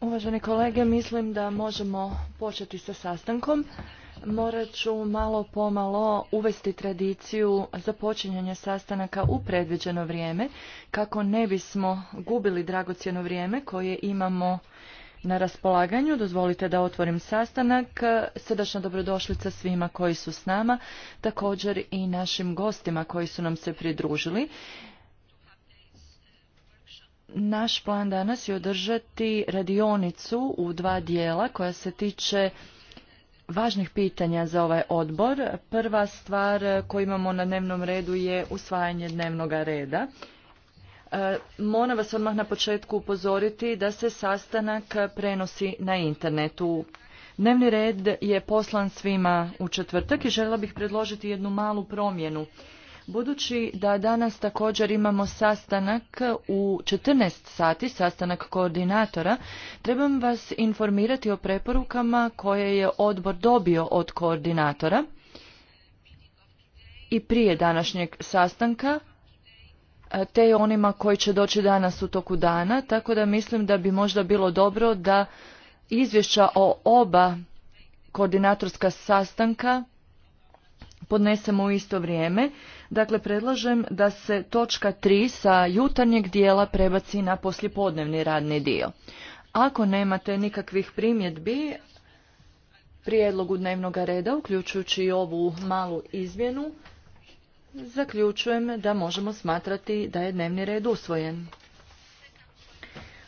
Uvaženi kolege, mislim da možemo početi sa sastankom. Morat ću malo pomalo uvesti tradiciju za sastanaka u predviđeno vrijeme, kako ne bismo gubili dragocjeno vrijeme koje imamo na raspolaganju. Dozvolite da otvorim sastanak. Srdačna dobrodošlica svima koji su s nama, također i našim gostima koji su nam se pridružili naš plan danas je održati radionicu u dva dijela koja se tiče važnih pitanja za ovaj odbor. Prva stvar koju imamo na dnevnom redu je usvajanje dnevnog reda. E, moram vas odmah na početku upozoriti da se sastanak prenosi na internetu. Dnevni red je poslan svima u četvrtak i žela bih predložiti jednu malu promjenu. Budući da danas također imamo sastanak u 14 sati, sastanak koordinatora, trebam vas informirati o preporukama koje je odbor dobio od koordinatora i prije današnjeg sastanka te onima koji će doći danas u toku dana, tako da mislim da bi možda bilo dobro da izvješća o oba koordinatorska sastanka podnesemo u isto vrijeme Dakle, predlažem da se točka 3 sa jutarnjeg dijela prebaci na poslijepodnevni radni dio. Ako nemate nikakvih primjedbi prijedlogu dnevnog reda, uključujući i ovu malu izmjenu, zaključujem da možemo smatrati da je dnevni red usvojen.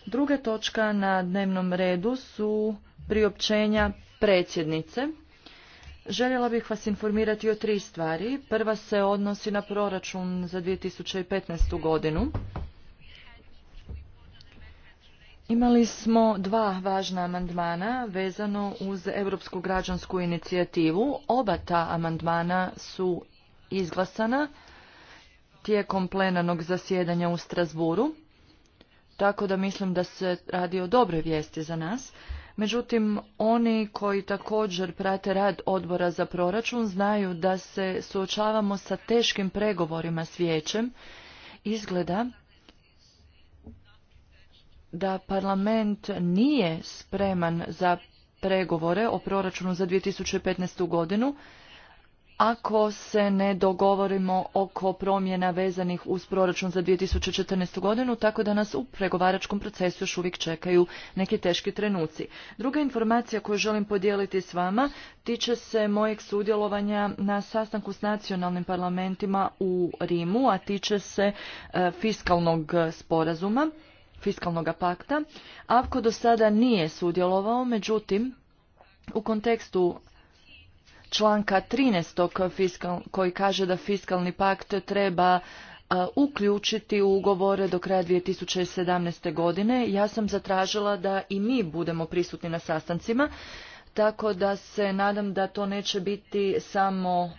Druga točka na dnevnom redu su priopćenja predsjednice. Željela bih vas informirati o tri stvari. Prva se odnosi na proračun za 2015. godinu. Imali smo dva važna amandmana vezano uz Europsku građansku inicijativu. Oba ta amandmana su izglasana tijekom plenanog zasjedanja u Strasburu, tako da mislim da se radi o dobroj vijesti za nas. Međutim, oni koji također prate rad odbora za proračun znaju da se suočavamo sa teškim pregovorima s vijećem. Izgleda da parlament nije spreman za pregovore o proračunu za 2015. godinu, ako se ne dogovorimo oko promjena vezanih uz proračun za 2014. godinu, tako da nas u pregovaračkom procesu još uvijek čekaju neki teški trenuci. Druga informacija koju želim podijeliti s vama tiče se mojeg sudjelovanja na sastanku s nacionalnim parlamentima u Rimu, a tiče se e, fiskalnog sporazuma, fiskalnog pakta. Avko do sada nije sudjelovao, međutim, u kontekstu članka 13. koji kaže da fiskalni pakt treba uključiti u ugovore do kraja 2017. godine. Ja sam zatražila da i mi budemo prisutni na sastancima, tako da se nadam da to neće biti samo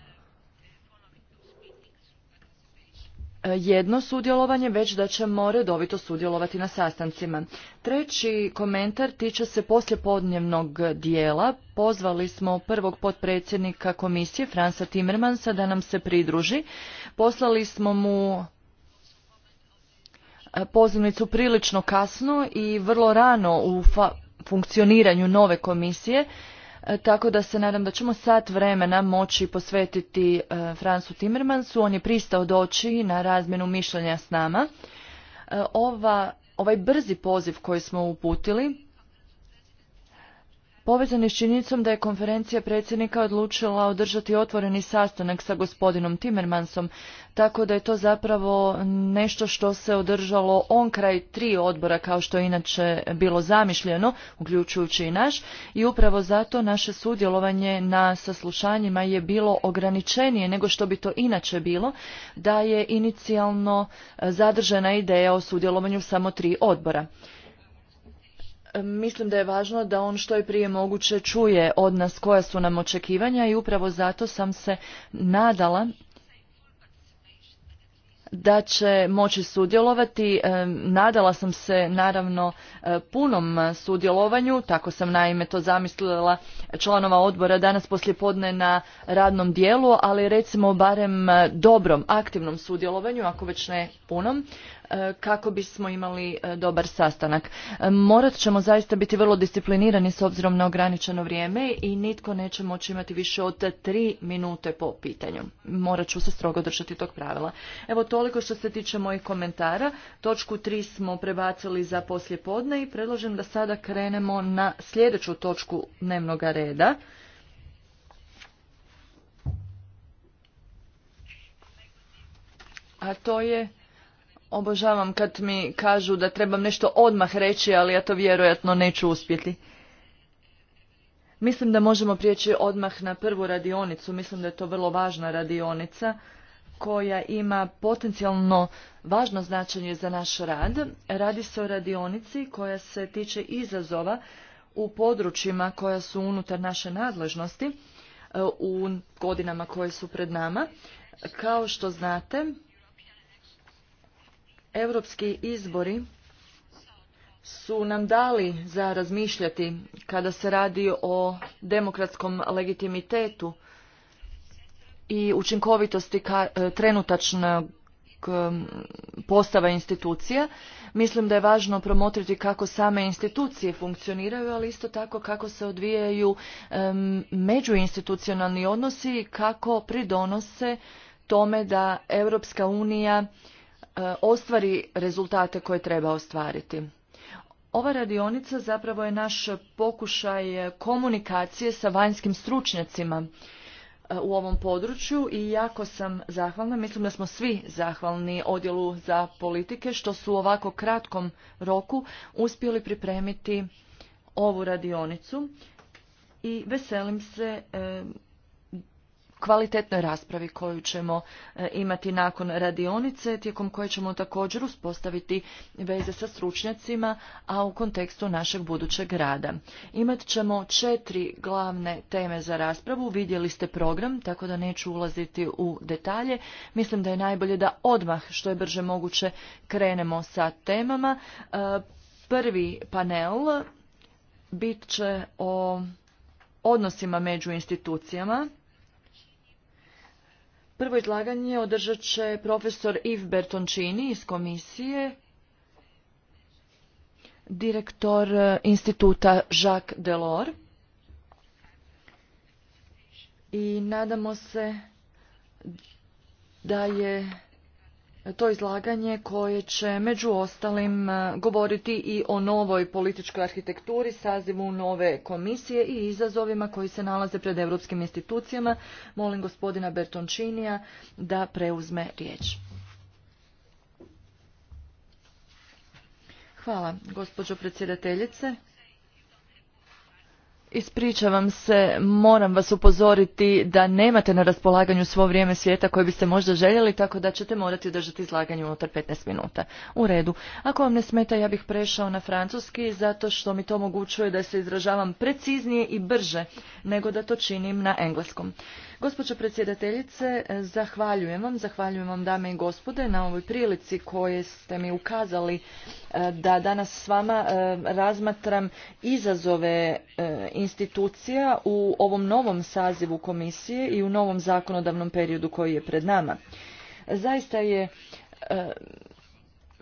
jedno sudjelovanje, već da ćemo redovito sudjelovati na sastancima. Treći komentar tiče se poslijepodnevnog dijela. Pozvali smo prvog potpredsjednika komisije, Fransa Timmermansa, da nam se pridruži. Poslali smo mu e, pozivnicu prilično kasno i vrlo rano u funkcioniranju nove komisije tako da se nadam da ćemo sat vremena moći posvetiti e, Fransu Timmermansu. On je pristao doći na razmjenu mišljenja s nama. E, ova, ovaj brzi poziv koji smo uputili povezani s činjenicom da je konferencija predsjednika odlučila održati otvoreni sastanak sa gospodinom Timmermansom, tako da je to zapravo nešto što se održalo on kraj tri odbora kao što je inače bilo zamišljeno, uključujući i naš, i upravo zato naše sudjelovanje na saslušanjima je bilo ograničenije nego što bi to inače bilo, da je inicijalno e, zadržana ideja o sudjelovanju samo tri odbora. Mislim da je važno da on što je prije moguće čuje od nas koja su nam očekivanja i upravo zato sam se nadala da će moći sudjelovati. E, nadala sam se naravno e, punom sudjelovanju, tako sam naime to zamislila članova odbora danas poslijepodne na radnom dijelu, ali recimo barem e, dobrom, aktivnom sudjelovanju, ako već ne punom. E, kako bismo imali e, dobar sastanak. E, morat ćemo zaista biti vrlo disciplinirani s obzirom na ograničeno vrijeme i nitko neće moći imati više od tri minute po pitanju. Morat ću se strogo držati tog pravila. Evo toliko što se tiče mojih komentara. Točku tri smo prebacili za poslijepodne i predlažem da sada krenemo na sljedeću točku dnevnog reda. A to je Obožavam kad mi kažu da trebam nešto odmah reći, ali ja to vjerojatno neću uspjeti. Mislim da možemo prijeći odmah na prvu radionicu. Mislim da je to vrlo važna radionica koja ima potencijalno važno značenje za naš rad. Radi se o radionici koja se tiče izazova u područjima koja su unutar naše nadležnosti e, u godinama koje su pred nama. Kao što znate, Europski izbori su nam dali za razmišljati kada se radi o demokratskom legitimitetu i učinkovitosti e, trenutačnog e, postava institucija. Mislim da je važno promotriti kako same institucije funkcioniraju, ali isto tako kako se odvijaju međuinstitucionalni odnosi i kako pridonose tome da Europska unija E, ostvari rezultate koje treba ostvariti. Ova radionica zapravo je naš pokušaj komunikacije sa vanjskim stručnjacima e, u ovom području i jako sam zahvalna, mislim da smo svi zahvalni odjelu za politike što su u ovako kratkom roku uspjeli pripremiti ovu radionicu i veselim se e, kvalitetnoj raspravi koju ćemo e, imati nakon radionice, tijekom koje ćemo također uspostaviti veze sa stručnjacima, a u kontekstu našeg budućeg rada. Imat ćemo četiri glavne teme za raspravu, vidjeli ste program, tako da neću ulaziti u detalje. Mislim da je najbolje da odmah što je brže moguće krenemo sa temama. E, prvi panel bit će o odnosima među institucijama Prvo izlaganje održat će profesor Iv Bertoncini iz komisije, direktor e, instituta Jacques Delors. I nadamo se da je to izlaganje koje će među ostalim e, govoriti i o novoj političkoj arhitekturi, sazivu nove komisije i izazovima koji se nalaze pred europskim institucijama. Molim gospodina Bertončinija da preuzme riječ. Hvala, gospođo predsjedateljice. Ispričavam se, moram vas upozoriti da nemate na raspolaganju svo vrijeme svijeta koje biste možda željeli, tako da ćete morati držati izlaganje unutar 15 minuta. U redu. Ako vam ne smeta, ja bih prešao na francuski, zato što mi to omogućuje da se izražavam preciznije i brže nego da to činim na engleskom. Gospođo predsjedateljice, zahvaljujem vam, zahvaljujem vam dame i gospode na ovoj prilici koje ste mi ukazali e, da danas s vama e, razmatram izazove e, institucija u ovom novom sazivu komisije i u novom zakonodavnom periodu koji je pred nama. Zaista je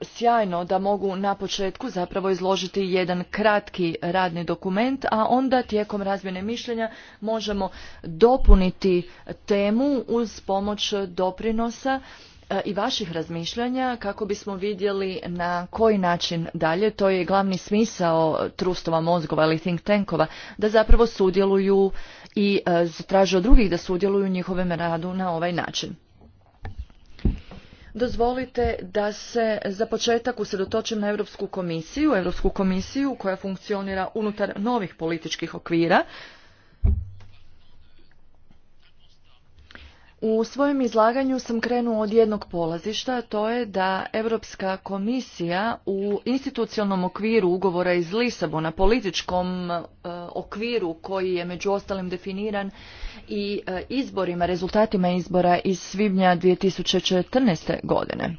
sjajno da mogu na početku zapravo izložiti jedan kratki radni dokument, a onda tijekom razmjene mišljenja možemo dopuniti temu uz pomoć doprinosa e, i vaših razmišljanja kako bismo vidjeli na koji način dalje, to je glavni smisao trustova mozgova ili think tankova, da zapravo sudjeluju i e, traže od drugih da sudjeluju u njihovem radu na ovaj način. Dozvolite da se za početak usredotočim na Europsku komisiju, Europsku komisiju koja funkcionira unutar novih političkih okvira U svojem izlaganju sam krenuo od jednog polazišta, to je da Europska komisija u institucionalnom okviru ugovora iz Lisabona, političkom e, okviru koji je među ostalim definiran i e, izborima, rezultatima izbora iz svibnja 2014. godine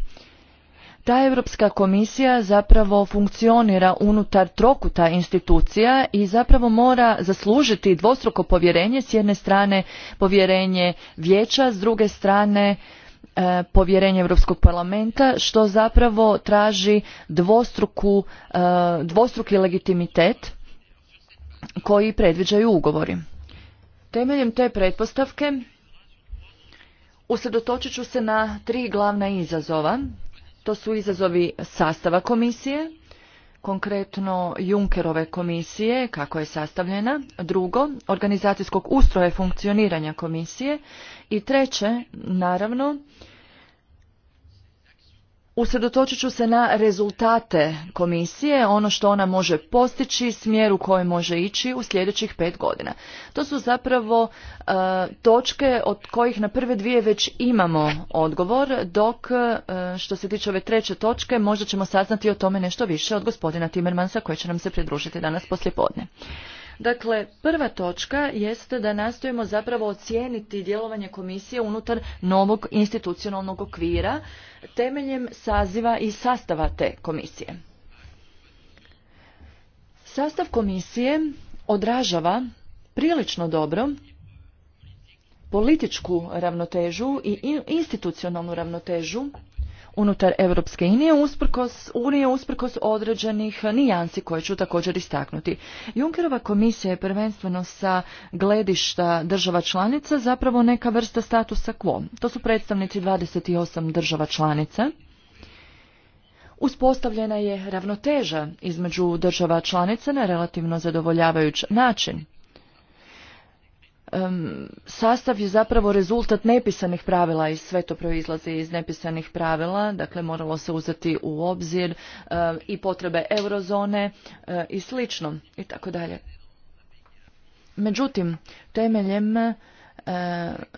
ta Europska komisija zapravo funkcionira unutar trokuta institucija i zapravo mora zaslužiti dvostruko povjerenje, s jedne strane povjerenje vijeća, s druge strane e, povjerenje Europskog parlamenta, što zapravo traži dvostruku, e, dvostruki legitimitet koji predviđaju ugovori. Temeljem te pretpostavke usredotočit ću se na tri glavna izazova to su izazovi sastava komisije, konkretno Junkerove komisije, kako je sastavljena. Drugo, organizacijskog ustroja funkcioniranja komisije. I treće, naravno, Usredotočit ću se na rezultate komisije, ono što ona može postići, smjer u kojem može ići u sljedećih pet godina. To su zapravo e, točke od kojih na prve dvije već imamo odgovor, dok e, što se tiče ove treće točke možda ćemo saznati o tome nešto više od gospodina Timmermansa koji će nam se pridružiti danas poslijepodne. Dakle, prva točka jeste da nastojimo zapravo ocijeniti djelovanje komisije unutar novog institucionalnog okvira temeljem saziva i sastava te komisije. Sastav komisije odražava prilično dobro političku ravnotežu i institucionalnu ravnotežu unutar Europske unije usprkos, unije usprkos određenih nijansi koje ću također istaknuti. Junkerova komisija je prvenstveno sa gledišta država članica zapravo neka vrsta statusa quo. To su predstavnici 28 država članica. Uspostavljena je ravnoteža između država članica na relativno zadovoljavajući način sastav je zapravo rezultat nepisanih pravila i sve to proizlazi iz nepisanih pravila, dakle moralo se uzeti u obzir i potrebe eurozone eh, i slično i tako dalje. Međutim, temeljem eh,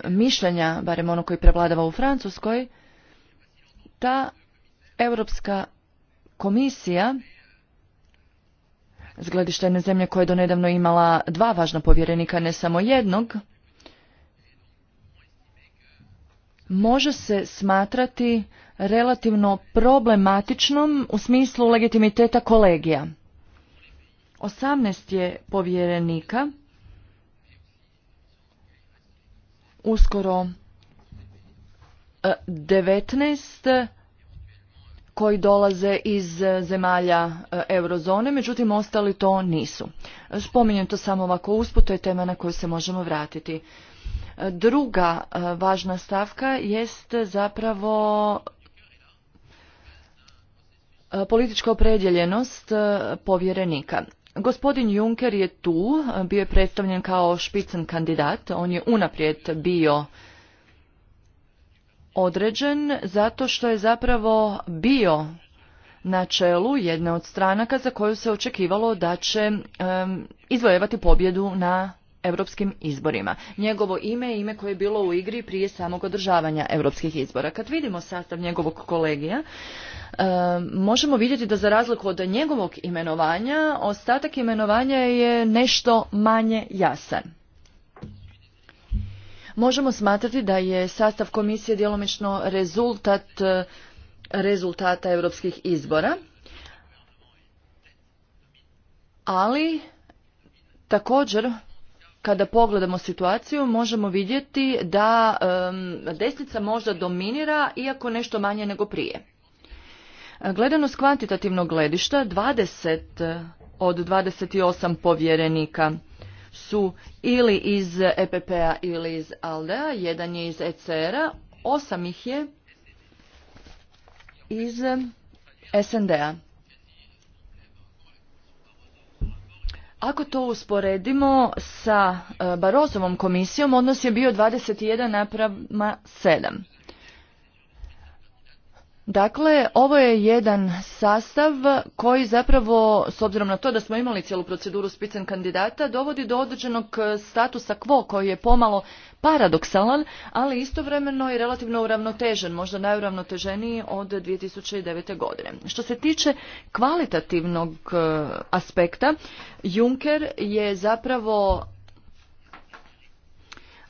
mišljenja, barem ono koji prevladava u Francuskoj, ta Europska komisija Zgledište, jedne zemlje koja je donedavno imala dva važna povjerenika, ne samo jednog, može se smatrati relativno problematičnom u smislu legitimiteta kolegija. 18 je povjerenika, uskoro 19 e, koji dolaze iz e, zemalja e, eurozone, međutim ostali to nisu. Spominjem to samo ovako usput, to je tema na koju se možemo vratiti. E, druga važna stavka jest zapravo politička opredjeljenost povjerenika. Gospodin Juncker je tu, bio je predstavljen kao špicen kandidat, on je unaprijed bio određen zato što je zapravo bio na čelu jedne od stranaka za koju se očekivalo da će izvojevati pobjedu na europskim izborima. Njegovo ime je ime koje je bilo u igri prije samog održavanja europskih izbora. Kad vidimo sastav njegovog kolegija, možemo vidjeti da za razliku od njegovog imenovanja, ostatak imenovanja je nešto manje jasan. Možemo smatrati da je sastav komisije djelomično rezultat e, rezultata europskih izbora, ali također kada pogledamo situaciju možemo vidjeti da desnica možda dominira iako nešto manje nego prije. Gledano s kvantitativnog gledišta 20 e, od 28 povjerenika su ili iz EPP-a ili iz ALDE-a, jedan je iz ECR-a, osam ih je iz SND-a. Ako to usporedimo sa e, Barozovom komisijom, odnos je bio 21 naprama 7. Dakle, ovo je jedan sastav koji zapravo, s obzirom na to da smo imali cijelu proceduru spicen kandidata, dovodi do određenog e, statusa quo koji je pomalo paradoksalan, ali istovremeno i relativno uravnotežen, možda najuravnoteženiji od 2009. godine. Što se tiče kvalitativnog e, aspekta, Juncker je zapravo...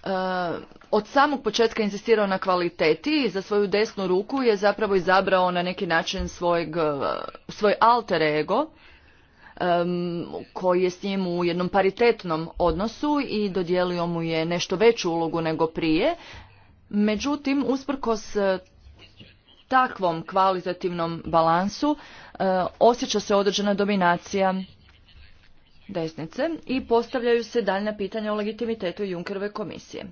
E, od samog početka insistirao na kvaliteti i za svoju desnu ruku je zapravo izabrao na neki način svojeg, e, svoj alter ego koji je s njim u jednom paritetnom odnosu i dodijelio mu je nešto veću ulogu nego prije. Međutim, usprkos e, takvom kvalitativnom balansu e, osjeća se određena dominacija desnice i postavljaju se daljna pitanja o legitimitetu Junkerove komisije.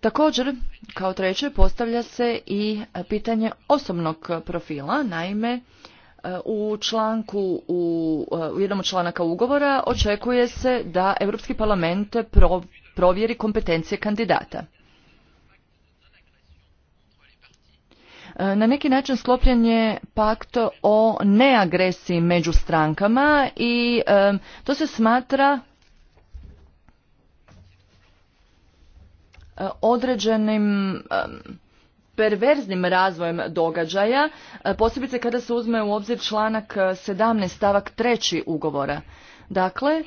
Također, kao treće, postavlja se i pitanje osobnog profila. Naime, u članku u, u jednom od članaka ugovora očekuje se da Europski parlament provjeri kompetencije kandidata. Na neki način sklopljen je pakt o neagresiji među strankama i to se smatra E, određenim e, perverznim razvojem događaja, e, posebice kada se uzme u obzir članak 17 stavak 3 ugovora. Dakle,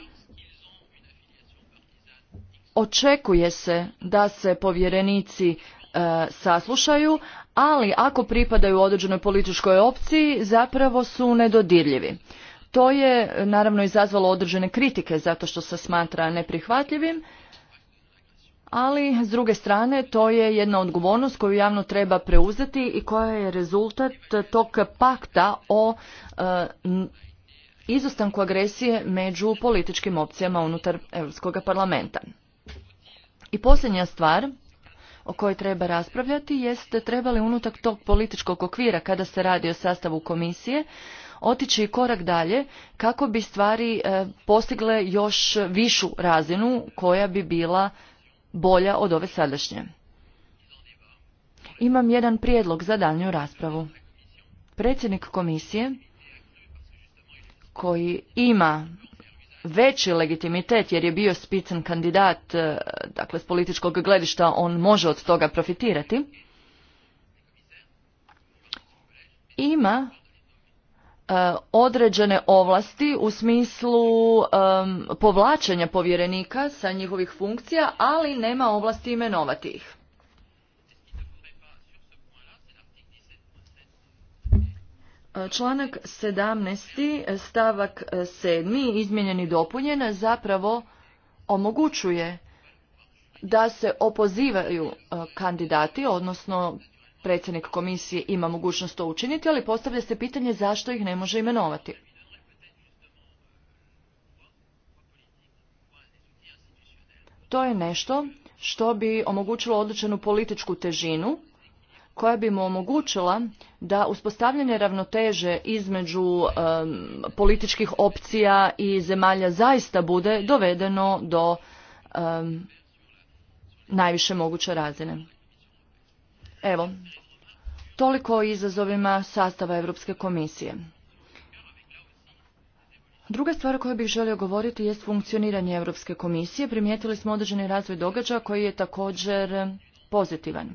očekuje se da se povjerenici saslušaju, ali ako pripadaju određenoj političkoj opciji, zapravo su nedodirljivi. To je naravno izazvalo određene kritike zato što se smatra neprihvatljivim ali s druge strane to je jedna odgovornost koju javno treba preuzeti i koja je rezultat tog pakta o e, izostanku agresije među političkim opcijama unutar Europskog parlamenta. I posljednja stvar o kojoj treba raspravljati jeste trebali unutar tog političkog okvira kada se radi o sastavu komisije otići korak dalje kako bi stvari e, postigle još višu razinu koja bi bila bolja od ove sadašnje. Imam jedan prijedlog za daljnju raspravu. Predsjednik komisije, koji ima veći legitimitet jer je bio spican kandidat, e, dakle s političkog gledišta on može od toga profitirati, ima E, određene ovlasti u smislu e, povlačenja povjerenika sa njihovih funkcija, ali nema ovlasti imenovati ih. E, članak 17. stavak 7. izmijenjen i dopunjen zapravo omogućuje da se opozivaju kandidati, odnosno predsjednik komisije ima mogućnost to učiniti, ali postavlja se pitanje zašto ih ne može imenovati. To je nešto što bi omogućilo odličenu političku težinu koja bi mu omogućila da uspostavljanje ravnoteže između političkih opcija i zemalja zaista bude dovedeno do najviše moguće razine. Evo, toliko o izazovima sastava Europske komisije. Druga stvar o kojoj bih želio govoriti jest funkcioniranje Europske komisije. Primijetili smo određeni razvoj događaja koji je također pozitivan.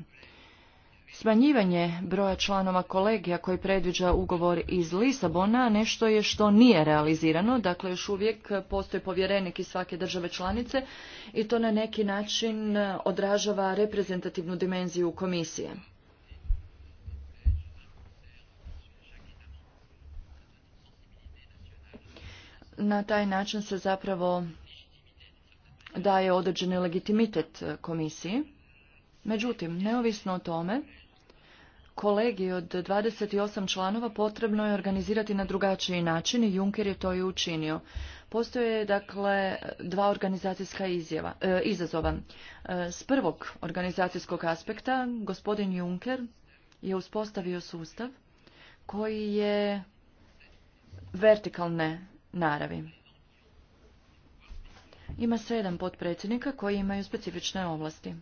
Smanjivanje broja članova kolegija koji predviđa ugovor iz Lisabona nešto je što nije realizirano, dakle još uvijek postoji povjerenik iz svake države članice i to na neki način odražava reprezentativnu dimenziju komisije. Na taj način se zapravo daje određeni legitimitet komisiji. Međutim, neovisno o tome, kolegi od 28 članova potrebno je organizirati na drugačiji način i Juncker je to i učinio. Postoje dakle dva organizacijska izjava, e, izazova. E, s prvog organizacijskog aspekta gospodin Juncker je uspostavio sustav koji je vertikalne naravi. Ima sedam potpredsjednika koji imaju specifične ovlasti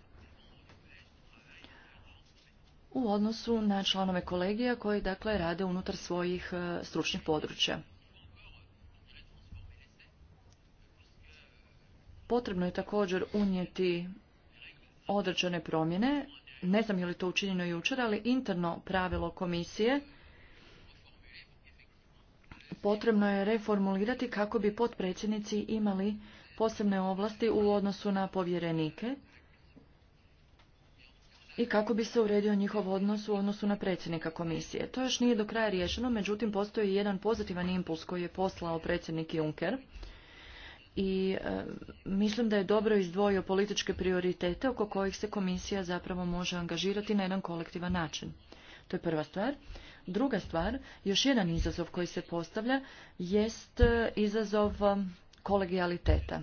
u odnosu na članove kolegija koji dakle rade unutar svojih e, stručnih područja. Potrebno je također unijeti određene promjene. Ne znam je li to učinjeno jučer, ali interno pravilo komisije potrebno je reformulirati kako bi potpredsjednici imali posebne ovlasti u odnosu na povjerenike i kako bi se uredio njihov odnos u odnosu na predsjednika komisije. To još nije do kraja riješeno, međutim postoji jedan pozitivan impuls koji je poslao predsjednik Juncker i e, mislim da je dobro izdvojio političke prioritete oko kojih se komisija zapravo može angažirati na jedan kolektivan način. To je prva stvar. Druga stvar, još jedan izazov koji se postavlja jest e, izazov e, kolegijaliteta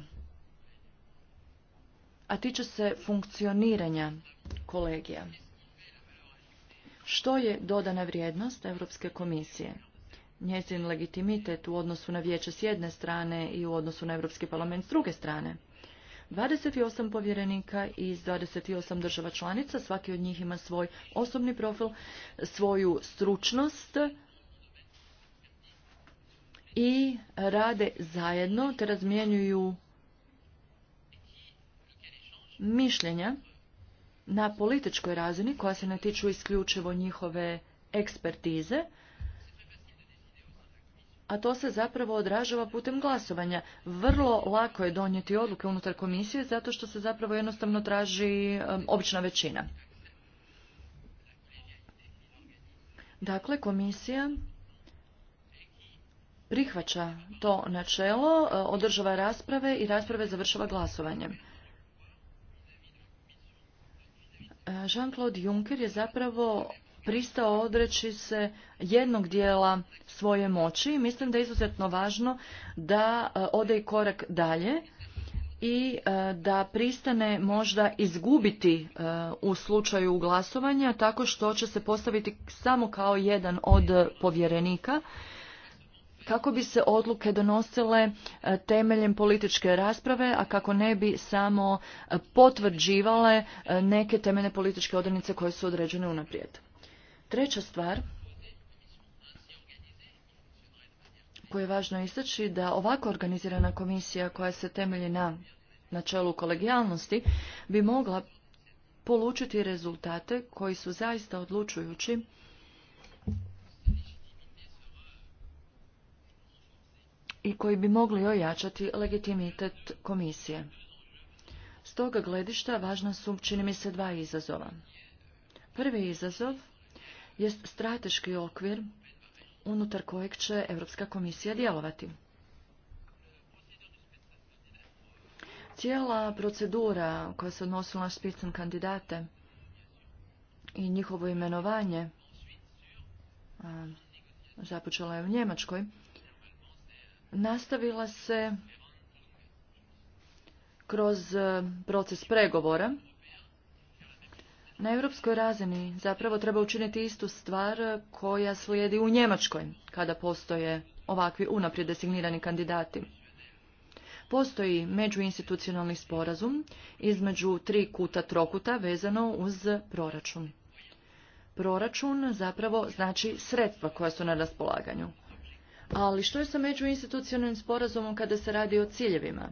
a tiče se funkcioniranja kolegija. Što je dodana vrijednost Europske komisije? Njezin legitimitet u odnosu na vijeće s jedne strane i u odnosu na Europski parlament s druge strane. 28 povjerenika iz 28 država članica, svaki od njih ima svoj osobni profil, svoju stručnost i rade zajedno te razmjenjuju mišljenja na političkoj razini koja se ne tiču isključivo njihove ekspertize, a to se zapravo odražava putem glasovanja. Vrlo lako je donijeti odluke unutar komisije zato što se zapravo jednostavno traži obična većina. Dakle, komisija prihvaća to načelo, e, održava rasprave i rasprave završava glasovanjem. Jean-Claude Juncker je zapravo pristao odreći se jednog dijela svoje moći i mislim da je izuzetno važno da e, ode i korak dalje i e, da pristane možda izgubiti e, u slučaju glasovanja tako što će se postaviti samo kao jedan od povjerenika kako bi se odluke donosile e, temeljem političke rasprave, a kako ne bi samo e, potvrđivale e, neke temeljne političke odrednice koje su određene unaprijed. Treća stvar koju je važno istaći da ovako organizirana komisija koja se temelji na načelu kolegijalnosti bi mogla polučiti rezultate koji su zaista odlučujući i koji bi mogli ojačati legitimitet komisije. S toga gledišta važna su, čini mi se, dva izazova. Prvi izazov jest strateški okvir unutar kojeg će Europska komisija djelovati. Cijela procedura koja se odnosila na špicen kandidate i njihovo imenovanje započela je u Njemačkoj, nastavila se kroz e, proces pregovora. Na europskoj razini zapravo treba učiniti istu stvar koja slijedi u Njemačkoj kada postoje ovakvi unaprijed designirani kandidati. Postoji međuinstitucionalni sporazum između tri kuta trokuta vezano uz proračun. Proračun zapravo znači sredstva koja su na raspolaganju. Ali što je sa međuinstitucionalnim sporazumom kada se radi o ciljevima?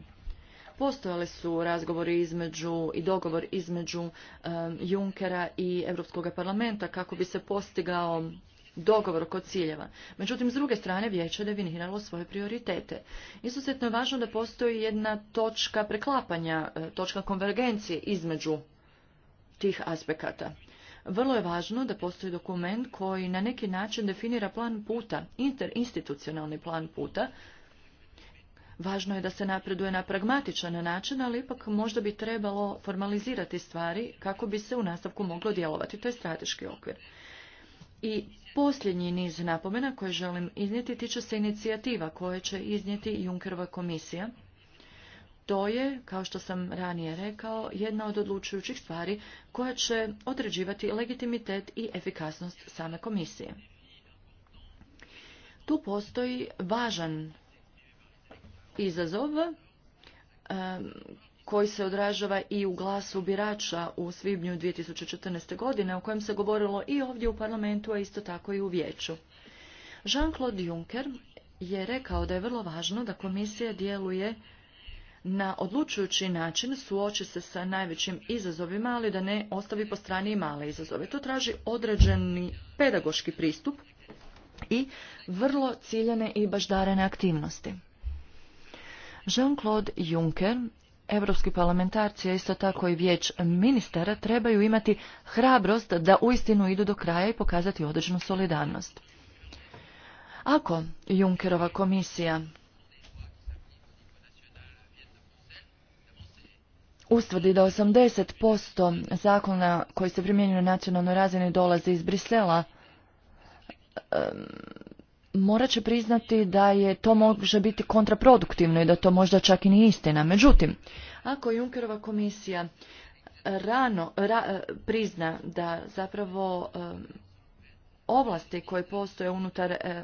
Postojali su razgovori između i dogovor između Junckera Junkera i Europskog parlamenta kako bi se postigao dogovor oko ciljeva. Međutim, s druge strane, vijeće je definiralo svoje prioritete. Izuzetno je važno da postoji jedna točka preklapanja, e, točka konvergencije između tih aspekata. Vrlo je važno da postoji dokument koji na neki način definira plan puta, interinstitucionalni plan puta. Važno je da se napreduje na pragmatičan način, ali ipak možda bi trebalo formalizirati stvari kako bi se u nastavku moglo djelovati. To je strateški okvir. I posljednji niz napomena koje želim iznijeti tiče se inicijativa koje će iznijeti Junkerova komisija to je, kao što sam ranije rekao, jedna od odlučujućih stvari koja će određivati legitimitet i efikasnost same komisije. Tu postoji važan izazov koji se odražava i u glasu birača u svibnju 2014. godine, o kojem se govorilo i ovdje u parlamentu, a isto tako i u vijeću. Jean-Claude Juncker je rekao da je vrlo važno da komisija djeluje na odlučujući način suoči se sa najvećim izazovima, ali da ne ostavi po strani i male izazove. To traži određeni pedagoški pristup i vrlo ciljene i baždarene aktivnosti. Jean-Claude Juncker, europski parlamentarci, a isto tako i vijeć ministara, trebaju imati hrabrost da uistinu idu do kraja i pokazati određenu solidarnost. Ako Junckerova komisija ustvrdi da 80% zakona koji se primjenjuju na nacionalnoj razini dolaze iz Brisela, morat će priznati da je to može biti kontraproduktivno i da to možda čak i nije istina. Međutim, ako Junkerova komisija rano eh, prizna da zapravo ovlasti koje postoje unutar e,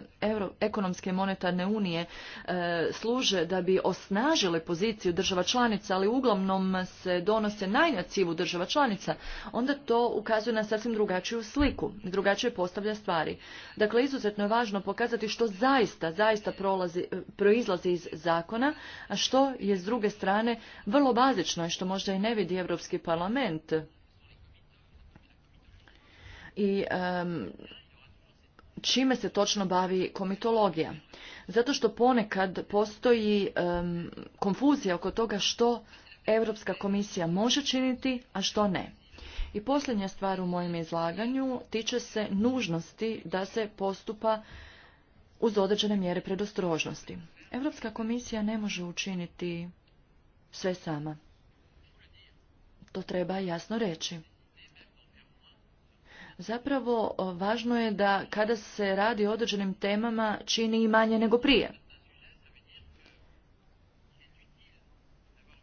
ekonomske monetarne unije e, služe da bi osnažile poziciju država članica, ali uglavnom se donose najnacivu država članica, onda to ukazuje na sasvim drugačiju sliku, drugačije postavlja stvari. Dakle, izuzetno je važno pokazati što zaista, zaista prolazi, e, proizlazi iz zakona, a što je s druge strane vrlo bazično i što možda i ne vidi Europski parlament i čime se točno bavi komitologija. Zato što ponekad postoji konfuzija oko toga što Europska komisija može činiti, a što ne. I posljednja stvar u mojem izlaganju tiče se nužnosti da se postupa uz određene mjere predostrožnosti. Europska komisija ne može učiniti sve sama. To treba jasno reći. Zapravo, važno je da kada se radi o određenim temama čini i manje nego prije.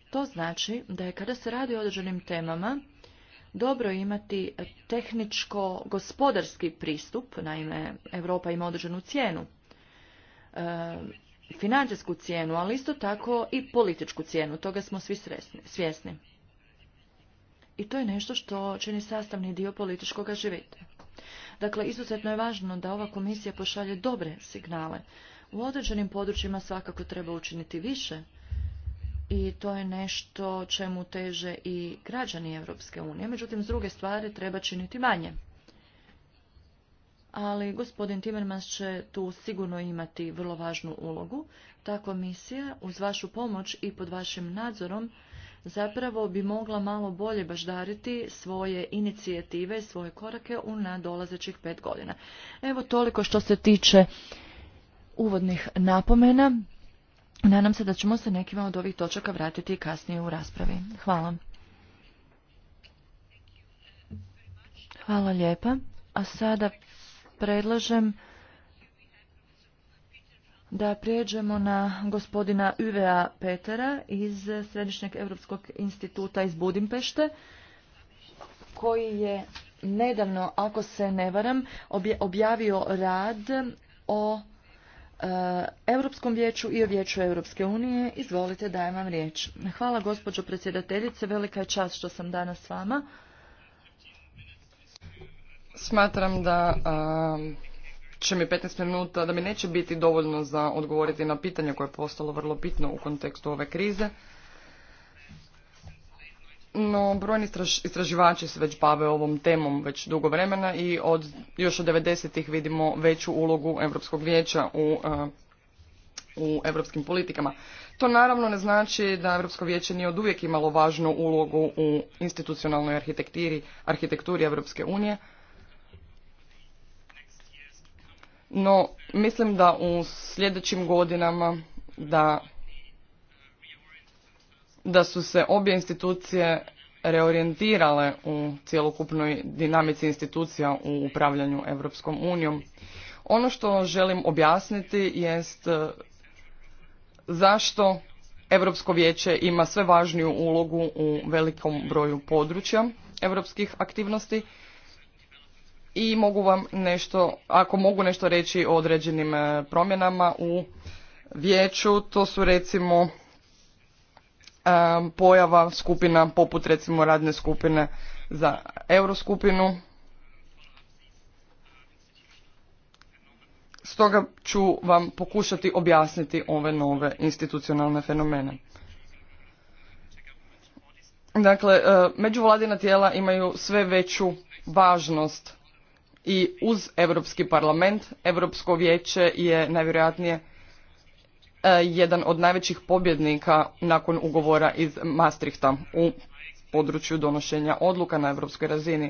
To znači da je kada se radi o određenim temama dobro imati tehničko-gospodarski pristup, naime Europa ima određenu cijenu, e, financijsku cijenu, ali isto tako i političku cijenu, toga smo svi svjesni i to je nešto što čini sastavni dio političkog života. Dakle, izuzetno je važno da ova komisija pošalje dobre signale. U određenim područjima svakako treba učiniti više i to je nešto čemu teže i građani Europske unije. Međutim, s druge stvari treba činiti manje. Ali gospodin Timmermans će tu sigurno imati vrlo važnu ulogu. Ta komisija uz vašu pomoć i pod vašim nadzorom zapravo bi mogla malo bolje baždariti svoje inicijative, svoje korake u nadolazećih pet godina. Evo toliko što se tiče uvodnih napomena. Nadam se da ćemo se nekima od ovih točaka vratiti kasnije u raspravi. Hvala. Hvala lijepa. A sada predlažem da prijeđemo na gospodina Uvea Petera iz Središnjeg Europskog instituta iz Budimpešte, koji je nedavno, ako se ne varam, objavio rad o e, Europskom vijeću i o vijeću Europske unije. Izvolite, dajem vam riječ. Hvala gospođo predsjedateljice, velika je čast što sam danas s vama. Smatram da će mi 15 minuta, da mi neće biti dovoljno za odgovoriti na pitanje koje je postalo vrlo bitno u kontekstu ove krize. No, brojni istraživači se već bave ovom temom već dugo vremena i od, još od 90-ih vidimo veću ulogu Europskog vijeća u, eh, u europskim politikama. To naravno ne znači da Europsko vijeće nije od uvijek imalo važnu ulogu u institucionalnoj arhitekturi Evropske unije, No, mislim da u sljedećim godinama da, da su se obje institucije reorijentirale u cjelokupnoj dinamici institucija u upravljanju Europskom unijom. Ono što želim objasniti jest e, zašto Europsko vijeće ima sve važniju ulogu u velikom broju područja europskih aktivnosti i mogu vam nešto, ako mogu nešto reći o određenim e, promjenama u vijeću, to su recimo e, pojava skupina poput recimo radne skupine za euroskupinu. Stoga ću vam pokušati objasniti ove nove institucionalne fenomene. Dakle, e, međuvladina tijela imaju sve veću važnost i uz Europski parlament, Europsko vijeće je najvjerojatnije e, jedan od najvećih pobjednika nakon ugovora iz Maastrichta u području donošenja odluka na europskoj razini.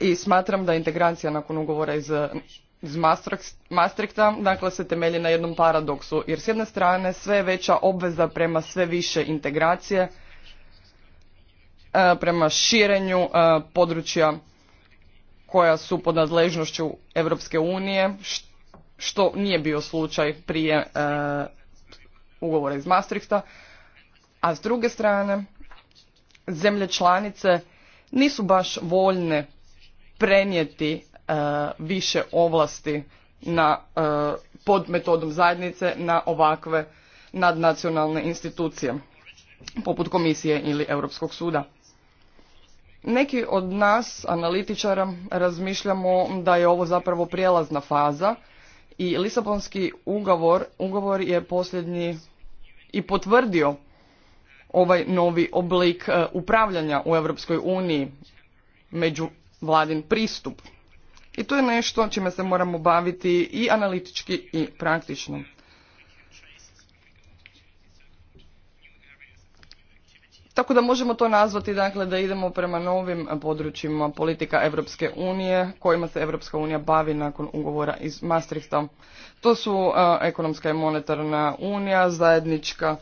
I smatram da integracija nakon ugovora iz, iz Maastrichta dakle, se temelji na jednom paradoksu, jer s jedne strane sve veća obveza prema sve više integracije, e, prema širenju e, područja koja su pod nadležnošću Europske unije, što nije bio slučaj prije e, ugovora iz Maastrichta, a s druge strane zemlje članice nisu baš voljne prenijeti e, više ovlasti na, e, pod metodom zajednice na ovakve nadnacionalne institucije poput komisije ili Europskog suda. Neki od nas, analitičara, razmišljamo da je ovo zapravo prijelazna faza i Lisabonski ugovor, ugovor je posljednji i potvrdio ovaj novi oblik e, upravljanja u Europskoj uniji među vladin pristup. I to je nešto čime se moramo baviti i analitički i praktično. Tako da možemo to nazvati dakle da idemo prema novim područjima politika Europske unije kojima se Europska unija bavi nakon ugovora iz Maastrichta. To su uh, ekonomska i monetarna unija, zajednička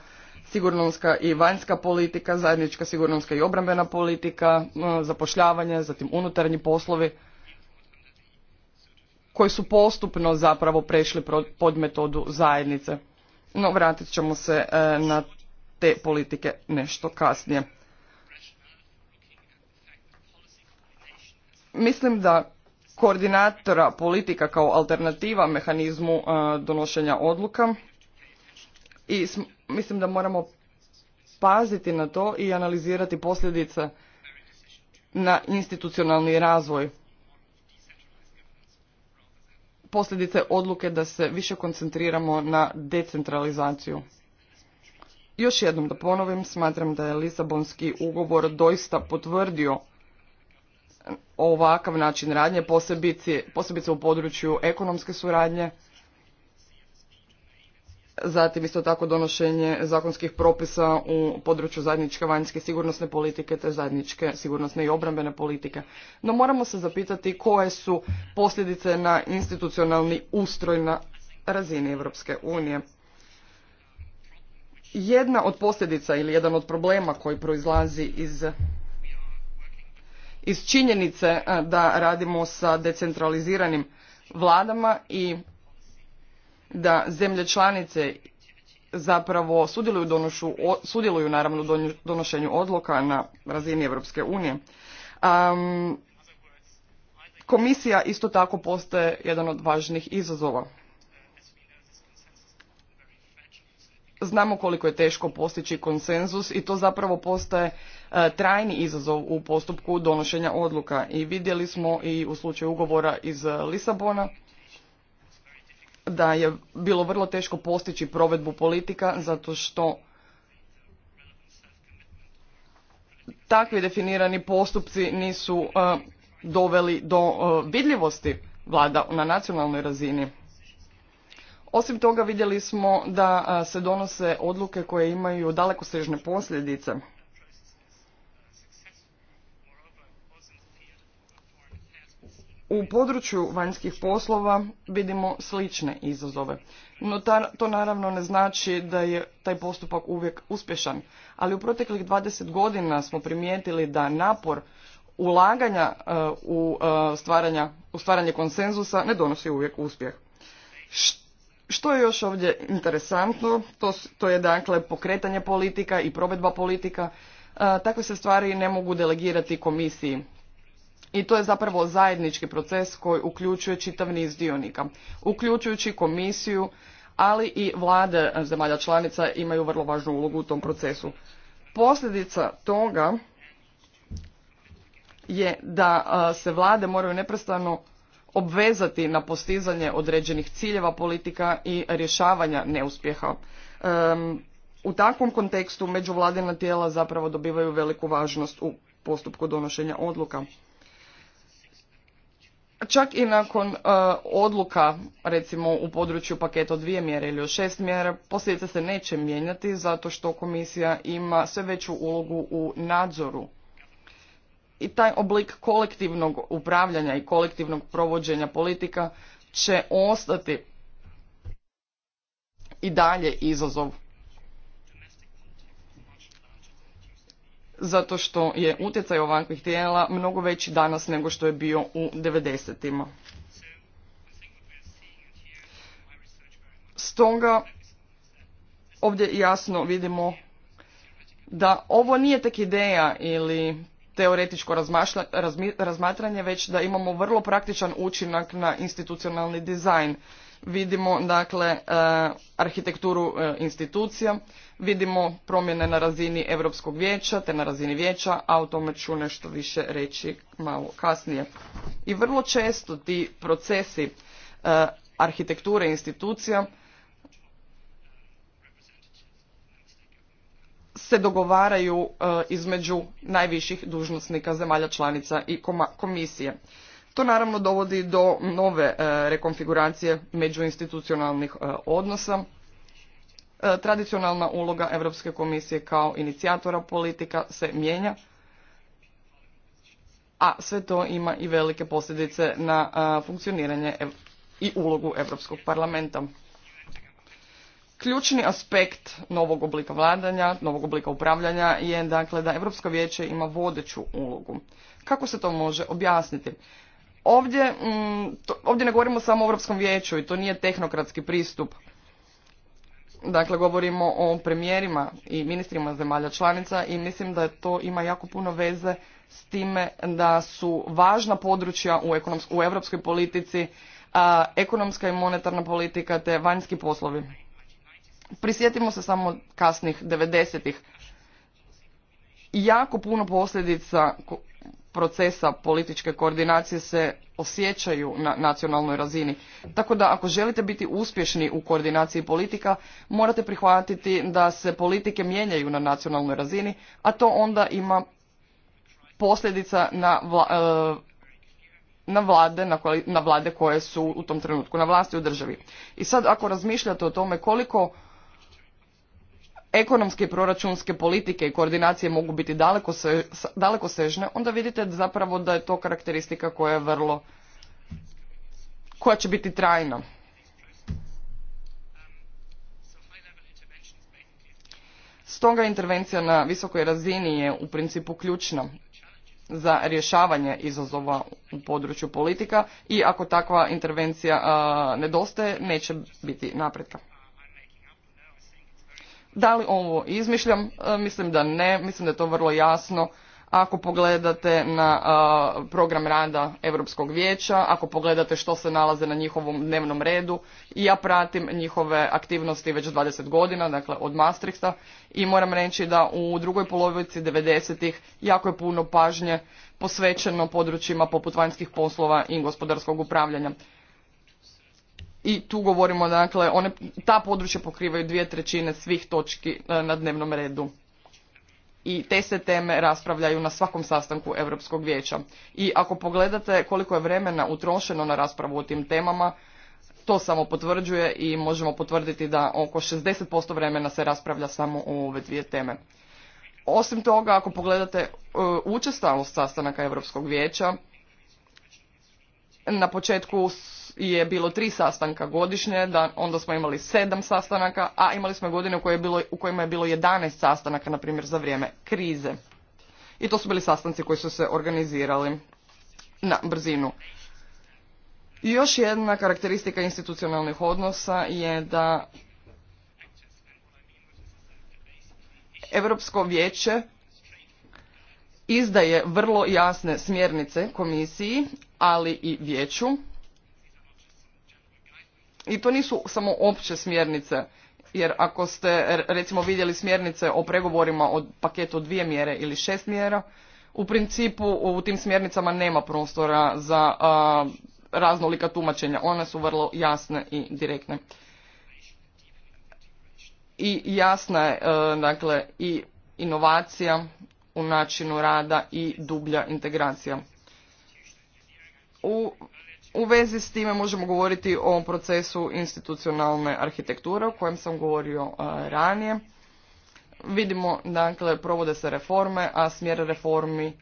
sigurnosna i vanjska politika, zajednička sigurnosna i obrambena politika, uh, zapošljavanje, zatim unutarnji poslovi koji su postupno zapravo prešli pod metodu zajednice. No, vratit ćemo se uh, na te politike nešto kasnije. Mislim da koordinatora politika kao alternativa mehanizmu e, donošenja odluka i mislim da moramo paziti na to i analizirati posljedice na institucionalni razvoj. Posljedice odluke da se više koncentriramo na decentralizaciju. Još jednom da ponovim, smatram da je Lisabonski ugovor doista potvrdio ovakav način radnje, posebice, u području ekonomske suradnje, zatim isto tako donošenje zakonskih propisa u području zajedničke vanjske sigurnosne politike te zajedničke sigurnosne i obrambene politike. No moramo se zapitati koje su posljedice na institucionalni ustroj na razini Europske unije jedna od posljedica ili jedan od problema koji proizlazi iz iz činjenice e, da radimo sa decentraliziranim vladama i da zemlje članice zapravo sudjeluju, donošu, sudjeluju naravno donošenju odluka na razini Europske unije. komisija isto tako postaje jedan od važnih izazova. Znamo koliko je teško postići konsenzus i to zapravo postaje e, trajni izazov u postupku donošenja odluka. I vidjeli smo i u slučaju ugovora iz Lisabona da je bilo vrlo teško postići provedbu politika zato što takvi definirani postupci nisu e, doveli do e, vidljivosti vlada na nacionalnoj razini. Osim toga vidjeli smo da se donose odluke koje imaju dalekosežne posljedice. U području vanjskih poslova vidimo slične izazove, no to naravno ne znači da je taj postupak uvijek uspješan, ali u proteklih 20 godina smo primijetili da napor ulaganja u, stvaranja, stvaranje konsenzusa ne donosi uvijek uspjeh. Št što je još ovdje interesantno, to, je dakle pokretanje politika i provedba politika. E, takve se stvari ne mogu delegirati komisiji. I to je zapravo zajednički proces koji uključuje čitav niz dionika, uključujući komisiju, ali i vlade e, zemalja članica imaju vrlo važnu ulogu u tom procesu. Posljedica toga je da e, se vlade moraju neprestano obvezati na postizanje određenih ciljeva politika i rješavanja neuspjeha. u takvom kontekstu međuvladina tijela zapravo dobivaju veliku važnost u postupku donošenja odluka. Čak i nakon e, odluka, recimo u području paketa od dvije mjere ili od šest mjera, posljedice se neće mijenjati zato što komisija ima sve veću ulogu u nadzoru i taj oblik kolektivnog upravljanja i kolektivnog provođenja politika će ostati i dalje izazov. Zato što je utjecaj ovakvih tijela mnogo veći danas nego što je bio u 90-ima. Stoga ovdje jasno vidimo da ovo nije tek ideja ili teoretičko razmatranje, već da imamo vrlo praktičan učinak na institucionalni dizajn. Vidimo dakle e, arhitekturu e, institucija, vidimo promjene na razini Europskog vijeća te na razini vijeća, a o tome ću nešto više reći malo kasnije. I vrlo često ti procesi e, arhitekture institucija se dogovaraju e, između najviših dužnosnika zemalja članica i komisije. To naravno dovodi do nove e, rekonfiguracije međuinstitucionalnih e, odnosa. Tradicionalna uloga Europske komisije kao inicijatora politika se mijenja, a sve to ima i velike posljedice na funkcioniranje i ulogu Europskog parlamenta. Ključni aspekt novog oblika vladanja, novog oblika upravljanja je dakle da Europsko vijeće ima vodeću ulogu. Kako se to može objasniti? Ovdje, mm, ovdje ne govorimo samo o Europskom vijeću i to nije tehnokratski pristup. Dakle, govorimo o premijerima i ministrima zemalja članica i mislim da to ima jako puno veze s time da su važna područja u, europskoj politici, a, ekonomska i monetarna politika te vanjski poslovi. Prisjetimo se samo kasnih 90-ih. Jako puno posljedica procesa političke koordinacije se osjećaju na nacionalnoj razini. Tako da ako želite biti uspješni u koordinaciji politika, morate prihvatiti da se politike mijenjaju na nacionalnoj razini, a to onda ima posljedica na, e, na vlade, na, na vlade koje su u tom trenutku na vlasti u državi. I sad ako razmišljate o tome koliko ekonomske i proračunske politike i koordinacije mogu biti daleko, se, daleko sežne, onda vidite zapravo da je to karakteristika koja je vrlo, koja će biti trajna. Stoga intervencija na visokoj razini je u principu ključna za rješavanje izazova u području politika i ako takva intervencija nedostaje, neće biti napretka. Da li ovo izmišljam? E, mislim da ne, mislim da je to vrlo jasno. Ako pogledate na e, program rada Europskog vijeća, ako pogledate što se nalaze na njihovom dnevnom redu, i ja pratim njihove aktivnosti već 20 godina, dakle od Maastrichta, i moram reći da u drugoj polovici 90-ih jako je puno pažnje posvećeno područjima poput vanjskih poslova i gospodarskog upravljanja i tu govorimo dakle one, ta područja pokrivaju dvije trećine svih točki e, na dnevnom redu i te se teme raspravljaju na svakom sastanku Europskog vijeća. I ako pogledate koliko je vremena utrošeno na raspravu o tim temama, to samo potvrđuje i možemo potvrditi da oko 60% vremena se raspravlja samo o ove dvije teme. Osim toga, ako pogledate e, učestalost sastanaka Europskog vijeća, na početku je bilo tri sastanka godišnje, da onda smo imali sedam sastanaka, a imali smo godine u, bilo, u kojima je bilo jedanaest sastanaka, na primjer, za vrijeme krize. I to su bili sastanci koji su se organizirali na brzinu. još jedna karakteristika institucionalnih odnosa je da Europsko vijeće izdaje vrlo jasne smjernice komisiji, ali i vijeću i to nisu samo opće smjernice, jer ako ste recimo vidjeli smjernice o pregovorima o paketu dvije mjere ili šest mjera, u principu u tim smjernicama nema prostora za raznolika tumačenja. One su vrlo jasne i direktne. I jasna je, e, dakle, i inovacija u načinu rada i dublja integracija. U u vezi s time možemo govoriti o procesu institucionalne arhitekture o kojem sam govorio ranije. Vidimo, dakle, provode se reforme, a smjer reformi,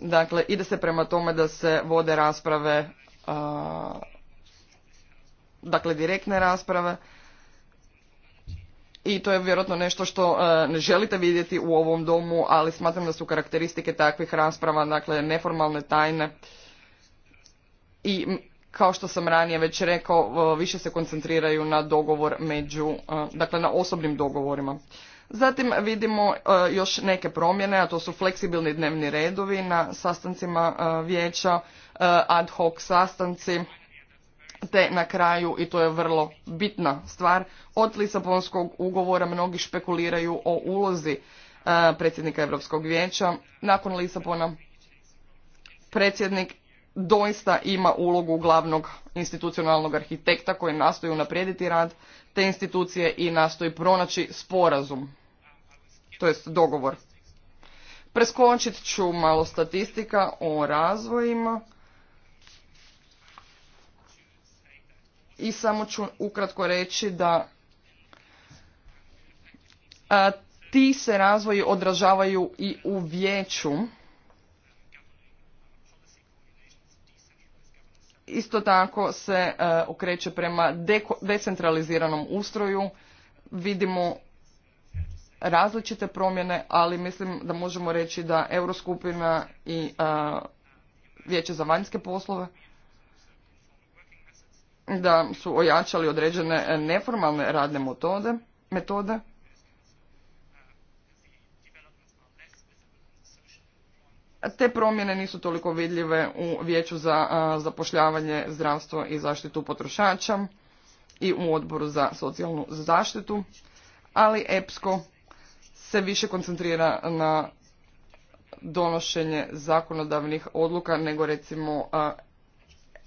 dakle, ide se prema tome da se vode rasprave, dakle, direktne rasprave. I to je vjerojatno nešto što ne želite vidjeti u ovom domu, ali smatram da su karakteristike takvih rasprava, dakle, neformalne tajne, i kao što sam ranije već rekao, više se koncentriraju na dogovor među, e, dakle na osobnim dogovorima. Zatim vidimo e, još neke promjene, a to su fleksibilni dnevni redovi na sastancima e, vijeća, ad hoc sastanci, te na kraju, i to je vrlo bitna stvar, od Lisabonskog ugovora mnogi špekuliraju o ulozi predsjednika Europskog vijeća. Nakon Lisabona predsjednik doista ima ulogu glavnog institucionalnog arhitekta koji nastoji unaprijediti rad te institucije i nastoji pronaći sporazum, to jest dogovor. Preskočit ću malo statistika o razvojima i samo ću ukratko reći da ti se razvoji odražavaju i u vijeću Isto tako se e, okreće prema decentraliziranom ustroju. Vidimo različite promjene, ali mislim da možemo reći da Euroskupina i e, Vijeće za vanjske poslove da su ojačali određene neformalne radne metode, metode Te promjene nisu toliko vidljive u Vijeću za zapošljavanje, zdravstvo i zaštitu potrošača i u Odboru za socijalnu zaštitu, ali EPSKO se više koncentrira na donošenje zakonodavnih odluka nego recimo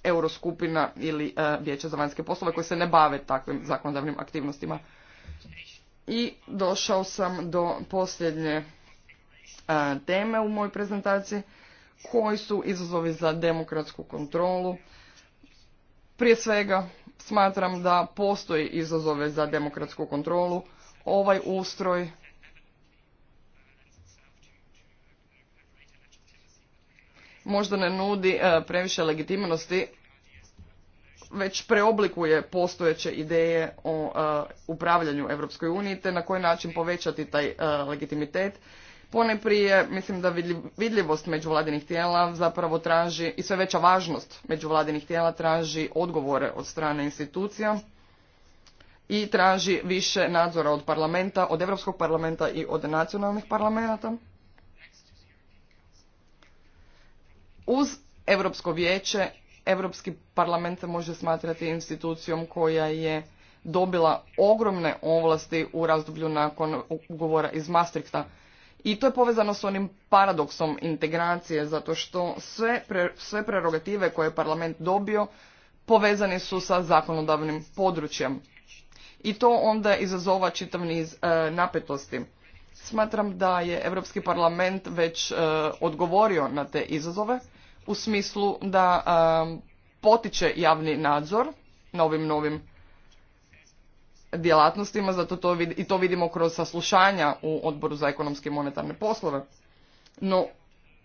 Euroskupina ili Vijeće za vanjske poslove koje se ne bave takvim zakonodavnim aktivnostima. I došao sam do posljednje E, teme u mojoj prezentaciji, koji su izazovi za demokratsku kontrolu. Prije svega smatram da postoji izazove za demokratsku kontrolu. Ovaj ustroj možda ne nudi e, previše legitimnosti, već preoblikuje postojeće ideje o e, upravljanju EU, te na koji način povećati taj legitimitet prije, mislim da vidljivost međuvladinih tijela zapravo traži i sve veća važnost međuvladinih tijela traži odgovore od strane institucija i traži više nadzora od parlamenta, od Europskog parlamenta i od nacionalnih parlamenta. Uz Europsko vijeće, Europski parlament može smatrati institucijom koja je dobila ogromne ovlasti u razdoblju nakon ugovora iz Maastrichta i to je povezano s onim paradoksom integracije, zato što sve, sve prerogative koje je parlament dobio povezani su sa zakonodavnim područjem. I to onda izazova čitav niz e, napetosti. Smatram da je Europski parlament već e, odgovorio na te izazove u smislu da e, potiče javni nadzor na ovim novim djelatnostima, zato to vid, i to vidimo kroz saslušanja u Odboru za ekonomske i monetarne poslove. No,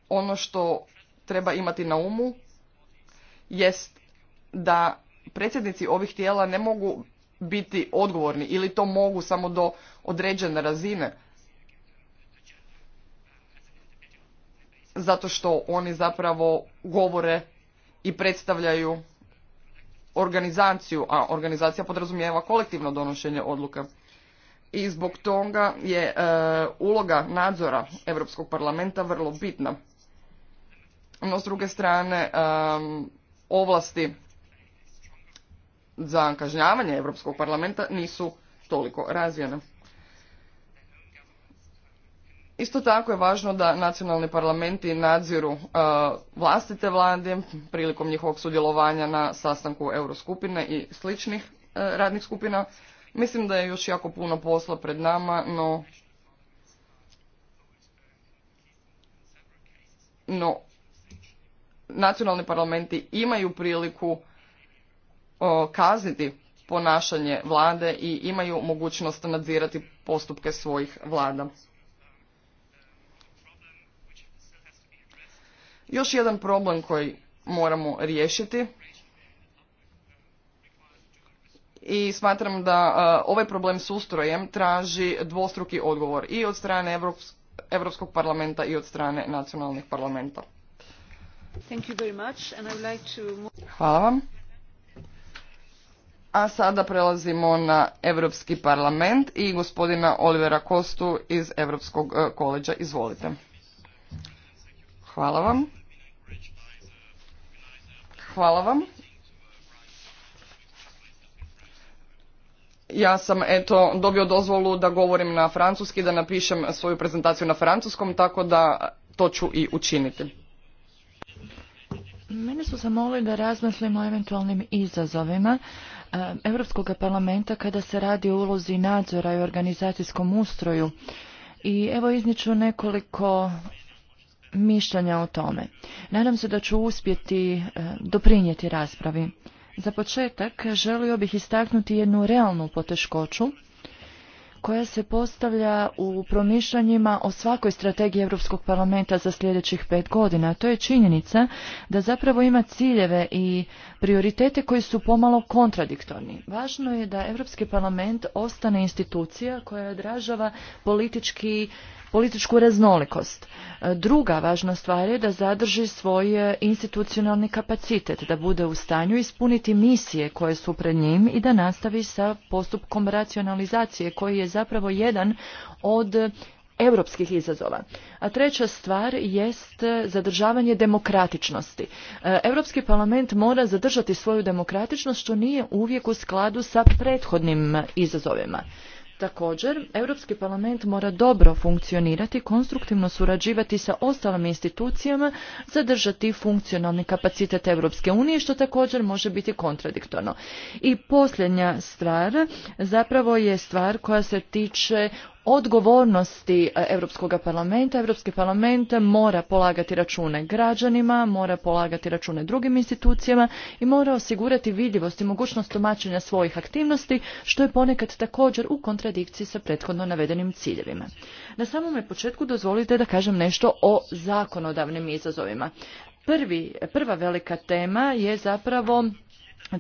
ono što treba imati na umu jest da predsjednici ovih tijela ne mogu biti odgovorni ili to mogu samo do određene razine. Zato što oni zapravo govore i predstavljaju organizaciju, a organizacija podrazumijeva kolektivno donošenje odluka. I zbog toga je e, uloga nadzora Europskog parlamenta vrlo bitna. No, s druge strane, e, ovlasti za kažnjavanje Europskog parlamenta nisu toliko razvijene. Isto tako je važno da nacionalni parlamenti nadziru e, vlastite vlade prilikom njihovog sudjelovanja na sastanku Euroskupine i sličnih e, radnih skupina. Mislim da je još jako puno posla pred nama, no, no nacionalni parlamenti imaju priliku kazniti ponašanje vlade i imaju mogućnost nadzirati postupke svojih vlada. Još jedan problem koji moramo riješiti i smatram da e, ovaj problem s ustrojem traži dvostruki odgovor i od strane Europskog parlamenta i od strane nacionalnih parlamenta. Hvala vam. A sada prelazimo na Europski parlament i gospodina Olivera Kostu iz Europskog e, koleđa. Izvolite. Hvala vam. Hvala vam. Ja sam eto dobio dozvolu da govorim na francuski, da napišem svoju prezentaciju na francuskom, tako da to ću i učiniti. Mene su zamolili da razmislimo o eventualnim izazovima Europskog parlamenta kada se radi o ulozi nadzora i organizacijskom ustroju. I evo izniču nekoliko mišljenja o tome. Nadam se da ću uspjeti e, doprinijeti raspravi. Za početak želio bih istaknuti jednu realnu poteškoću koja se postavlja u promišljanjima o svakoj strategiji Europskog parlamenta za sljedećih pet godina. To je činjenica da zapravo ima ciljeve i prioritete koji su pomalo kontradiktorni. Važno je da Europski parlament ostane institucija koja odražava politički političku raznolikost. E, druga važna stvar je da zadrži svoj e, institucionalni kapacitet, da bude u stanju ispuniti misije koje su pred njim i da nastavi sa postupkom racionalizacije koji je zapravo jedan od europskih izazova. A treća stvar jest e, zadržavanje demokratičnosti. Europski parlament mora zadržati svoju demokratičnost što nije uvijek u skladu sa prethodnim izazovima. Također, Europski parlament mora dobro funkcionirati, konstruktivno surađivati sa ostalim institucijama, zadržati funkcionalni kapacitet Europske unije, što također može biti kontradiktorno. I posljednja stvar zapravo je stvar koja se tiče odgovornosti e, Europskog parlamenta. Europski parlament mora polagati račune građanima, mora polagati račune drugim institucijama i mora osigurati vidljivost i mogućnost tumačenja svojih aktivnosti, što je ponekad također u kontradikciji sa prethodno navedenim ciljevima. Na samome početku dozvolite da kažem nešto o zakonodavnim izazovima. prva velika tema je zapravo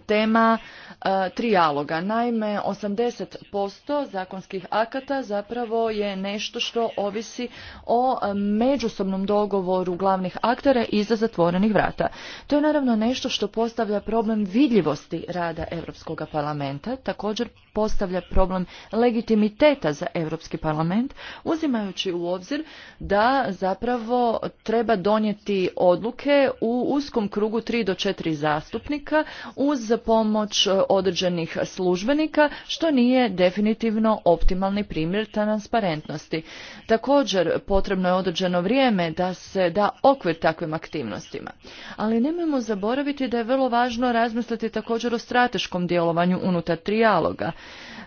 tema e, trijaloga. Naime, 80% zakonskih akata zapravo je nešto što ovisi o e, međusobnom dogovoru glavnih aktera iza zatvorenih vrata. To je naravno nešto što postavlja problem vidljivosti rada Europskog parlamenta, također postavlja problem legitimiteta za Europski parlament, uzimajući u obzir da zapravo treba donijeti odluke u uskom krugu 3 do 4 zastupnika u za pomoć e, određenih službenika, što nije definitivno optimalni primjer transparentnosti. Također, potrebno je određeno vrijeme da se da okvir takvim aktivnostima. Ali nemojmo zaboraviti da je vrlo važno razmisliti također o strateškom djelovanju unutar trijaloga.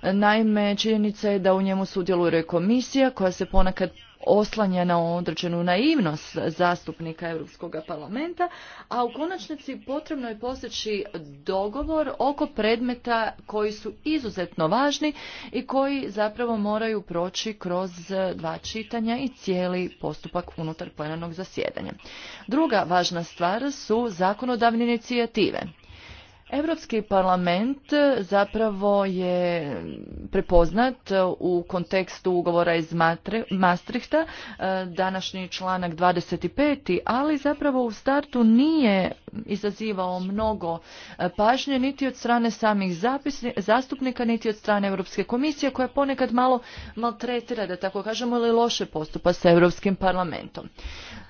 Naime, činjenica je da u njemu sudjeluje komisija koja se ponekad oslanja na određenu naivnost zastupnika Europskog parlamenta, a u konačnici potrebno je postići dogovor oko predmeta koji su izuzetno važni i koji zapravo moraju proći kroz dva čitanja i cijeli postupak unutar plenarnog zasjedanja. Druga važna stvar su zakonodavne inicijative. Europski parlament zapravo je prepoznat u kontekstu ugovora iz Maastrichta, e, današnji članak 25. ali zapravo u startu nije izazivao mnogo e, pažnje niti od strane samih zastupnika, niti od strane Europske komisije koja ponekad malo maltretira, da tako kažemo, ili loše postupa sa Europskim parlamentom.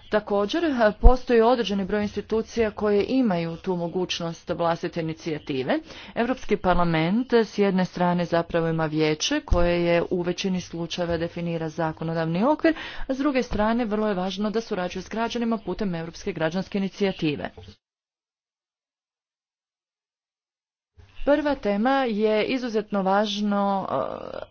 Također, e, postoji određeni broj institucija koje imaju tu mogućnost vlastite inicijative. Europski parlament s jedne strane zapravo ima vijeće koje je u većini slučajeva definira zakonodavni okvir, a s druge strane vrlo je važno da surađuje s građanima putem Europske građanske inicijative. Prva tema je izuzetno važno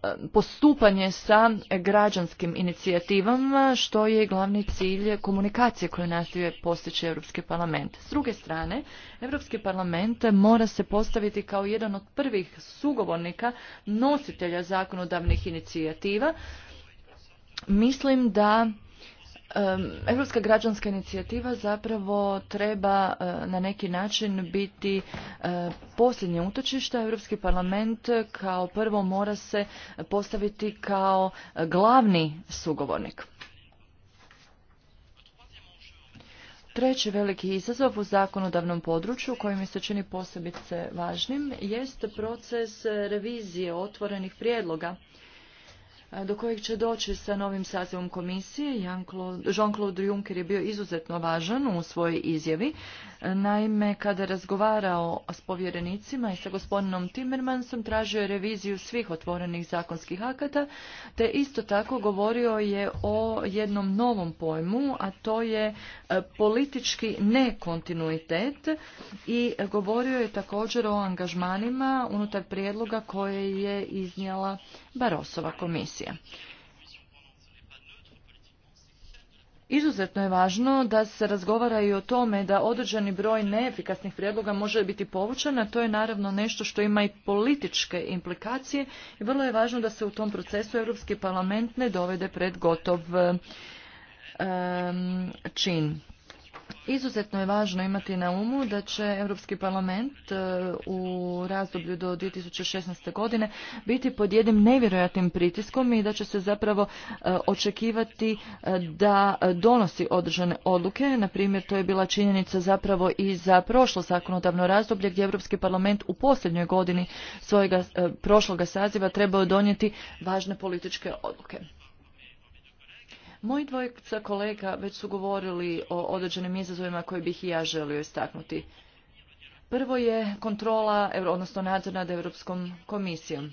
eh, postupanje sa građanskim inicijativama, što je glavni cilj komunikacije koju nastoje postići Europski parlament. S druge strane, Europski parlament mora se postaviti kao jedan od prvih sugovornika nositelja zakonodavnih inicijativa. Mislim da Europska građanska inicijativa zapravo treba e, na neki način biti e, posljednje utočište. Europski parlament kao prvo mora se postaviti kao glavni sugovornik. Treći veliki izazov u zakonodavnom području koji mi se čini posebice važnim jest proces revizije otvorenih prijedloga do kojeg će doći sa novim sazivom komisije. Jean-Claude Juncker je bio izuzetno važan u svojoj izjavi. Naime, kada je razgovarao s povjerenicima i sa gospodinom Timmermansom, tražio je reviziju svih otvorenih zakonskih akata, te isto tako govorio je o jednom novom pojmu, a to je e, politički nekontinuitet i govorio je također o angažmanima unutar prijedloga koje je iznijela Barosova komisija. Izuzetno je važno da se razgovara i o tome da određeni broj neefikasnih prijedloga može biti povučen, a to je naravno nešto što ima i političke implikacije i vrlo je važno da se u tom procesu Europski parlament ne dovede pred gotov čin. Izuzetno je važno imati na umu da će Europski parlament e, u razdoblju do 2016. godine biti pod jednim nevjerojatnim pritiskom i da će se zapravo e, očekivati e, da donosi održane odluke. Na primjer, to je bila činjenica zapravo i za prošlo zakonodavno razdoblje gdje Europski parlament u posljednjoj godini svojega prošloga saziva trebao donijeti važne političke odluke. Moji dvojica kolega već su govorili o određenim izazovima koje bih i ja želio istaknuti. Prvo je kontrola, odnosno nadzor nad Europskom komisijom.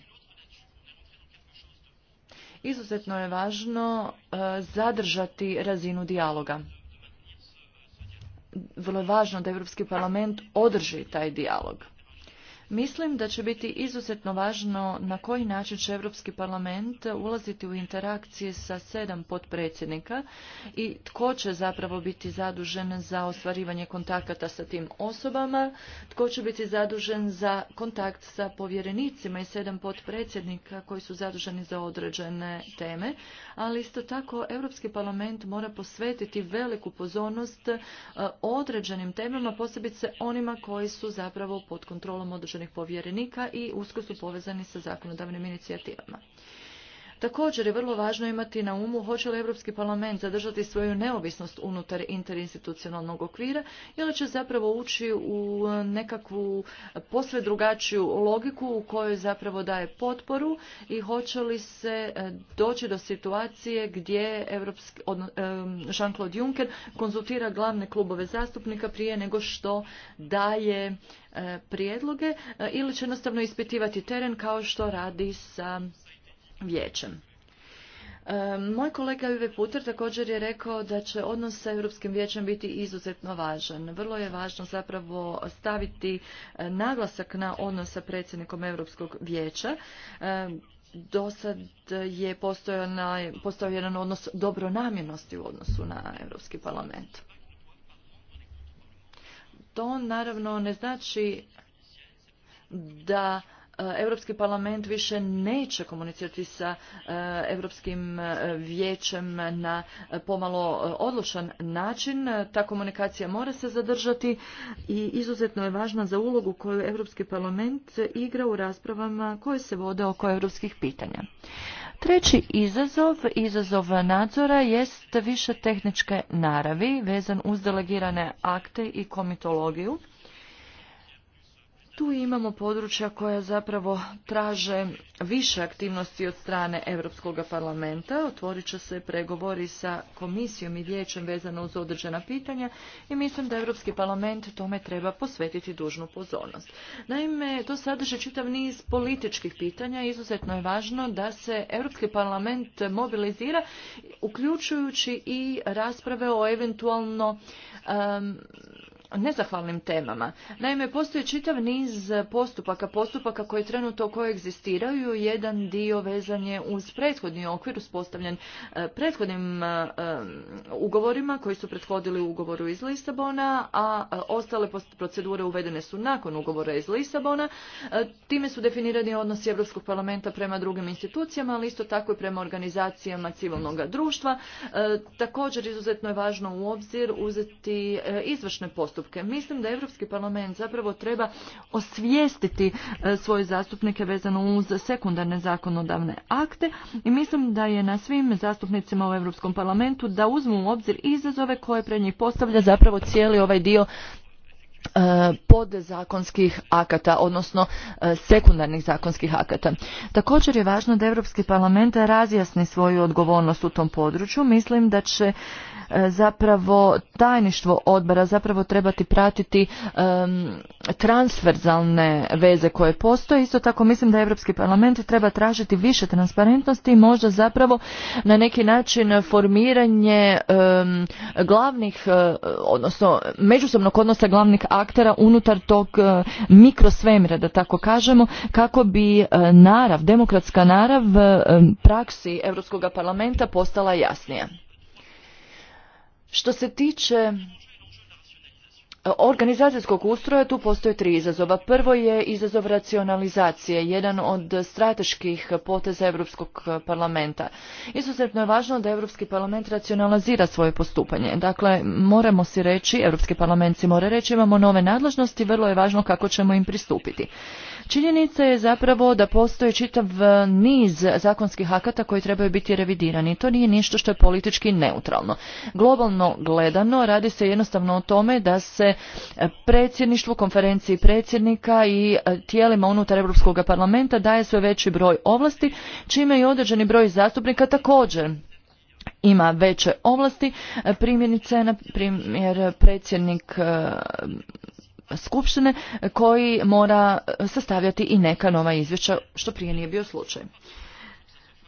Izuzetno je važno e, zadržati razinu dijaloga. Vrlo je važno da Europski parlament održi taj dijalog. Mislim da će biti izuzetno važno na koji način će Europski parlament ulaziti u interakcije sa sedam potpredsjednika i tko će zapravo biti zadužen za ostvarivanje kontakata sa tim osobama, tko će biti zadužen za kontakt sa povjerenicima i sedam potpredsjednika koji su zaduženi za određene teme, ali isto tako Europski parlament mora posvetiti veliku pozornost e, određenim temama, posebice onima koji su zapravo pod kontrolom određenih povjerenika i usko su povezani sa zakonodavnim inicijativama. Također je vrlo važno imati na umu hoće li Europski parlament zadržati svoju neovisnost unutar interinstitucionalnog okvira ili će zapravo ući u nekakvu posve drugačiju logiku u kojoj zapravo daje potporu i hoće li se e, doći do situacije gdje e, Jean-Claude Juncker konzultira glavne klubove zastupnika prije nego što daje e, prijedloge ili će jednostavno ispitivati teren kao što radi sa vijećem. E, moj kolega Uwe Puter također je rekao da će odnos sa Europskim vijećem biti izuzetno važan. Vrlo je važno zapravo staviti e, naglasak na odnos sa predsjednikom Europskog vijeća. E, Do sad je postao jedan odnos dobronamjernosti u odnosu na Europski parlament. To naravno ne znači da E, Europski parlament više neće komunicirati sa e, Europskim e, vijećem na pomalo odlučan način. Ta komunikacija mora se zadržati i izuzetno je važna za ulogu koju Europski parlament igra u raspravama koje se vode oko europskih pitanja. Treći izazov, izazov nadzora, jest više tehničke naravi vezan uz delegirane akte i komitologiju. Tu imamo područja koja zapravo traže više aktivnosti od strane Europskog parlamenta. Otvorit će se pregovori sa komisijom i vijećem vezano uz određena pitanja i mislim da Europski parlament tome treba posvetiti dužnu pozornost. Naime, to sadrže čitav niz političkih pitanja i izuzetno je važno da se Europski parlament mobilizira uključujući i rasprave o eventualno nezahvalnim temama. Naime, postoji čitav niz postupaka, postupaka koji trenutno koegzistiraju. Jedan dio vezan je uz prethodni okvir uspostavljen e, prethodnim e, e, ugovorima koji su prethodili ugovoru iz Lisabona, a ostale procedure uvedene su nakon ugovora iz Lisabona. Time su definirani odnosi Europskog parlamenta prema drugim institucijama, ali isto tako i prema organizacijama civilnog društva. Također izuzetno je važno u obzir uzeti izvršne postupke Mislim da Europski parlament zapravo treba osvijestiti e, svoje zastupnike vezano uz sekundarne zakonodavne akte i mislim da je na svim zastupnicima u Europskom parlamentu da uzmu u obzir izazove koje pred njih postavlja zapravo cijeli ovaj dio e, podzakonskih akata, odnosno e, sekundarnih zakonskih akata. Također je važno da Europski parlament razjasni svoju odgovornost u tom području. Mislim da će E, zapravo tajništvo odbora zapravo trebati pratiti um, transverzalne veze koje postoje. Isto tako mislim da Europski parlament treba tražiti više transparentnosti i možda zapravo na neki način formiranje glavnih, e, odnosno međusobnog odnosa glavnih aktera unutar tog e, mikrosvemira, da tako kažemo, kako bi narav, demokratska narav praksi Europskog parlamenta postala jasnija. Što se tiče e, organizacijskog ustroja tu postoje tri izazova. Prvo je izazov racionalizacije, jedan od strateških poteza Europskog parlamenta. Izuzetno je važno da Europski parlament racionalizira svoje postupanje. Dakle, moramo si reći, Europski parlament si mora reći, imamo nove nadležnosti, vrlo je važno kako ćemo im pristupiti. Činjenica je zapravo da postoji čitav e, niz zakonskih akata koji trebaju biti revidirani. To nije ništa što je politički neutralno. Globalno gledano radi se jednostavno o tome da se e, predsjedništvu, konferenciji predsjednika i e, tijelima unutar Europskog parlamenta daje sve veći broj ovlasti, čime i određeni broj zastupnika također ima veće ovlasti. Primjerice, na primjer, predsjednik skupštine koji mora e, sastavljati i neka nova izvješća što prije nije bio slučaj.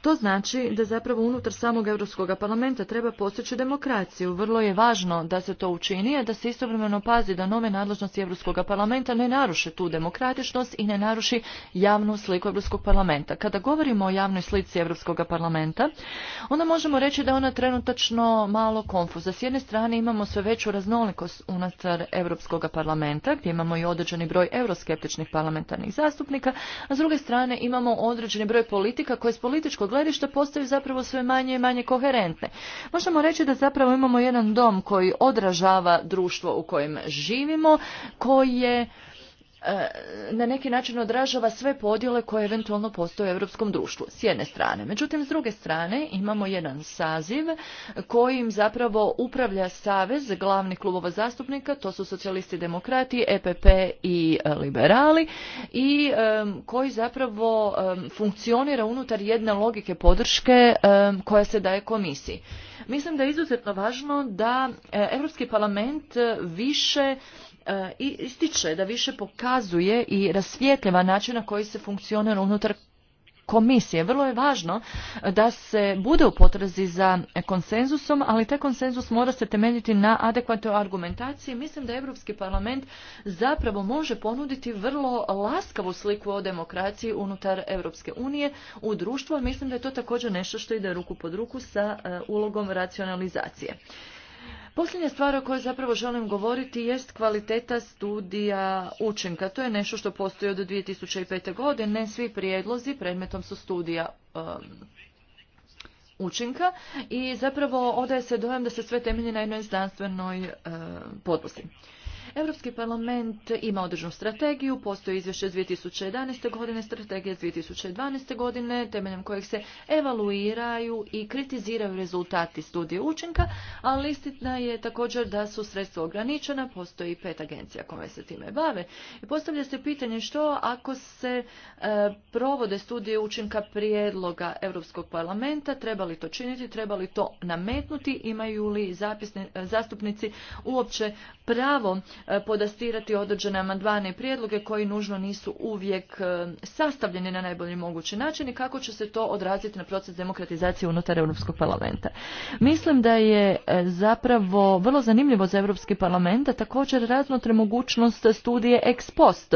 To znači da zapravo unutar samog Europskog parlamenta treba postići demokraciju. Vrlo je važno da se to učini, a da se istovremeno pazi da nove nadležnosti Europskog parlamenta ne naruše tu demokratičnost i ne naruši javnu sliku Europskog parlamenta. Kada govorimo o javnoj slici Europskog parlamenta, onda možemo reći da je ona trenutačno malo konfuza. S jedne strane imamo sve veću raznolikost unutar Europskog parlamenta, gdje imamo i određeni broj euroskeptičnih parlamentarnih zastupnika, a s druge strane imamo određeni broj politika koje s političkog gledišta postaju zapravo sve manje i manje koherentne. Možemo reći da zapravo imamo jedan dom koji odražava društvo u kojem živimo, koje E, na neki način odražava sve podjele koje eventualno postoje u europskom društvu s jedne strane. Međutim, s druge strane imamo jedan saziv kojim zapravo upravlja savez glavnih klubova zastupnika, to su socijalisti demokrati, EPP i e, liberali i e, koji zapravo funkcionira unutar jedne logike podrške koja se daje komisiji. Mislim da je izuzetno važno da Europski parlament više E, i ističe da više pokazuje i rasvjetljava način na koji se funkcionira unutar komisije. Vrlo je važno da se bude u potrazi za konsenzusom, ali taj konsenzus mora se temeljiti na adekvatnoj argumentaciji. Mislim da Europski parlament zapravo može ponuditi vrlo laskavu sliku o demokraciji unutar Evropske unije u društvu, a mislim da je to također nešto što ide ruku pod ruku sa e, ulogom racionalizacije. Posljednja stvar o kojoj zapravo želim govoriti jest kvaliteta studija učinka. To je nešto što postoji od 2005. godine. Ne Svi prijedlozi predmetom su studija um, učinka i zapravo odaje se dojam da se sve temelji na jednoj znanstvenoj uh, podlozi. Europski parlament ima određenu strategiju, postoji izvješće 2011. godine, strategija 2012. godine, temeljem kojeg se evaluiraju i kritiziraju rezultati studije učinka, ali istina je također da su sredstva ograničena, postoji pet agencija koje se time bave. I postavlja se pitanje što ako se e, provode studije učinka prijedloga Europskog parlamenta, treba li to činiti, treba li to nametnuti, imaju li e, zastupnici uopće pravo E, podastirati određene amandmane i prijedloge koji nužno nisu uvijek e, sastavljeni na najbolji mogući način i kako će se to odraziti na proces demokratizacije unutar Europskog parlamenta. Mislim da je e, zapravo vrlo zanimljivo za Europski parlament da također razmotre mogućnost studije ex post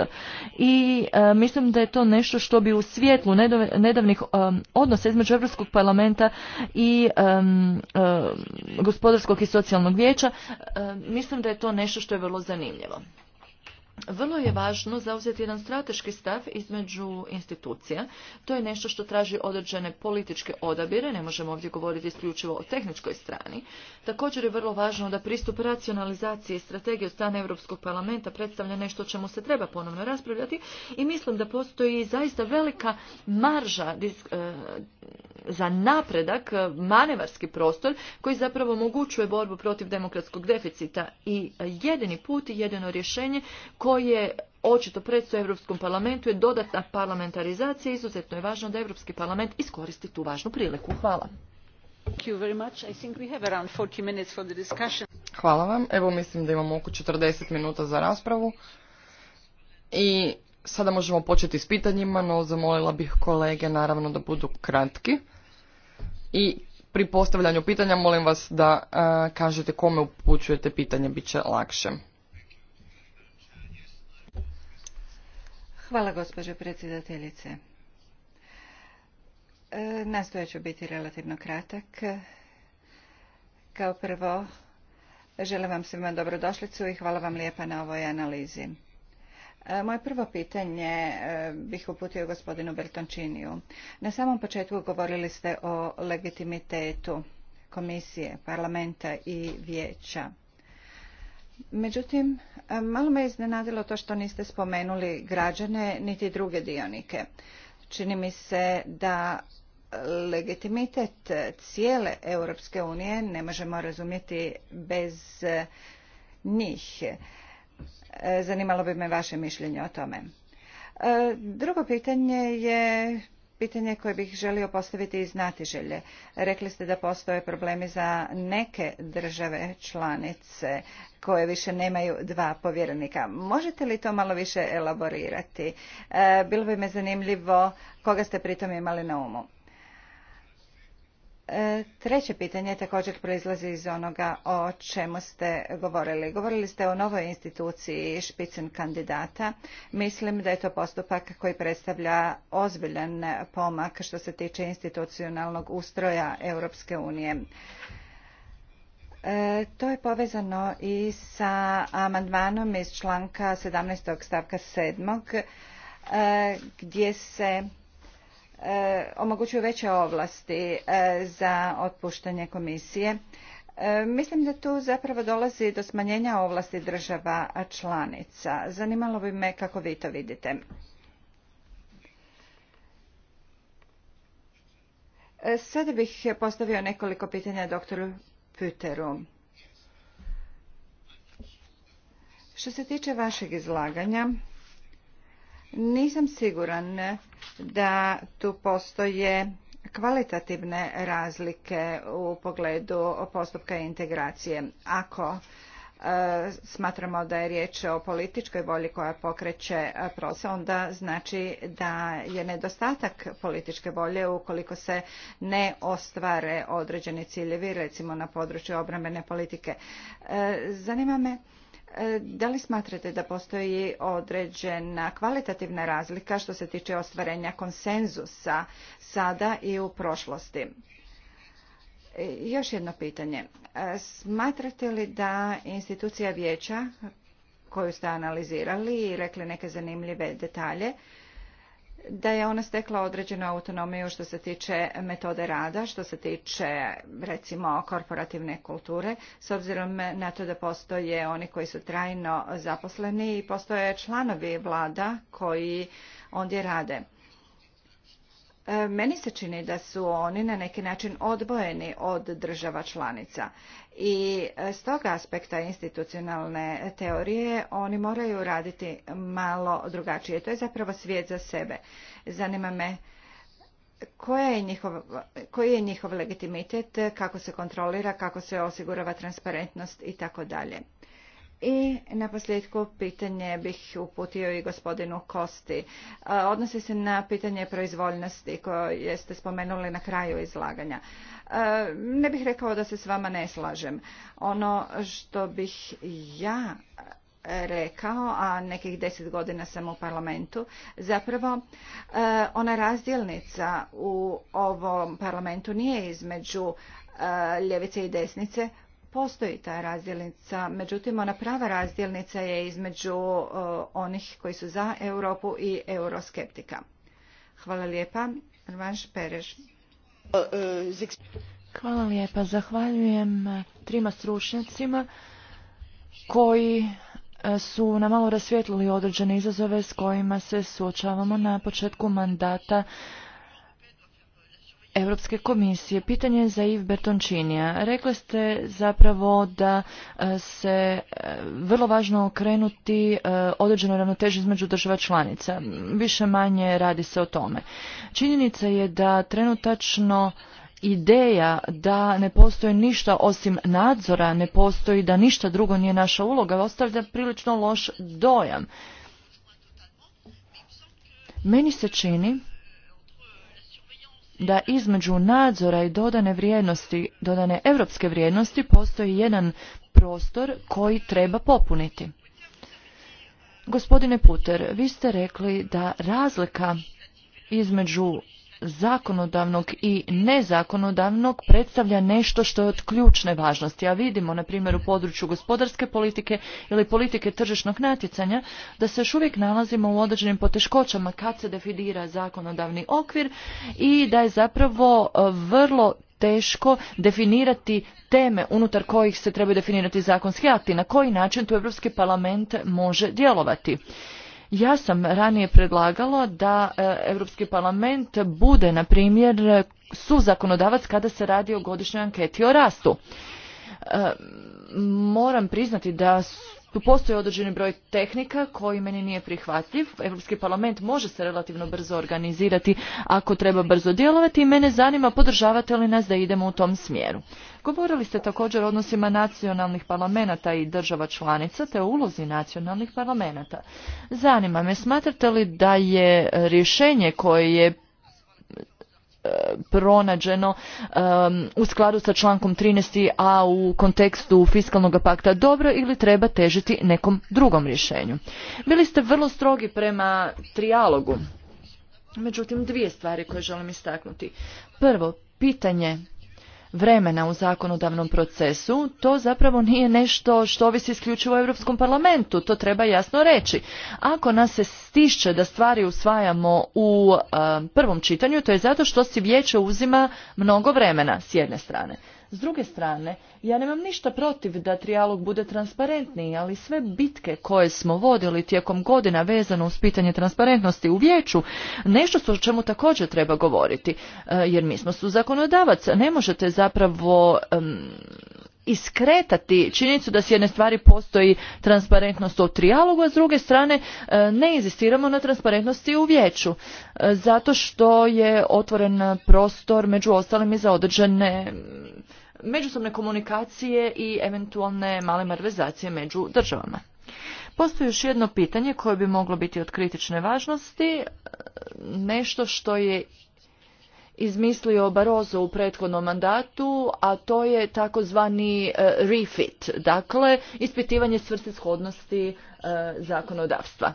i mislim da je to nešto što bi u svijetlu nedavnih odnosa između Europskog parlamenta i gospodarskog i socijalnog vijeća mislim da je to nešto što je vrlo zanimljivo zanimljivo. Vrlo je važno zauzeti jedan strateški stav između institucija. To je nešto što traži određene političke odabire, ne možemo ovdje govoriti isključivo o tehničkoj strani. Također je vrlo važno da pristup racionalizaciji i strategije od strane Europskog parlamenta predstavlja nešto o čemu se treba ponovno raspravljati i mislim da postoji zaista velika marža e, za napredak e, manevarski prostor koji zapravo omogućuje borbu protiv demokratskog deficita i e, jedini put i jedino rješenje koje očito predstoje Europskom parlamentu je dodatna parlamentarizacija. Izuzetno je važno da Europski parlament iskoristi tu važnu priliku. Hvala. Hvala vam. Evo mislim da imamo oko 40 minuta za raspravu i Sada možemo početi s pitanjima, no zamolila bih kolege naravno da budu kratki. I pri postavljanju pitanja molim vas da e, kažete kome upućujete pitanje, bit će lakše. Hvala gospođo predsjedateljice. E, ću biti relativno kratak. Kao prvo, želim vam svima dobrodošlicu i hvala vam lijepa na ovoj analizi. E, moje prvo pitanje e, bih uputio gospodinu Bertončiniju. Na samom početku govorili ste o legitimitetu komisije, parlamenta i vijeća. Međutim, e, malo me iznenadilo to što niste spomenuli građane niti druge dionike. Čini mi se da legitimitet cijele Europske unije ne možemo razumjeti bez njih. E, zanimalo bi me vaše mišljenje o tome. E, drugo pitanje je pitanje koje bih želio postaviti iz znatiželje. Rekli ste da postoje problemi za neke države članice koje više nemaju dva povjerenika. Možete li to malo više elaborirati? E, bilo bi me zanimljivo koga ste pritom imali na umu. E, treće pitanje također proizlazi iz onoga o čemu ste govorili. Govorili ste o novoj instituciji špicen kandidata. Mislim da je to postupak koji predstavlja ozbiljan pomak što se tiče institucionalnog ustroja Europske unije. E, to je povezano i sa amandmanom iz članka 17. stavka 7. E, gdje se E, omogućuju veće ovlasti e, za otpuštanje komisije. E, mislim da tu zapravo dolazi do smanjenja ovlasti država članica. Zanimalo bi me kako vi to vidite. Sada bih postavio nekoliko pitanja doktoru Puteru. Što se tiče vašeg izlaganja, nisam siguran da tu postoje kvalitativne razlike u pogledu postupka integracije. Ako e, smatramo da je riječ o političkoj volji koja pokreće e, proces, onda znači da je nedostatak političke volje ukoliko se ne ostvare određeni ciljevi, recimo na području obrambene politike. E, zanima me E, da li smatrate da postoji određena kvalitativna razlika što se tiče ostvarenja konsenzusa sada i u prošlosti? E, još jedno pitanje. E, smatrate li da institucija vijeća koju ste analizirali i rekli neke zanimljive detalje, da je ona stekla određenu autonomiju što se tiče metode rada, što se tiče recimo korporativne kulture, s obzirom na to da postoje oni koji su trajno zaposleni i postoje članovi vlada koji ondje rade. E, meni se čini da su oni na neki način odbojeni od država članica i e, s tog aspekta institucionalne teorije oni moraju raditi malo drugačije. To je zapravo svijet za sebe. Zanima me koja je njihov, koji je njihov legitimitet, kako se kontrolira, kako se osigurava transparentnost i tako dalje. I na posljedku pitanje bih uputio i gospodinu Kosti. E, odnosi se na pitanje proizvoljnosti koje ste spomenuli na kraju izlaganja. E, ne bih rekao da se s vama ne slažem. Ono što bih ja rekao, a nekih deset godina sam u parlamentu, zapravo e, ona razdjelnica u ovom parlamentu nije između ljevice i desnice, postoji ta razdjelnica, međutim ona prava razdjelnica je između e, onih koji su za Europu i euroskeptika. Hvala lijepa. Rvanš Pereš. Hvala lijepa. Zahvaljujem e, trima stručnjacima koji e, su namalo rasvjetlili određene izazove s kojima se suočavamo na početku mandata Europske komisije. Pitanje je za Iv Bertončinija. Rekli ste zapravo da e, se e, vrlo važno okrenuti e, određenoj ravnoteži između država članica. Više manje radi se o tome. Činjenica je da trenutačno ideja da ne postoji ništa osim nadzora, ne postoji da ništa drugo nije naša uloga, ostavlja prilično loš dojam. Meni se čini da između nadzora i dodane vrijednosti, dodane europske vrijednosti, postoji jedan prostor koji treba popuniti. Gospodine Puter, vi ste rekli da razlika između zakonodavnog i nezakonodavnog predstavlja nešto što je od ključne važnosti. A vidimo, na primjer, u području gospodarske politike ili politike tržišnog natjecanja, da se još uvijek nalazimo u određenim poteškoćama kad se definira zakonodavni okvir i da je zapravo e, vrlo teško definirati teme unutar kojih se trebaju definirati zakonski akti, na koji način tu Europski parlament može djelovati. Ja sam ranije predlagalo da e, Europski parlament bude, na primjer, suzakonodavac kada se radi o godišnjoj anketi o rastu. E, moram priznati da tu postoji određeni broj tehnika koji meni nije prihvatljiv. Europski parlament može se relativno brzo organizirati ako treba brzo djelovati i mene zanima podržavate li nas da idemo u tom smjeru. Govorili ste također o odnosima nacionalnih parlamenta i država članica te o ulozi nacionalnih parlamenta. Zanima me, smatrate li da je rješenje koje je E, pronađeno u skladu sa člankom 13. a u kontekstu fiskalnog pakta dobro ili treba težiti nekom drugom rješenju. Bili ste vrlo strogi prema trijalogu. Međutim, dvije stvari koje želim istaknuti. Prvo, pitanje vremena u zakonodavnom procesu, to zapravo nije nešto što ovisi isključivo u Europskom parlamentu, to treba jasno reći. Ako nas se stišće da stvari usvajamo u prvom čitanju, to je zato što si vijeće uzima mnogo vremena s jedne strane. S druge strane, ja nemam ništa protiv da trijalog bude transparentniji, ali sve bitke koje smo vodili tijekom godina vezano uz pitanje transparentnosti u vijeću, nešto su o čemu također treba govoriti, e, jer mi smo su zakonodavac, ne možete zapravo iskretati činjenicu da s jedne stvari postoji transparentnost u trijalogu, a s druge strane e, ne inzistiramo na transparentnosti u vijeću, e, zato što je otvoren prostor među ostalim i za određene međusobne komunikacije i eventualne male marvezacije među državama. Postoji još jedno pitanje koje bi moglo biti od kritične važnosti, e, nešto što je izmislio Barozo u prethodnom mandatu, a to je takozvani e, refit, dakle ispitivanje svrsishodnosti e, zakonodavstva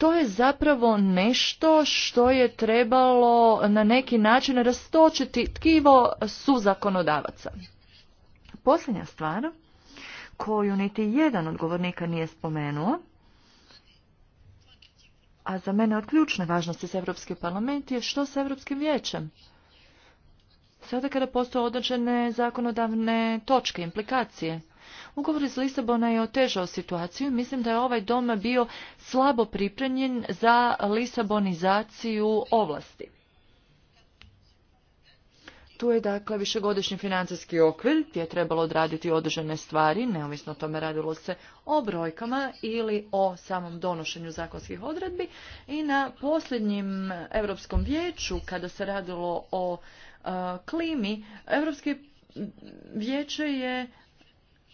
to je zapravo nešto što je trebalo na neki način rastočiti tkivo su zakonodavaca. Posljednja stvar koju niti jedan od govornika nije spomenuo, a za mene od ključne važnosti s Evropskim parlamentom je što s Europskim vijećem. Sada kada postoje određene zakonodavne točke, implikacije, Ugovor iz Lisabona je otežao situaciju mislim da je ovaj dom bio slabo pripremljen za lisabonizaciju ovlasti. Tu je dakle višegodišnji financijski okvir gdje je trebalo odraditi određene stvari, neovisno o tome radilo se o brojkama ili o samom donošenju zakonskih odredbi. I na posljednjem Europskom vijeću, kada se radilo o e, klimi, Europski vijeće je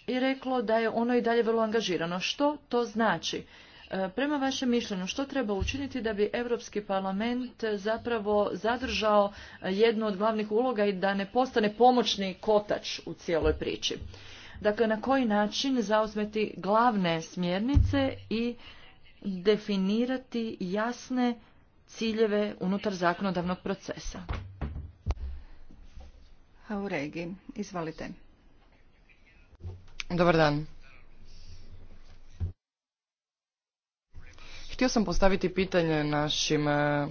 i reklo da je ono i dalje vrlo angažirano. Što to znači? E, prema vašem mišljenju, što treba učiniti da bi Europski parlament zapravo zadržao jednu od glavnih uloga i da ne postane pomoćni kotač u cijeloj priči? Dakle, na koji način zauzmeti glavne smjernice i definirati jasne ciljeve unutar zakonodavnog procesa? izvalite izvolite. Dobar dan. Htio sam postaviti pitanje našim e,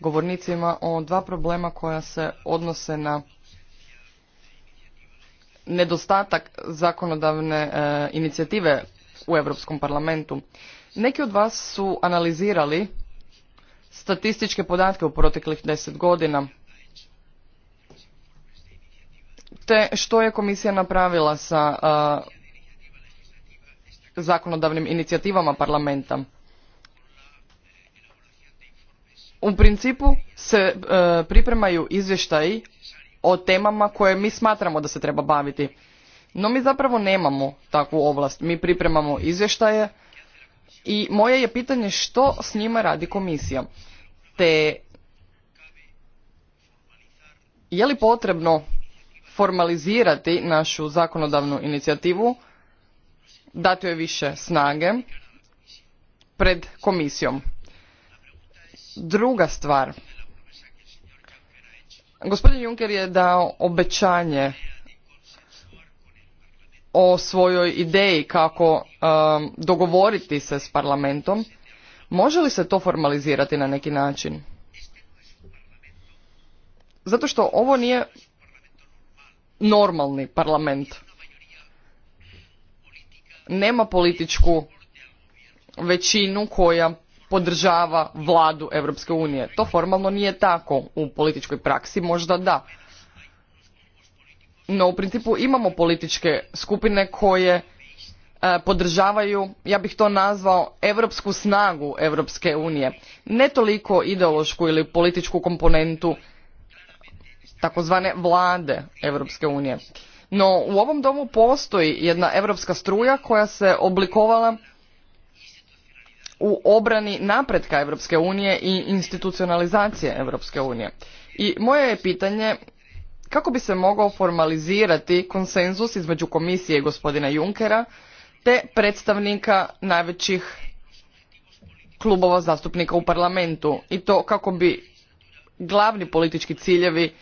govornicima o dva problema koja se odnose na nedostatak zakonodavne e, inicijative u Europskom parlamentu. Neki od vas su analizirali statističke podatke u proteklih deset godina te što je komisija napravila sa zakonodavnim inicijativama parlamenta. U principu se e, pripremaju izvještaji o temama koje mi smatramo da se treba baviti. No mi zapravo nemamo takvu ovlast. Mi pripremamo izvještaje i moje je pitanje što s njima radi komisija. Te je li potrebno formalizirati našu zakonodavnu inicijativu, dati joj više snage pred komisijom. Druga stvar. Gospodin Juncker je dao obećanje o svojoj ideji kako um, dogovoriti se s parlamentom. Može li se to formalizirati na neki način? Zato što ovo nije normalni parlament. Nema političku većinu koja podržava vladu Europske unije. To formalno nije tako. U političkoj praksi možda da. No u principu imamo političke skupine koje e, podržavaju, ja bih to nazvao, europsku snagu Europske unije. Ne toliko ideološku ili političku komponentu takozvane vlade Europske unije. No u ovom domu postoji jedna europska struja koja se oblikovala u obrani napretka Europske unije i institucionalizacije Europske unije. I moje je pitanje kako bi se mogao formalizirati konsenzus između komisije i gospodina Junkera te predstavnika najvećih klubova zastupnika u parlamentu i to kako bi glavni politički ciljevi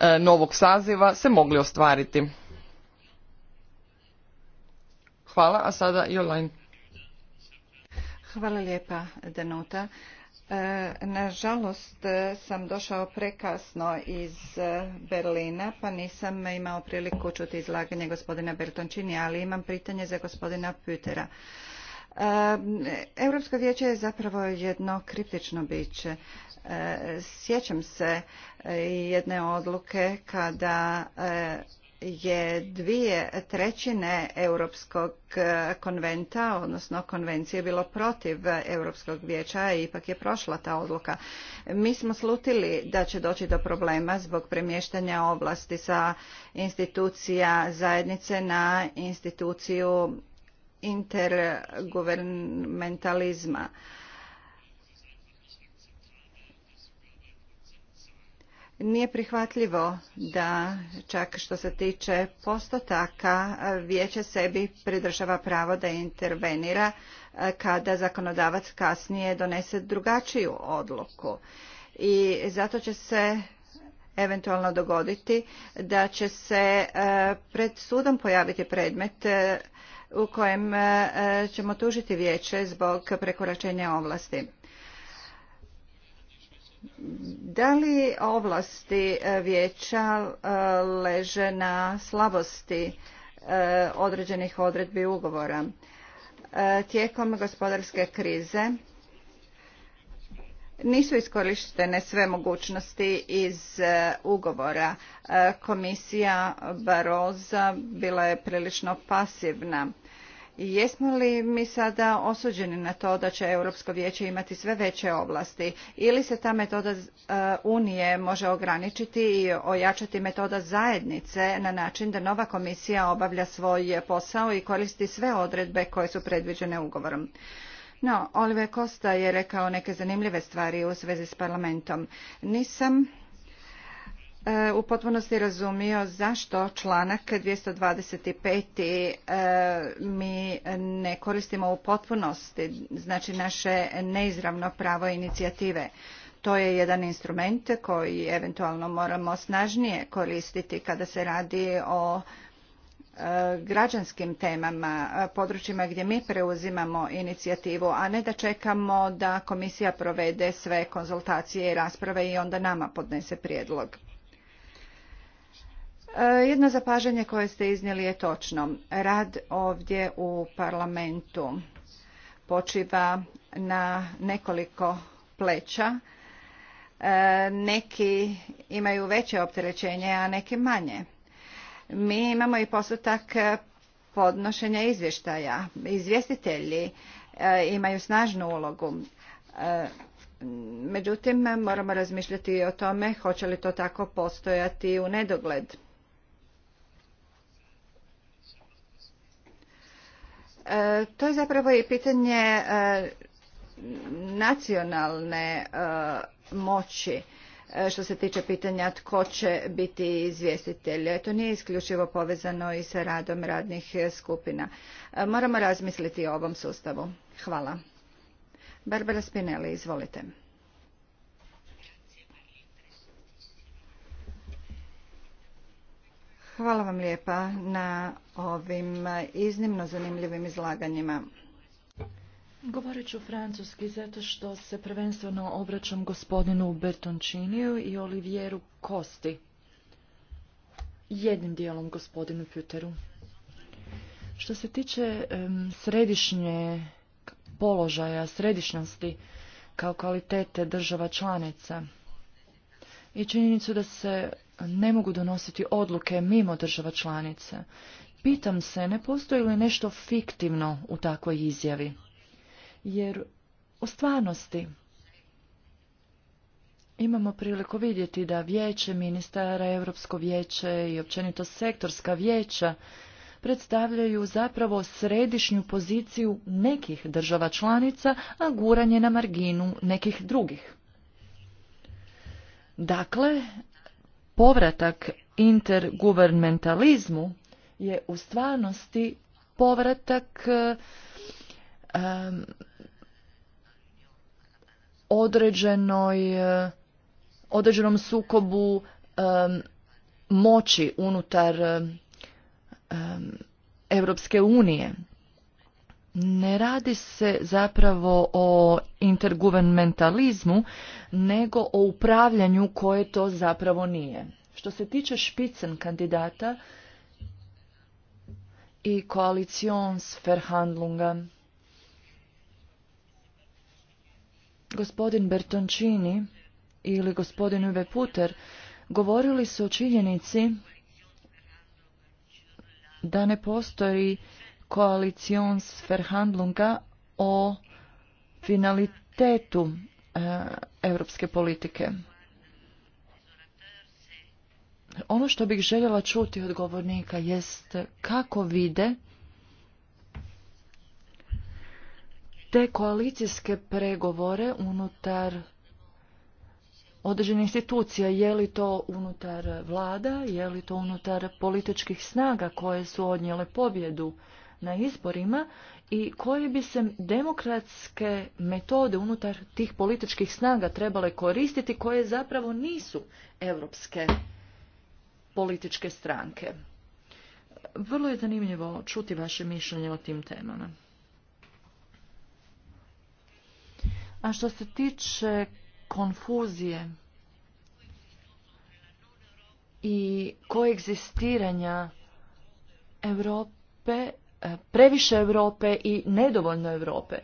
E, novog saziva se mogli ostvariti. Hvala, a sada online. Hvala lijepa, denuta e, Nažalost e, sam došao prekasno iz Berlina pa nisam imao priliku čuti izlaganje gospodina Bertončini, ali imam pitanje za gospodina Pütera. Europsko vijeće je zapravo jedno kriptično biće. E, sjećam se e, jedne odluke kada e, je dvije trećine Europskog konventa, odnosno konvencije, bilo protiv Europskog vijeća i ipak je prošla ta odluka. Mi smo slutili da će doći do problema zbog premještanja oblasti sa institucija zajednice na instituciju intergovernmentalizma. Nije prihvatljivo da čak što se tiče postotaka vijeće sebi pridržava pravo da intervenira eh, kada zakonodavac kasnije donese drugačiju odluku. I zato će se eventualno dogoditi da će se eh, pred sudom pojaviti predmet eh, u kojem e, e, ćemo tužiti vijeće zbog prekoračenja ovlasti. Da li ovlasti e, vijeća leže na slabosti određenih odredbi ugovora? Tijekom gospodarske krize nisu iskorištene sve mogućnosti iz e, ugovora. E, komisija Baroza bila je prilično pasivna. Jesmo li mi sada osuđeni na to da će Europsko vijeće imati sve veće ovlasti ili se ta metoda e, Unije može ograničiti i ojačati metoda zajednice na način da nova komisija obavlja svoj posao i koristi sve odredbe koje su predviđene ugovorom? No, Oliver Costa je rekao neke zanimljive stvari u svezi s parlamentom. Nisam e, u potpunosti razumio zašto članak 225. E, mi ne koristimo u potpunosti, znači naše neizravno pravo inicijative. To je jedan instrument koji eventualno moramo snažnije koristiti kada se radi o građanskim temama, područjima gdje mi preuzimamo inicijativu, a ne da čekamo da komisija provede sve konzultacije i rasprave i onda nama podnese prijedlog. E, jedno zapažanje koje ste iznijeli je točno. Rad ovdje u parlamentu počiva na nekoliko pleća. E, neki imaju veće opterećenje, a neki manje mi imamo i postotak e, podnošenja izvještaja. Izvjestitelji e, imaju snažnu ulogu. E, međutim, moramo razmišljati i o tome hoće li to tako postojati u nedogled. To je zapravo i pitanje nacionalne moći E, što se tiče pitanja tko će biti izvjestitelj. To nije isključivo povezano i sa radom radnih skupina. E, moramo razmisliti o ovom sustavu. Hvala. Barbara Spinelli, izvolite. Hvala vam lijepa na ovim iznimno zanimljivim izlaganjima. Govorit ću francuski zato što se prvenstveno obraćam gospodinu Bertončiniju i Olivieru Kosti. Jednim dijelom gospodinu Pjuteru. Što se tiče središnje položaja, središnjosti kao kvalitete država članica i činjenicu da se ne mogu donositi odluke mimo država članica, pitam se ne postoji li nešto fiktivno u takvoj izjavi jer u stvarnosti imamo priliku vidjeti da vijeće ministara, Europsko vijeće i općenito sektorska vijeća predstavljaju zapravo središnju poziciju nekih država članica, a guranje na marginu nekih drugih. Dakle, povratak intergovernmentalizmu je u stvarnosti povratak eh, određenoj, e, određenom sukobu e, moći unutar um, Europske unije. Ne radi se zapravo o intergovernmentalizmu, nego o upravljanju koje to zapravo nije. Što se tiče špicen kandidata i koalicijons Verhandlunga, Gospodin Bertoncini ili gospodin Uwe Puter govorili su o činjenici da ne postoji koalicijons Verhandlunga o finalitetu e, europske politike. Ono što bih željela čuti od govornika jest kako vide te koalicijske pregovore unutar određene institucija, je li to unutar vlada, je li to unutar političkih snaga koje su odnijele pobjedu na izborima i koje bi se demokratske metode unutar tih političkih snaga trebale koristiti koje zapravo nisu europske političke stranke. Vrlo je zanimljivo čuti vaše mišljenje o tim temama. A što se tiče konfuzije i koegzistiranja Europe, e, previše Europe i nedovoljno Europe,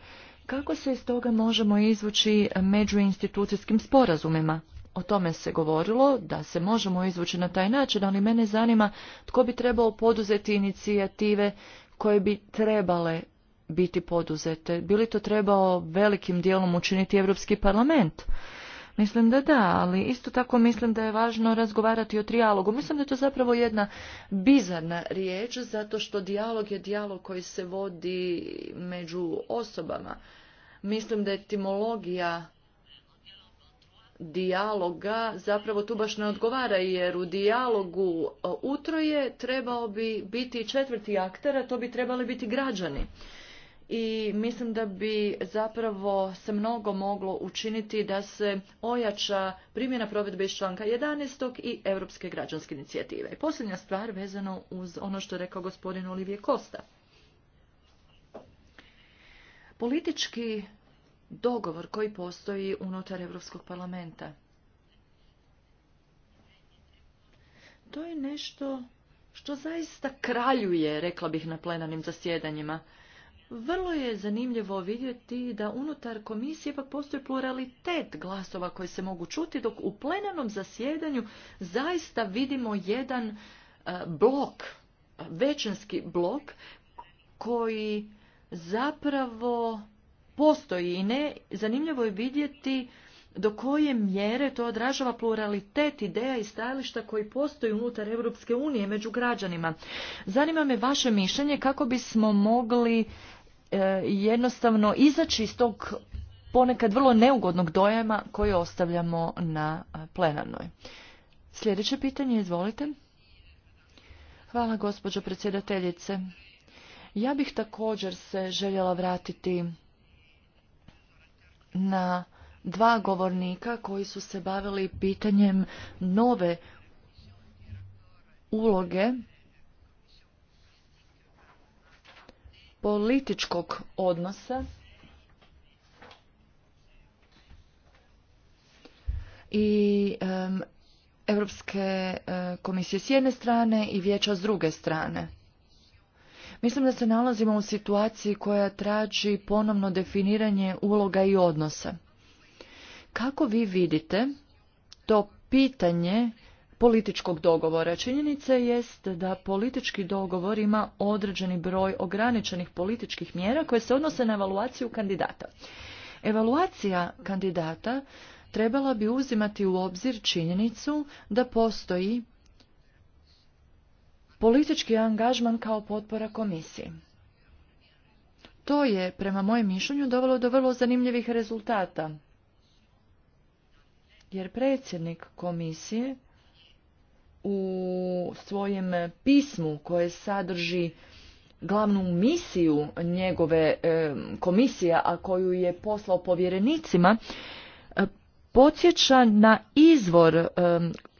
kako se iz toga možemo izvući među institucijskim sporazumima? O tome se govorilo, da se možemo izvući na taj način, ali mene zanima tko bi trebao poduzeti inicijative koje bi trebale biti poduzete? Bili to trebao velikim dijelom učiniti Europski parlament? Mislim da da, ali isto tako mislim da je važno razgovarati o trijalogu. Mislim da je to zapravo jedna bizarna riječ, zato što dijalog je dijalog koji se vodi među osobama. Mislim da etimologija dijaloga zapravo tu baš ne odgovara, jer u dijalogu e, utroje trebao bi biti četvrti akter, a to bi trebali biti građani i mislim da bi zapravo se mnogo moglo učiniti da se ojača primjena provedbe iz članka 11. i Europske građanske inicijative. I posljednja stvar vezano uz ono što je rekao gospodin Olivije Kosta. Politički dogovor koji postoji unutar Europskog parlamenta. To je nešto što zaista kraljuje, rekla bih, na plenarnim zasjedanjima. Vrlo je zanimljivo vidjeti da unutar komisije ipak postoji pluralitet glasova koji se mogu čuti, dok u plenarnom zasjedanju zaista vidimo jedan e, blok, većinski blok, koji zapravo postoji i ne, zanimljivo je vidjeti do koje mjere to odražava pluralitet ideja i stajališta koji postoji unutar Europske unije među građanima. Zanima me vaše mišljenje kako bismo mogli E, jednostavno izaći iz tog ponekad vrlo neugodnog dojama koji ostavljamo na e, plenarnoj. Sljedeće pitanje, izvolite. Hvala, gospođo predsjedateljice. Ja bih također se željela vratiti na dva govornika koji su se bavili pitanjem nove uloge političkog odnosa i um, Europske e, komisije s jedne strane i vijeća s druge strane. Mislim da se nalazimo u situaciji koja traži ponovno definiranje uloga i odnosa. Kako vi vidite to pitanje političkog dogovora. Činjenica jest da politički dogovor ima određeni broj ograničenih političkih mjera koje se odnose na evaluaciju kandidata. Evaluacija kandidata trebala bi uzimati u obzir činjenicu da postoji politički angažman kao potpora komisiji. To je, prema mojem mišljenju, dovelo do vrlo zanimljivih rezultata, jer predsjednik komisije u svojem pismu koje sadrži glavnu misiju njegove e, komisije, a koju je poslao povjerenicima, e, podsjeća na izvor e,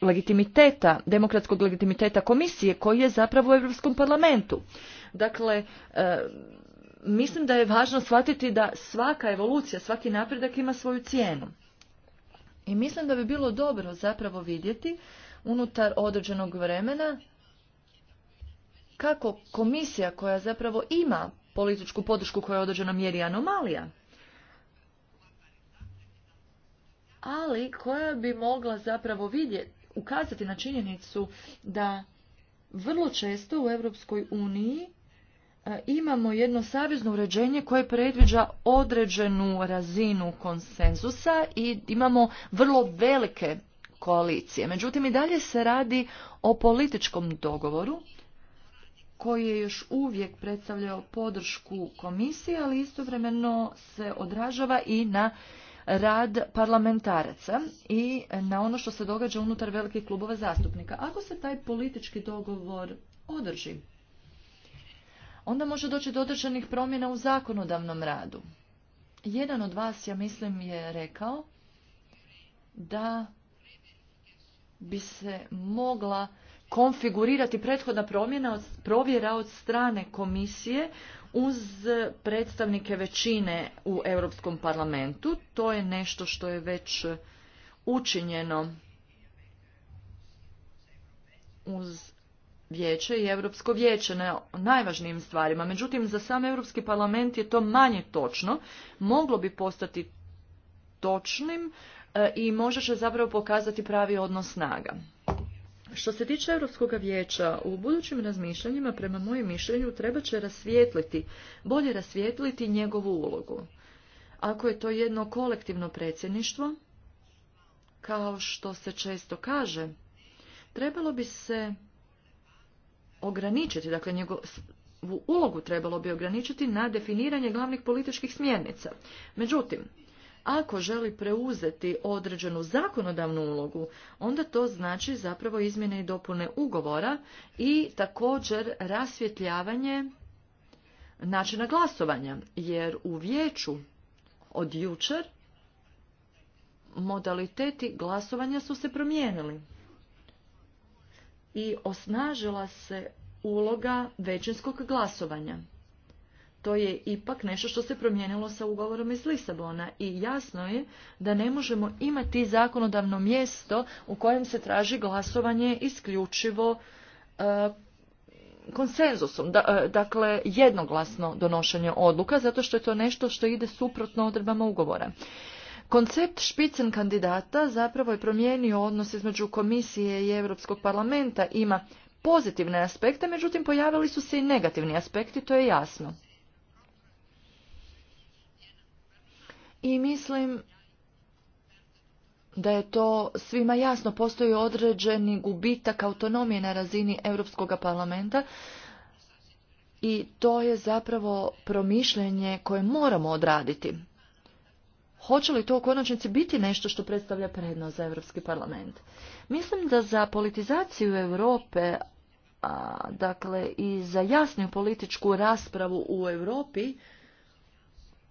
legitimiteta, demokratskog legitimiteta komisije koji je zapravo u Europskom parlamentu. Dakle, mislim da je važno shvatiti da svaka evolucija, svaki napredak ima svoju cijenu. I mislim da bi bilo dobro zapravo vidjeti unutar određenog vremena kako komisija koja zapravo ima političku podršku koja je određena mjeri anomalija, ali koja bi mogla zapravo vidjeti, ukazati na činjenicu da vrlo često u Europskoj uniji e, imamo jedno savezno uređenje koje predviđa određenu razinu konsenzusa i imamo vrlo velike koalicije. Međutim, i dalje se radi o političkom dogovoru koji je još uvijek predstavljao podršku komisije, ali istovremeno se odražava i na rad parlamentaraca i na ono što se događa unutar velikih klubova zastupnika. Ako se taj politički dogovor održi, onda može doći do određenih promjena u zakonodavnom radu. Jedan od vas, ja mislim, je rekao da bi se mogla konfigurirati prethodna promjena od, provjera od strane komisije uz predstavnike većine u Europskom parlamentu. To je nešto što je već učinjeno uz vijeće i Europsko vijeće na najvažnijim stvarima. Međutim, za sam Europski parlament je to manje točno. Moglo bi postati točnim E, i možda se zapravo pokazati pravi odnos snaga. Što se tiče Europskoga vijeća, u budućim razmišljanjima, prema mojem mišljenju, treba će rasvijetliti, bolje rasvijetliti njegovu ulogu. Ako je to jedno kolektivno predsjedništvo, kao što se često kaže, trebalo bi se ograničiti, dakle njegovu ulogu trebalo bi ograničiti na definiranje glavnih političkih smjernica. Međutim, ako želi preuzeti određenu zakonodavnu ulogu, onda to znači zapravo izmjene i dopune ugovora i također rasvjetljavanje načina glasovanja, jer u vijeću od jučer modaliteti glasovanja su se promijenili i osnažila se uloga većinskog glasovanja to je ipak nešto što se promijenilo sa ugovorom iz Lisabona i jasno je da ne možemo imati zakonodavno mjesto u kojem se traži glasovanje isključivo e, konsenzusom, e, dakle jednoglasno donošenje odluka, zato što je to nešto što ide suprotno odredbama ugovora. Koncept špicen kandidata zapravo je promijenio odnos između komisije i Europskog parlamenta, ima pozitivne aspekte, međutim pojavili su se i negativni aspekti, to je jasno. i mislim da je to svima jasno. Postoji određeni gubitak autonomije na razini Europskog parlamenta i to je zapravo promišljanje koje moramo odraditi. Hoće li to u konačnici biti nešto što predstavlja prednost za Europski parlament? Mislim da za politizaciju Europe, a, dakle i za jasniju političku raspravu u Europi,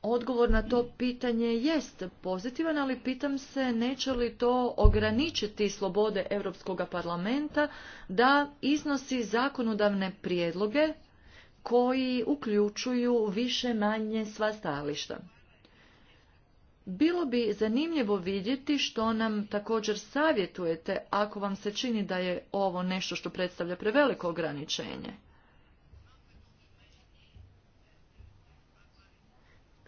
Odgovor na to pitanje jest pozitivan, ali pitam se neće li to ograničiti slobode Europskog parlamenta da iznosi zakonodavne prijedloge koji uključuju više manje sva stajališta. Bilo bi zanimljivo vidjeti što nam također savjetujete ako vam se čini da je ovo nešto što predstavlja preveliko ograničenje.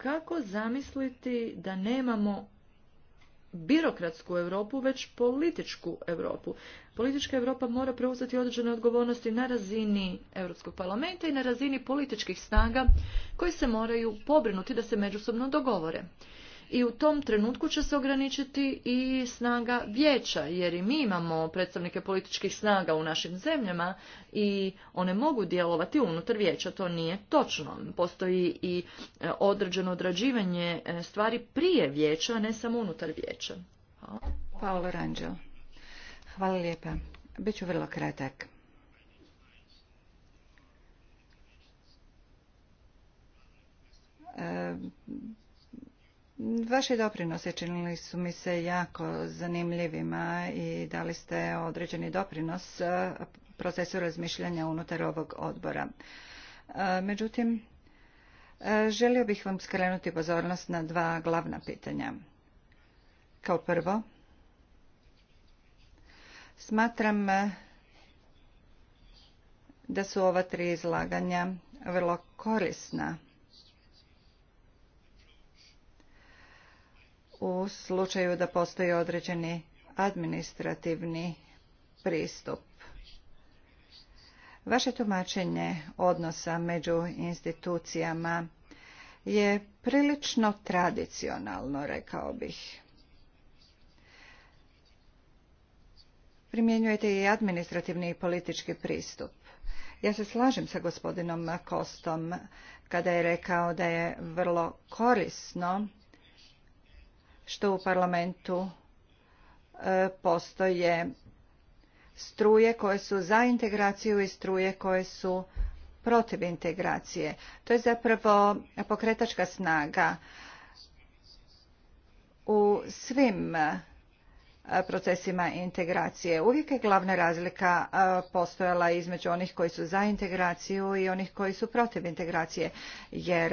kako zamisliti da nemamo birokratsku Europu, već političku Europu. Politička Europa mora preuzeti određene odgovornosti na razini Europskog parlamenta i na razini političkih snaga koji se moraju pobrinuti da se međusobno dogovore i u tom trenutku će se ograničiti i snaga vijeća, jer i mi imamo predstavnike političkih snaga u našim zemljama i one mogu djelovati unutar vijeća. To nije točno. Postoji i e, određeno odrađivanje e, stvari prije vijeća, a ne samo unutar vijeća. Paolo Hvala lijepa. Biću vrlo kratak. E, Vaši doprinose činili su mi se jako zanimljivima i dali ste određeni doprinos e, procesu razmišljanja unutar ovog odbora. E, međutim, e, želio bih vam skrenuti pozornost na dva glavna pitanja. Kao prvo, smatram da su ova tri izlaganja vrlo korisna u slučaju da postoji određeni administrativni pristup. Vaše tumačenje odnosa među institucijama je prilično tradicionalno, rekao bih. Primjenjujete i administrativni i politički pristup. Ja se slažem sa gospodinom Kostom kada je rekao da je vrlo korisno što u parlamentu e, postoje struje koje su za integraciju i struje koje su protiv integracije. To je zapravo pokretačka snaga u svim procesima integracije. Uvijek je glavna razlika postojala između onih koji su za integraciju i onih koji su protiv integracije, jer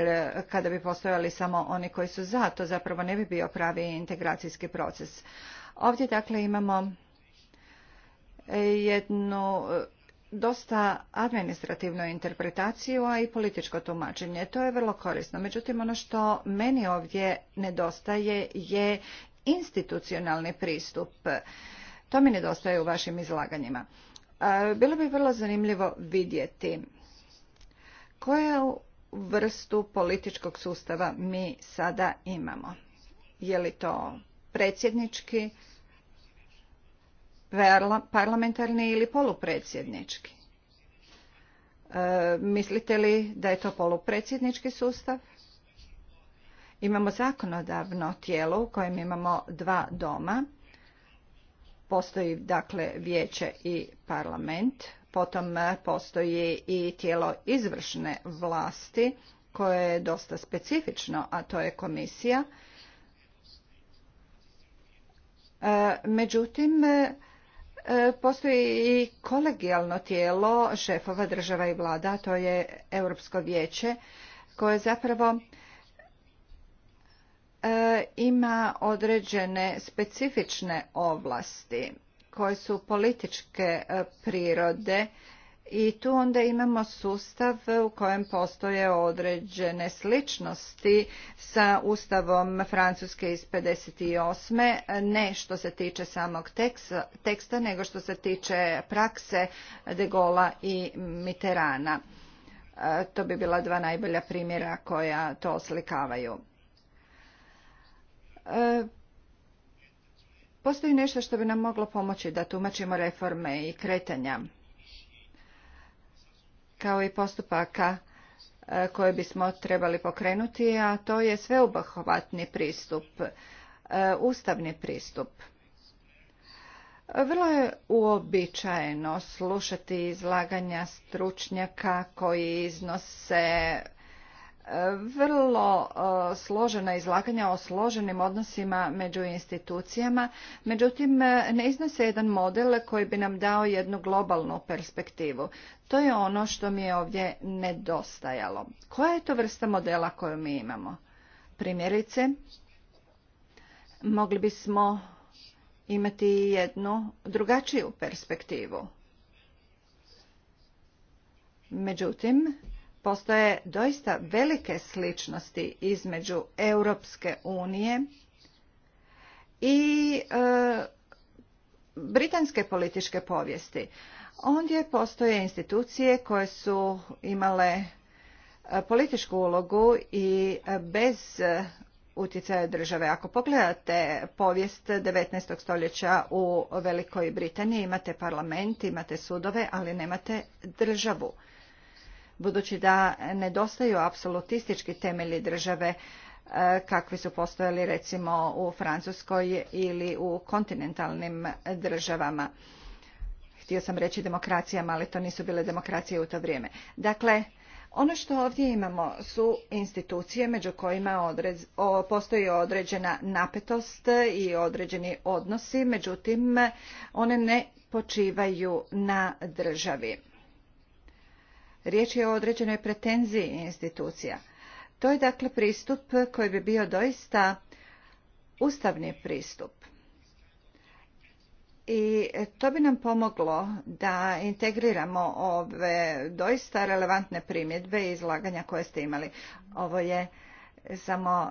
kada bi postojali samo oni koji su za, to zapravo ne bi bio pravi integracijski proces. Ovdje dakle imamo e, jednu e, dosta administrativnu interpretaciju, a i političko tumačenje. To je vrlo korisno. Međutim, ono što meni ovdje nedostaje je institucionalni pristup. To mi nedostaje u vašim izlaganjima. Bilo bi vrlo zanimljivo vidjeti koju vrstu političkog sustava mi sada imamo. Je li to predsjednički, parlamentarni ili polupredsjednički? E, mislite li da je to polupredsjednički sustav? Imamo zakonodavno tijelo u kojem imamo dva doma. Postoji dakle vijeće i parlament. Potom e, postoji i tijelo izvršne vlasti koje je dosta specifično, a to je komisija. E, međutim, e, postoji i kolegijalno tijelo šefova država i vlada, a to je Europsko vijeće, koje zapravo E, ima određene specifične ovlasti koje su političke e, prirode i tu onda imamo sustav u kojem postoje određene sličnosti sa ustavom Francuske iz 58. ne što se tiče samog teksta, nego što se tiče prakse de Gola i Mitterana. E, to bi bila dva najbolja primjera koja to oslikavaju. Postoji nešto što bi nam moglo pomoći da tumačimo reforme i kretanja, kao i postupaka e, koje bismo trebali pokrenuti, a to je sveobuhvatni pristup, e, ustavni pristup. Vrlo je uobičajeno slušati izlaganja stručnjaka koji iznose vrlo e, složena izlaganja o složenim odnosima među institucijama, međutim e, ne iznose jedan model koji bi nam dao jednu globalnu perspektivu. To je ono što mi je ovdje nedostajalo. Koja je to vrsta modela koju mi imamo? Primjerice, mogli bismo imati jednu drugačiju perspektivu. Međutim, postoje doista velike sličnosti između Europske unije i e, britanske političke povijesti. Ondje postoje institucije koje su imale e, političku ulogu i e, bez utjecaja države. Ako pogledate povijest 19. stoljeća u Velikoj Britaniji, imate parlament, imate sudove, ali nemate državu budući da nedostaju apsolutistički temelji države e, kakvi su postojali recimo u Francuskoj ili u kontinentalnim državama. Htio sam reći demokracijama, ali to nisu bile demokracije u to vrijeme. Dakle, ono što ovdje imamo su institucije među kojima postoji određena napetost i određeni odnosi, međutim one ne počivaju na državi. Riječ je o određenoj pretenziji institucija. To je dakle pristup koji bi bio doista ustavni pristup. I to bi nam pomoglo da integriramo ove doista relevantne primjedbe i izlaganja koje ste imali. Ovo je samo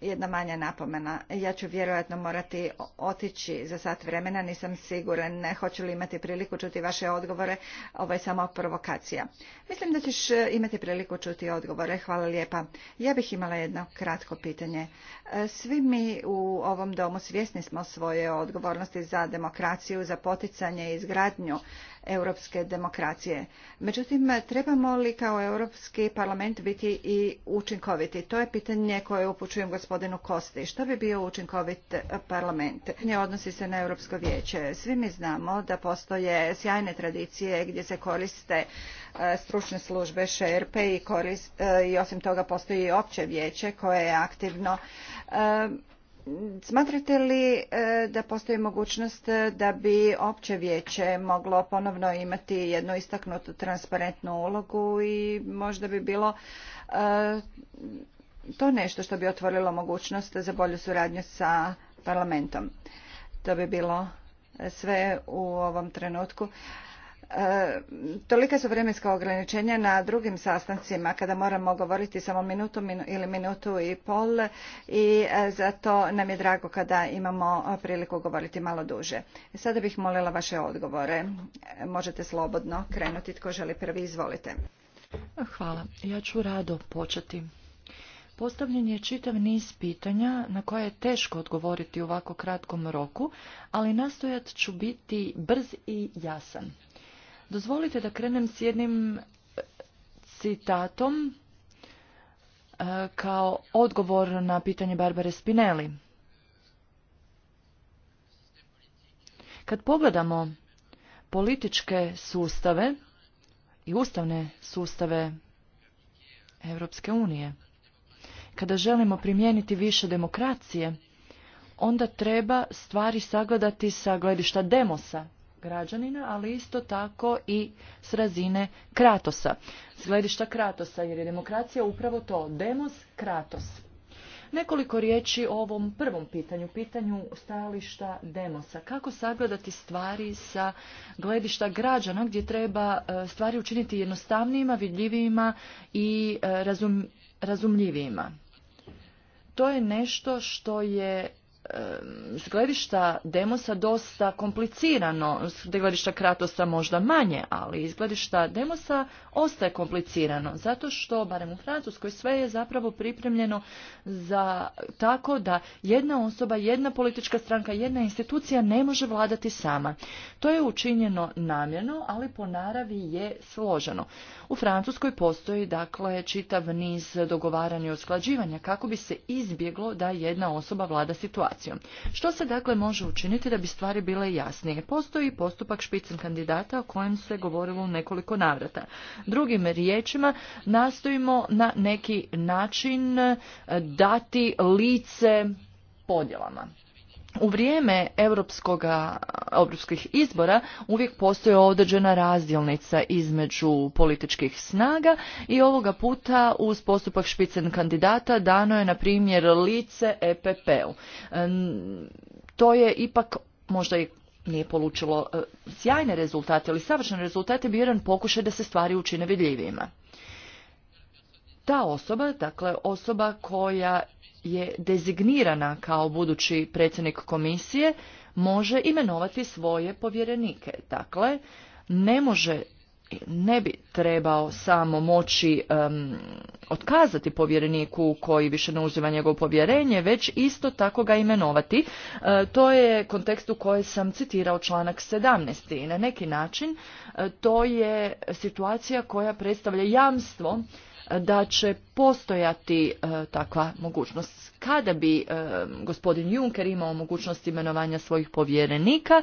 jedna manja napomena. Ja ću vjerojatno morati otići za sat vremena, nisam siguran, ne hoću li imati priliku čuti vaše odgovore, ovo je samo provokacija. Mislim da ćeš e, imati priliku čuti odgovore, hvala lijepa. Ja bih imala jedno kratko pitanje. E, svi mi u ovom domu svjesni smo svoje odgovornosti za demokraciju, za poticanje i izgradnju europske demokracije. Međutim, trebamo li kao Europski parlament biti i učinkoviti? To je pitanje koje upućujem gospodinu Kosti. Što bi bio učinkovit parlament? Ne odnosi se na Europsko vijeće. Svi mi znamo da postoje sjajne tradicije gdje se koriste e, stručne službe šerpe i, e, i osim toga postoji i opće vijeće koje je aktivno e, Smatrate li e, da postoji mogućnost da bi opće vijeće moglo ponovno imati jednu istaknutu transparentnu ulogu i možda bi bilo e, to nešto što bi otvorilo mogućnost za bolju suradnju sa parlamentom? To bi bilo sve u ovom trenutku. E, tolika su vremenska ograničenja na drugim sastancima kada moramo govoriti samo minutu ili minutu i pol i e, zato nam je drago kada imamo priliku govoriti malo duže. E, sada bih molila vaše odgovore. Možete slobodno krenuti. Tko želi prvi, izvolite. Hvala. Ja ću rado početi. Postavljen je čitav niz pitanja na koje je teško odgovoriti u ovako kratkom roku, ali nastojat ću biti brz i jasan. Dozvolite da krenem s jednim e, citatom e, kao odgovor na pitanje Barbare Spinelli. Kad pogledamo političke sustave i ustavne sustave Europske unije, kada želimo primijeniti više demokracije, onda treba stvari sagledati sa gledišta demosa, građanina, ali isto tako i s razine Kratosa, s gledišta Kratosa, jer je demokracija upravo to, demos Kratos. Nekoliko riječi o ovom prvom pitanju, pitanju stajališta demosa. Kako sagledati stvari sa gledišta građana gdje treba e, stvari učiniti jednostavnijima, vidljivijima i e, razumljivijima? To je nešto što je s gledišta Demosa dosta komplicirano, s gledišta Kratosa možda manje, ali iz gledišta Demosa ostaje komplicirano, zato što, barem u Francuskoj, sve je zapravo pripremljeno za tako da jedna osoba, jedna politička stranka, jedna institucija ne može vladati sama. To je učinjeno namjerno, ali po naravi je složeno. U Francuskoj postoji dakle čitav niz dogovaranja i usklađivanja kako bi se izbjeglo da jedna osoba vlada situacijom. Što se dakle može učiniti da bi stvari bile jasnije? Postoji postupak špicen kandidata o kojem se govorilo u nekoliko navrata. Drugim riječima nastojimo na neki način eh, dati lice podjelama u vrijeme europskih izbora uvijek postoje određena razdjelnica između političkih snaga i ovoga puta uz postupak špicen kandidata dano je na primjer lice EPP-u. To je ipak možda i nije polučilo e, sjajne rezultate, ali savršen rezultate, bi pokušaj da se stvari učine vidljivijima. Ta osoba, dakle osoba koja je dezignirana kao budući predsjednik komisije može imenovati svoje povjerenike. Dakle, ne može ne bi trebao samo moći um, otkazati povjereniku koji više ne uzima njegovo povjerenje, već isto tako ga imenovati. E, to je kontekst u kojem sam citirao članak 17. I na neki način e, to je situacija koja predstavlja jamstvo da će postojati e, takva mogućnost. Kada bi e, gospodin Juncker imao mogućnost imenovanja svojih povjerenika, e,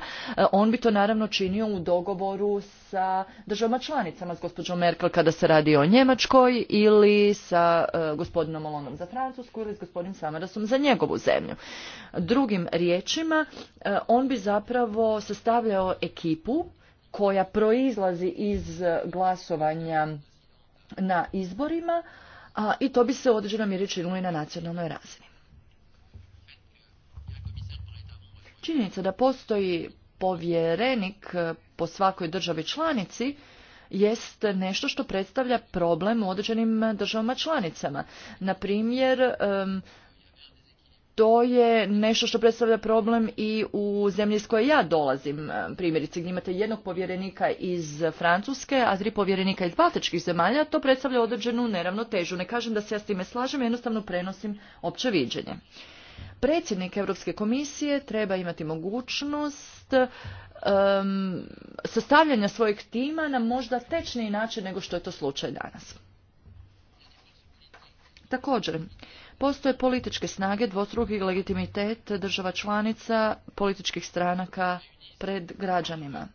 on bi to naravno činio u dogovoru sa državama članicama, s gospođom Merkel kada se radi o Njemačkoj ili sa gospodinom Olonom za Francusku ili s gospodinom Samarasom za njegovu zemlju. Drugim riječima, on bi zapravo sastavljao ekipu koja proizlazi iz glasovanja na izborima a, i to bi se u određenoj mjeri činilo i na nacionalnoj razini. Činjenica da postoji povjerenik e, po svakoj državi članici jest nešto što predstavlja problem u određenim državama članicama. Na primjer, to je nešto što predstavlja problem i u zemlji iz koje ja dolazim. E, primjerice, gdje imate jednog povjerenika iz Francuske, a tri povjerenika iz baltičkih zemalja, to predstavlja određenu neravnotežu. Ne kažem da se ja s time slažem, jednostavno prenosim opće viđenje. Predsjednik Europske komisije treba imati mogućnost sastavljanja svojeg tima na možda tečniji način nego što je to slučaj danas. Također, Postoje političke snage, dvostruki legitimitet država članica, političkih stranaka pred građanima.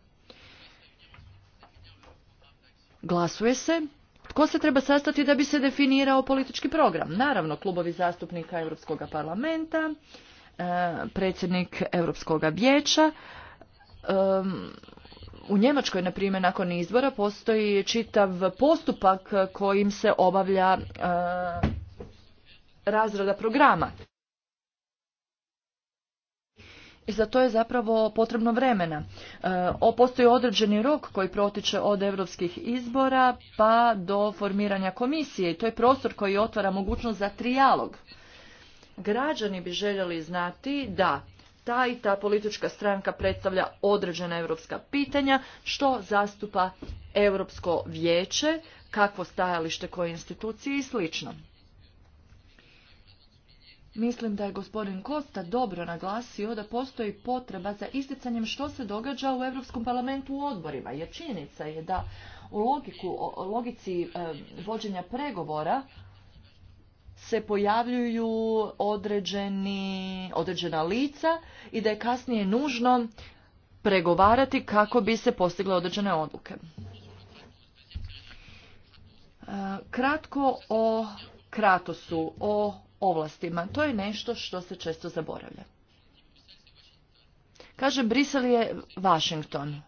Glasuje se. Tko se treba sastati da bi se definirao politički program? Naravno, klubovi zastupnika Europskog parlamenta, e, predsjednik Europskoga vijeća, e, u Njemačkoj, na primjer, nakon izbora postoji čitav postupak kojim se obavlja e, razrada programa. I za to je zapravo potrebno vremena. E, postoji određeni rok koji protiče od europskih izbora pa do formiranja komisije i to je prostor koji otvara mogućnost za trijalog. Građani bi željeli znati da ta i ta politička stranka predstavlja određena europska pitanja, što zastupa Europsko vijeće, kakvo stajalište koje institucije i slično. Mislim da je gospodin Kosta dobro naglasio da postoji potreba za isticanjem što se događa u Europskom parlamentu u odborima, jer činjenica je da u logiku, logici e, vođenja pregovora se pojavljuju određeni, određena lica i da je kasnije nužno pregovarati kako bi se postigle određene odluke. E, kratko o Kratosu, o ovlastima. To je nešto što se često zaboravlja. Kažem, Brisel je Washington.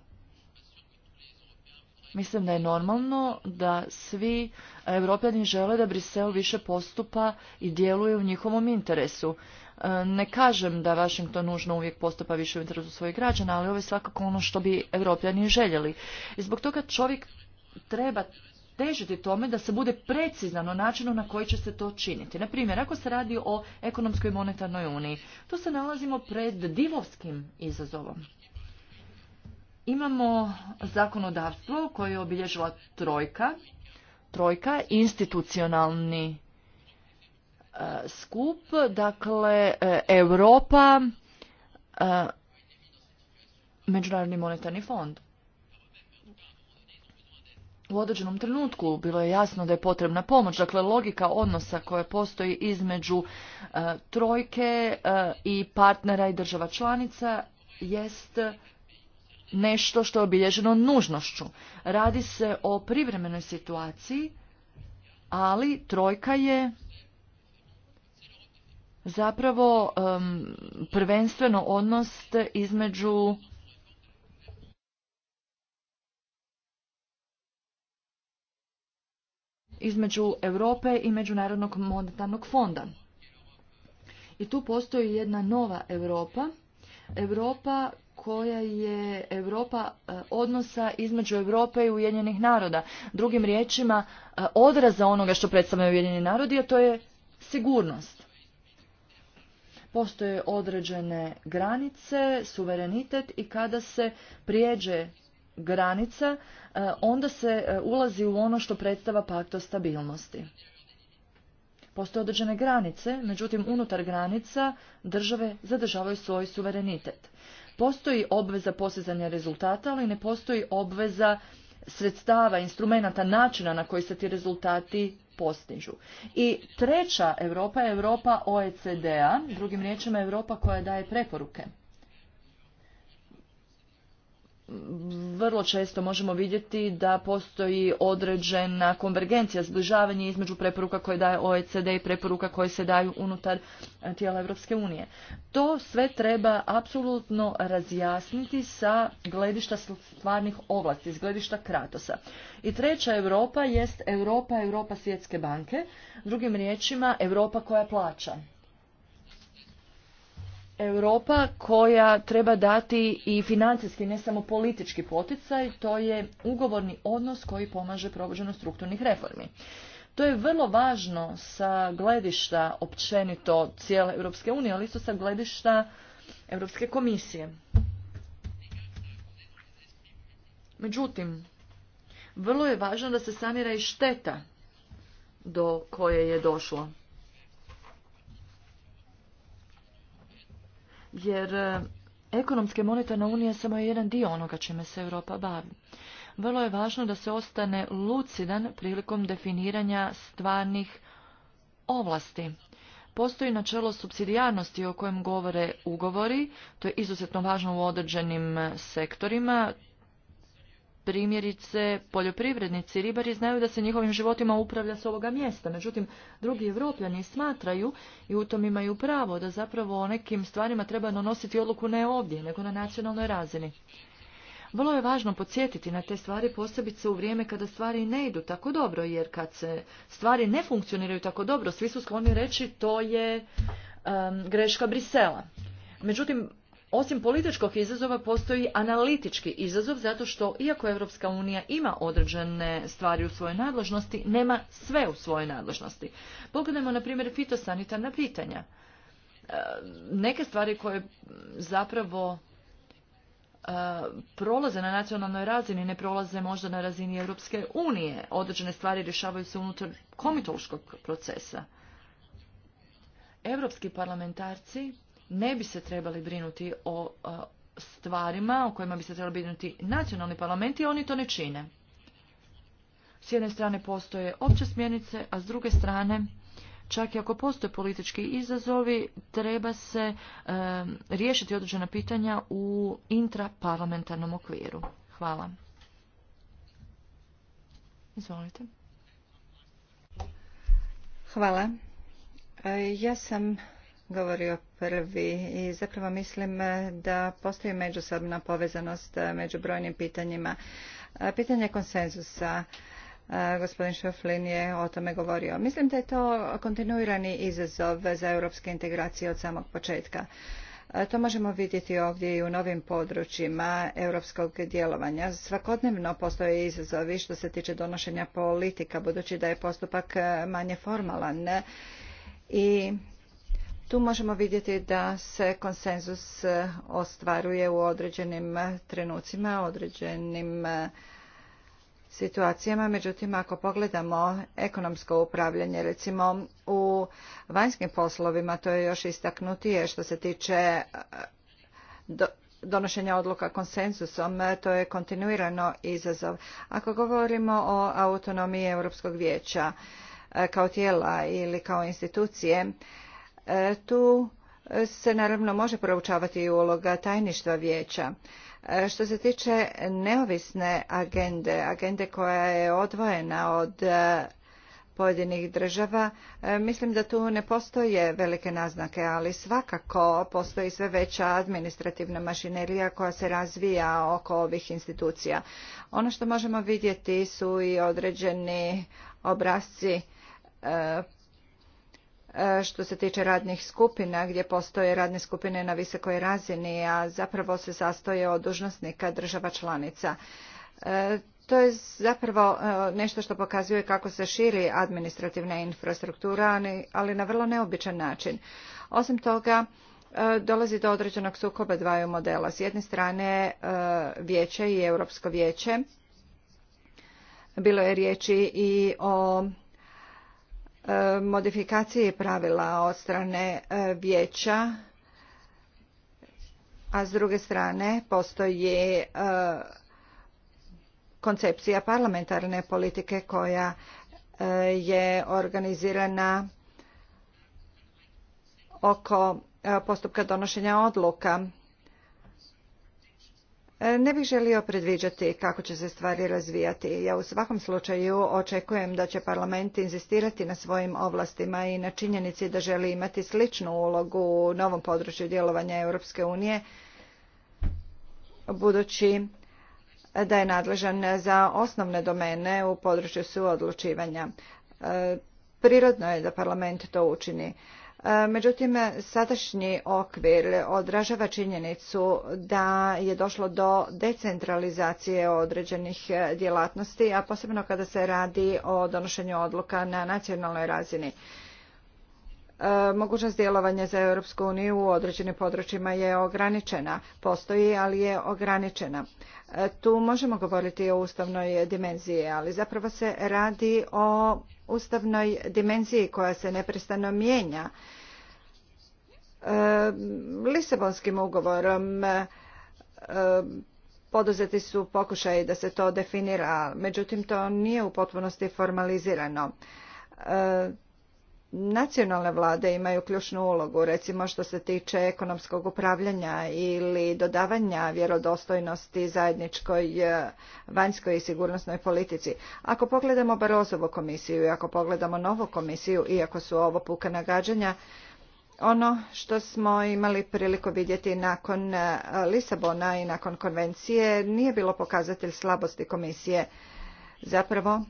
Mislim da je normalno da svi evropljani žele da Brisel više postupa i djeluje u njihovom interesu. E, ne kažem da Washington nužno uvijek postupa više u interesu svojih građana, ali ovo je svakako ono što bi evropljani željeli. I zbog toga čovjek treba težiti tome da se bude precizan o načinu na koji će se to činiti. Na primjer, ako se radi o ekonomskoj monetarnoj uniji, tu se nalazimo pred divovskim izazovom. Imamo zakonodavstvo koje je obilježila trojka, trojka institucionalni e, skup, dakle e, Europa, e, Međunarodni monetarni fond u određenom trenutku bilo je jasno da je potrebna pomoć. Dakle, logika odnosa koja postoji između e, trojke e, i partnera i država članica jest nešto što je obilježeno nužnošću. Radi se o privremenoj situaciji, ali trojka je zapravo prvenstveno odnos između između Europe i Međunarodnog monetarnog fonda. I tu postoji jedna nova Europa, Europa koja je Europa e, odnosa između Europe i Ujedinjenih naroda. Drugim riječima, e, odraza onoga što predstavljaju Ujedinjeni narodi, a to je sigurnost. Postoje određene granice, suverenitet i kada se prijeđe granica, e, onda se e, ulazi u ono što predstava pakt o stabilnosti. Postoje određene granice, međutim unutar granica države zadržavaju svoj suverenitet. Postoji obveza postizanja rezultata, ali ne postoji obveza sredstava, instrumenta, načina na koji se ti rezultati postižu. I treća Europa je Europa OECD-a, drugim riječima Europa koja daje preporuke vrlo često možemo vidjeti da postoji određena konvergencija, zbližavanje između preporuka koje daje OECD i preporuka koje se daju unutar e, tijela Europske unije. To sve treba apsolutno razjasniti sa gledišta stvarnih ovlasti, s gledišta Kratosa. I treća Europa jest Europa, Europa Svjetske banke, drugim riječima Europa koja plaća. Europa koja treba dati i financijski, ne samo politički poticaj, to je ugovorni odnos koji pomaže provođenju strukturnih reformi. To je vrlo važno sa gledišta općenito cijele Europske unije, ali isto sa gledišta Europske komisije. Međutim, vrlo je važno da se samira i šteta do koje je došlo. jer e, ekonomske monetarna unija samo je jedan dio onoga čime se Europa bavi. Vrlo je važno da se ostane lucidan prilikom definiranja stvarnih ovlasti. Postoji načelo subsidijarnosti o kojem govore ugovori, to je izuzetno važno u određenim sektorima, Primjerice, poljoprivrednici, ribari znaju da se njihovim životima upravlja s ovoga mjesta. Međutim, drugi evropljani smatraju i u tom imaju pravo da zapravo o nekim stvarima treba donositi odluku ne ovdje, nego na nacionalnoj razini. Vrlo je važno podsjetiti na te stvari, posebice u vrijeme kada stvari ne idu tako dobro, jer kad se stvari ne funkcioniraju tako dobro, svi su skloni reći to je um, greška Brisela. Međutim, osim političkog izazova postoji analitički izazov zato što iako Europska unija ima određene stvari u svojoj nadležnosti, nema sve u svojoj nadležnosti. Pogledajmo na primjer fitosanitarna pitanja. E, neke stvari koje zapravo e, prolaze na nacionalnoj razini, ne prolaze možda na razini Europske unije. Određene stvari rješavaju se unutar komitološkog procesa. Europski parlamentarci ne bi se trebali brinuti o stvarima o kojima bi se trebali brinuti nacionalni parlamenti, oni to ne čine. S jedne strane postoje opće smjernice, a s druge strane čak i ako postoje politički izazovi, treba se e, riješiti određena pitanja u intraparlamentarnom okviru. Hvala. Izvolite. Hvala. E, ja sam govorio prvi i zapravo mislim e, da postoji međusobna povezanost e, među brojnim pitanjima. E, pitanje konsenzusa, gospodin Šoflin je o tome govorio. Mislim da je to kontinuirani izazov za europske integracije od samog početka. To možemo vidjeti ovdje i u novim područjima europskog djelovanja. Svakodnevno postoje izazovi što se tiče donošenja politika, budući da je postupak manje formalan i tu možemo vidjeti da se konsenzus e, ostvaruje u određenim e, trenucima, određenim e, situacijama. Međutim, ako pogledamo ekonomsko upravljanje, recimo u vanjskim poslovima, to je još istaknutije što se tiče donošenja odluka konsenzusom, to je kontinuirano izazov. Ako govorimo o autonomiji Europskog vijeća kao tijela ili kao institucije, E, tu se naravno može proučavati i uloga tajništva vijeća. E, što se tiče neovisne agende, agende koja je odvojena od e, pojedinih država, mislim da tu ne postoje velike naznake, ali svakako postoji sve veća administrativna mašinerija koja se razvija oko ovih institucija. Ono što možemo vidjeti su i određeni obrazci što se tiče radnih skupina gdje postoje radne skupine na visokoj razini, a zapravo se sastoje od dužnosnika država članica. E, to je zapravo e, nešto što pokazuje kako se širi administrativna infrastruktura, ali na vrlo neobičan način. Osim toga, e, dolazi do određenog sukoba dvaju modela. S jedne strane vijeće i Europsko vijeće. Bilo je riječi i o modifikacije pravila od strane e, vijeća a s druge strane postoji e, koncepcija parlamentarne politike koja e, je organizirana oko postupka donošenja odluka E, ne bih želio predviđati kako će se stvari razvijati. Ja u svakom slučaju očekujem da će parlament inzistirati na svojim ovlastima i na činjenici da želi imati sličnu ulogu u novom području djelovanja Europske unije, budući da je nadležan za osnovne domene u području suodlučivanja. E, prirodno je da parlament to učini. E, međutim, sadašnji okvir odražava činjenicu da je došlo do decentralizacije određenih e, djelatnosti, a posebno kada se radi o donošenju odluka na nacionalnoj razini. E, mogućnost djelovanja za Europsku uniju u određenim područjima je ograničena. Postoji, ali je ograničena. E, tu možemo govoriti o ustavnoj dimenziji, ali zapravo se radi o ustavnoj dimenziji koja se neprestano mijenja. E, Lisabonskim ugovorom poduzeti su pokušaji da se to definira, međutim to nije u potpunosti formalizirano nacionalne vlade imaju ključnu ulogu, recimo što se tiče ekonomskog upravljanja ili dodavanja vjerodostojnosti zajedničkoj eh, vanjskoj i sigurnosnoj politici. Ako pogledamo Barozovu komisiju i ako pogledamo novu komisiju, iako su ovo puka nagađanja, ono što smo imali priliku vidjeti nakon eh, Lisabona i nakon konvencije nije bilo pokazatelj slabosti komisije. Zapravo,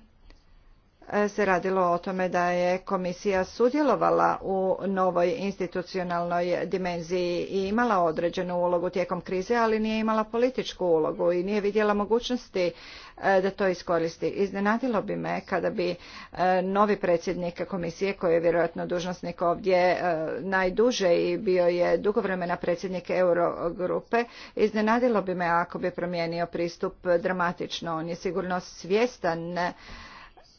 E, se radilo o tome da je komisija sudjelovala u novoj institucionalnoj dimenziji i imala određenu ulogu tijekom krize, ali nije imala političku ulogu i nije vidjela mogućnosti e, da to iskoristi. Iznenadilo bi me kada bi e, novi predsjednik komisije, koji je vjerojatno dužnosnik ovdje najduže i bio je dugo vremena predsjednik Eurogrupe, iznenadilo bi me ako bi promijenio pristup dramatično. On je sigurno svjestan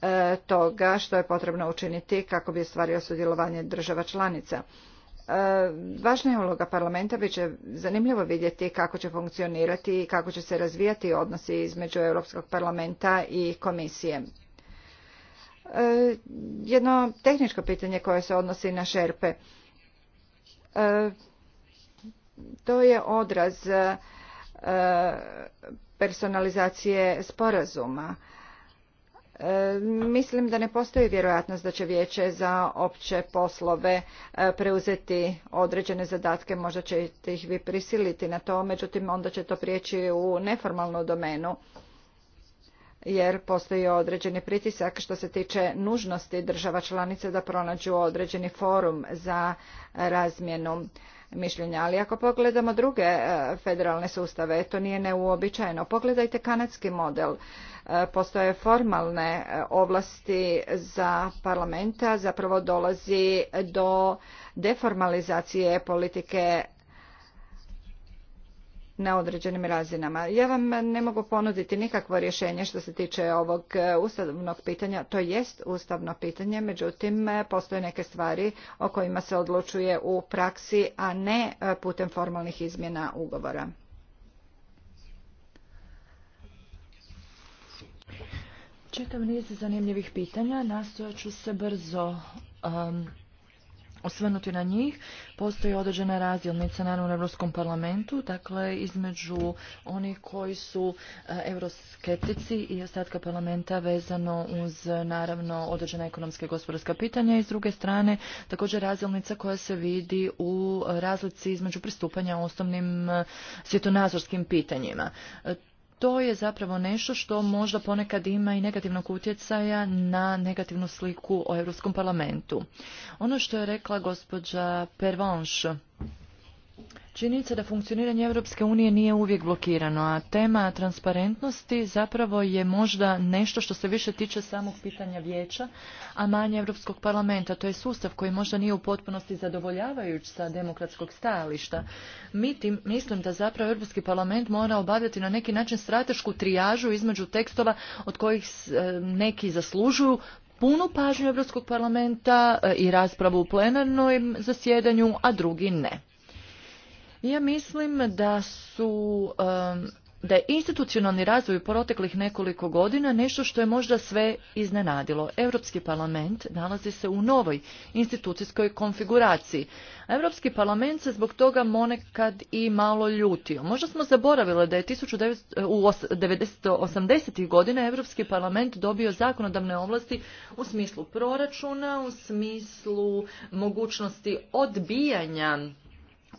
E, toga što je potrebno učiniti kako bi ostvario sudjelovanje država članica. E, važna je uloga parlamenta, bit će zanimljivo vidjeti kako će funkcionirati i kako će se razvijati odnosi između Europskog parlamenta i komisije. E, jedno tehničko pitanje koje se odnosi na šerpe. To je odraz personalizacije sporazuma E, mislim da ne postoji vjerojatnost da će vijeće za opće poslove e, preuzeti određene zadatke, možda će ih vi prisiliti na to, međutim onda će to prijeći u neformalnu domenu jer postoji određeni pritisak što se tiče nužnosti država članica da pronađu određeni forum za razmjenu mišljenja. Ali ako pogledamo druge e, federalne sustave, to nije neuobičajeno. Pogledajte kanadski model. E, postoje formalne e, ovlasti za parlamenta, zapravo dolazi do deformalizacije politike na određenim razinama. Ja vam ne mogu ponuditi nikakvo rješenje što se tiče ovog e, ustavnog pitanja. To jest ustavno pitanje, međutim e, postoje neke stvari o kojima se odlučuje u praksi, a ne e, putem formalnih izmjena ugovora. Čitav niz zanimljivih pitanja. Nastojat se brzo osvrnuti na njih. Postoji određena razdjelnica naravno u Europskom parlamentu, dakle između onih koji su e, euroskeptici i ostatka parlamenta vezano uz naravno određena ekonomska i gospodarska pitanja i s druge strane također razdjelnica koja se vidi u razlici između pristupanja osnovnim e, svjetonazorskim pitanjima. E, to je zapravo nešto što možda ponekad ima i negativnog utjecaja na negativnu sliku o Europskom parlamentu. Ono što je rekla gospođa Pervanš... Činjenica da funkcioniranje Europske unije nije uvijek blokirano, a tema transparentnosti zapravo je možda nešto što se više tiče samog pitanja vijeća, a manje Europskog parlamenta. To je sustav koji možda nije u potpunosti zadovoljavajuć sa demokratskog stajališta. Mi tim, mislim da zapravo Europski parlament mora obavljati na neki način stratešku trijažu između tekstova od kojih e, neki zaslužuju punu pažnju Europskog parlamenta e, i raspravu u plenarnoj zasjedanju, a drugi ne. Ja mislim da su da je institucionalni razvoj u proteklih nekoliko godina nešto što je možda sve iznenadilo. Europski parlament nalazi se u novoj institucijskoj konfiguraciji. Europski parlament se zbog toga ponekad i malo ljutio. Možda smo zaboravili da je tisuća eh, u 1980. godina Europski parlament dobio zakonodavne ovlasti u smislu proračuna, u smislu mogućnosti odbijanja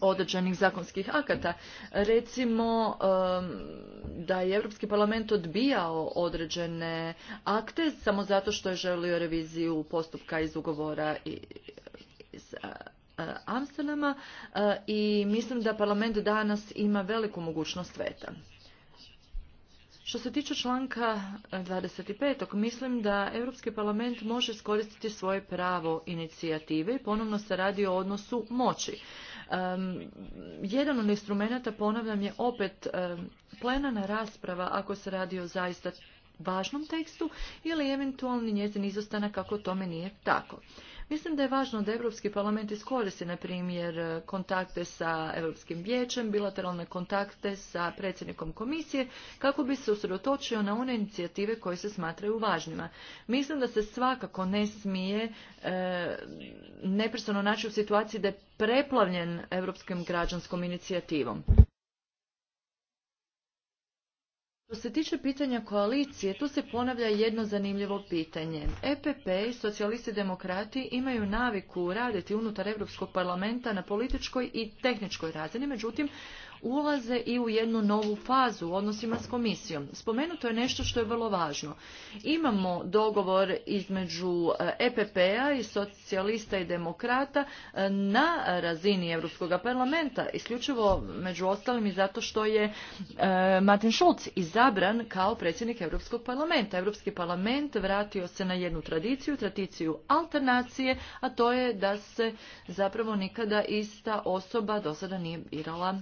određenih zakonskih akata. Recimo da je Europski parlament odbijao određene akte samo zato što je želio reviziju postupka iz ugovora iz e, e, Amsterdama e, i mislim da parlament danas ima veliku mogućnost veta. Što se tiče članka 25. mislim da Europski parlament može iskoristiti svoje pravo inicijative i ponovno se radi o odnosu moći. Jedan od instrumenta, ponavljam, je opet plenana rasprava ako se radi o zaista važnom tekstu ili eventualni njezin izostanak ako tome nije tako. Mislim da je važno da Europski parlament iskoristi, na primjer, kontakte sa Europskim vijećem, bilateralne kontakte sa predsjednikom komisije, kako bi se usredotočio na one inicijative koje se smatraju važnima. Mislim da se svakako ne smije e, neprestano naći u situaciji da je preplavljen europskim građanskom inicijativom. Što se tiče pitanja koalicije, tu se ponavlja jedno zanimljivo pitanje. EPP i socijalisti demokrati imaju naviku raditi unutar Europskog parlamenta na političkoj i tehničkoj razini, međutim, ulaze i u jednu novu fazu u odnosima s komisijom. Spomenuto je nešto što je vrlo važno. Imamo dogovor između EPP-a e i socijalista i demokrata e, na razini Europskog parlamenta, isključivo među ostalim i zato što je e, Martin Schulz izabran kao predsjednik Europskog parlamenta. Europski parlament vratio se na jednu tradiciju, tradiciju alternacije, a to je da se zapravo nikada ista osoba do sada nije birala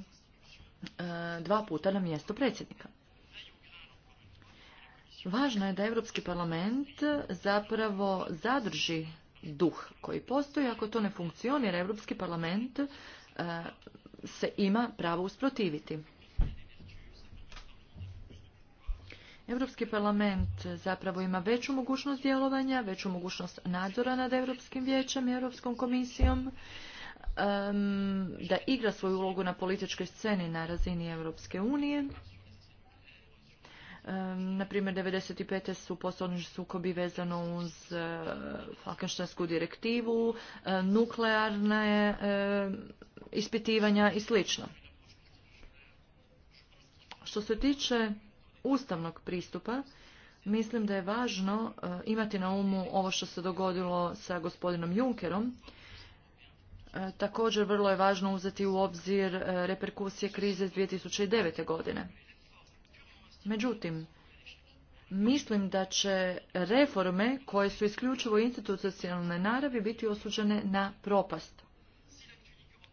E, dva puta na mjesto predsjednika. Važno je da Europski parlament zapravo zadrži duh koji postoji. Ako to ne funkcionira, Europski parlament e, se ima pravo usprotiviti. Europski parlament zapravo ima veću mogućnost djelovanja, veću mogućnost nadzora nad Europskim vijećem i Europskom komisijom da igra svoju ulogu na političkoj sceni na razini Europske unije. Na primjer, 95. su poslovni sukobi vezano uz e, Falkenštansku direktivu, e, nuklearne e, ispitivanja i sl. Što se tiče ustavnog pristupa, mislim da je važno imati na umu ovo što se dogodilo sa gospodinom Junkerom, E, također vrlo je važno uzeti u obzir e, reperkusije krize iz 2009. godine. Međutim, mislim da će reforme koje su isključivo institucionalne naravi biti osuđene na propast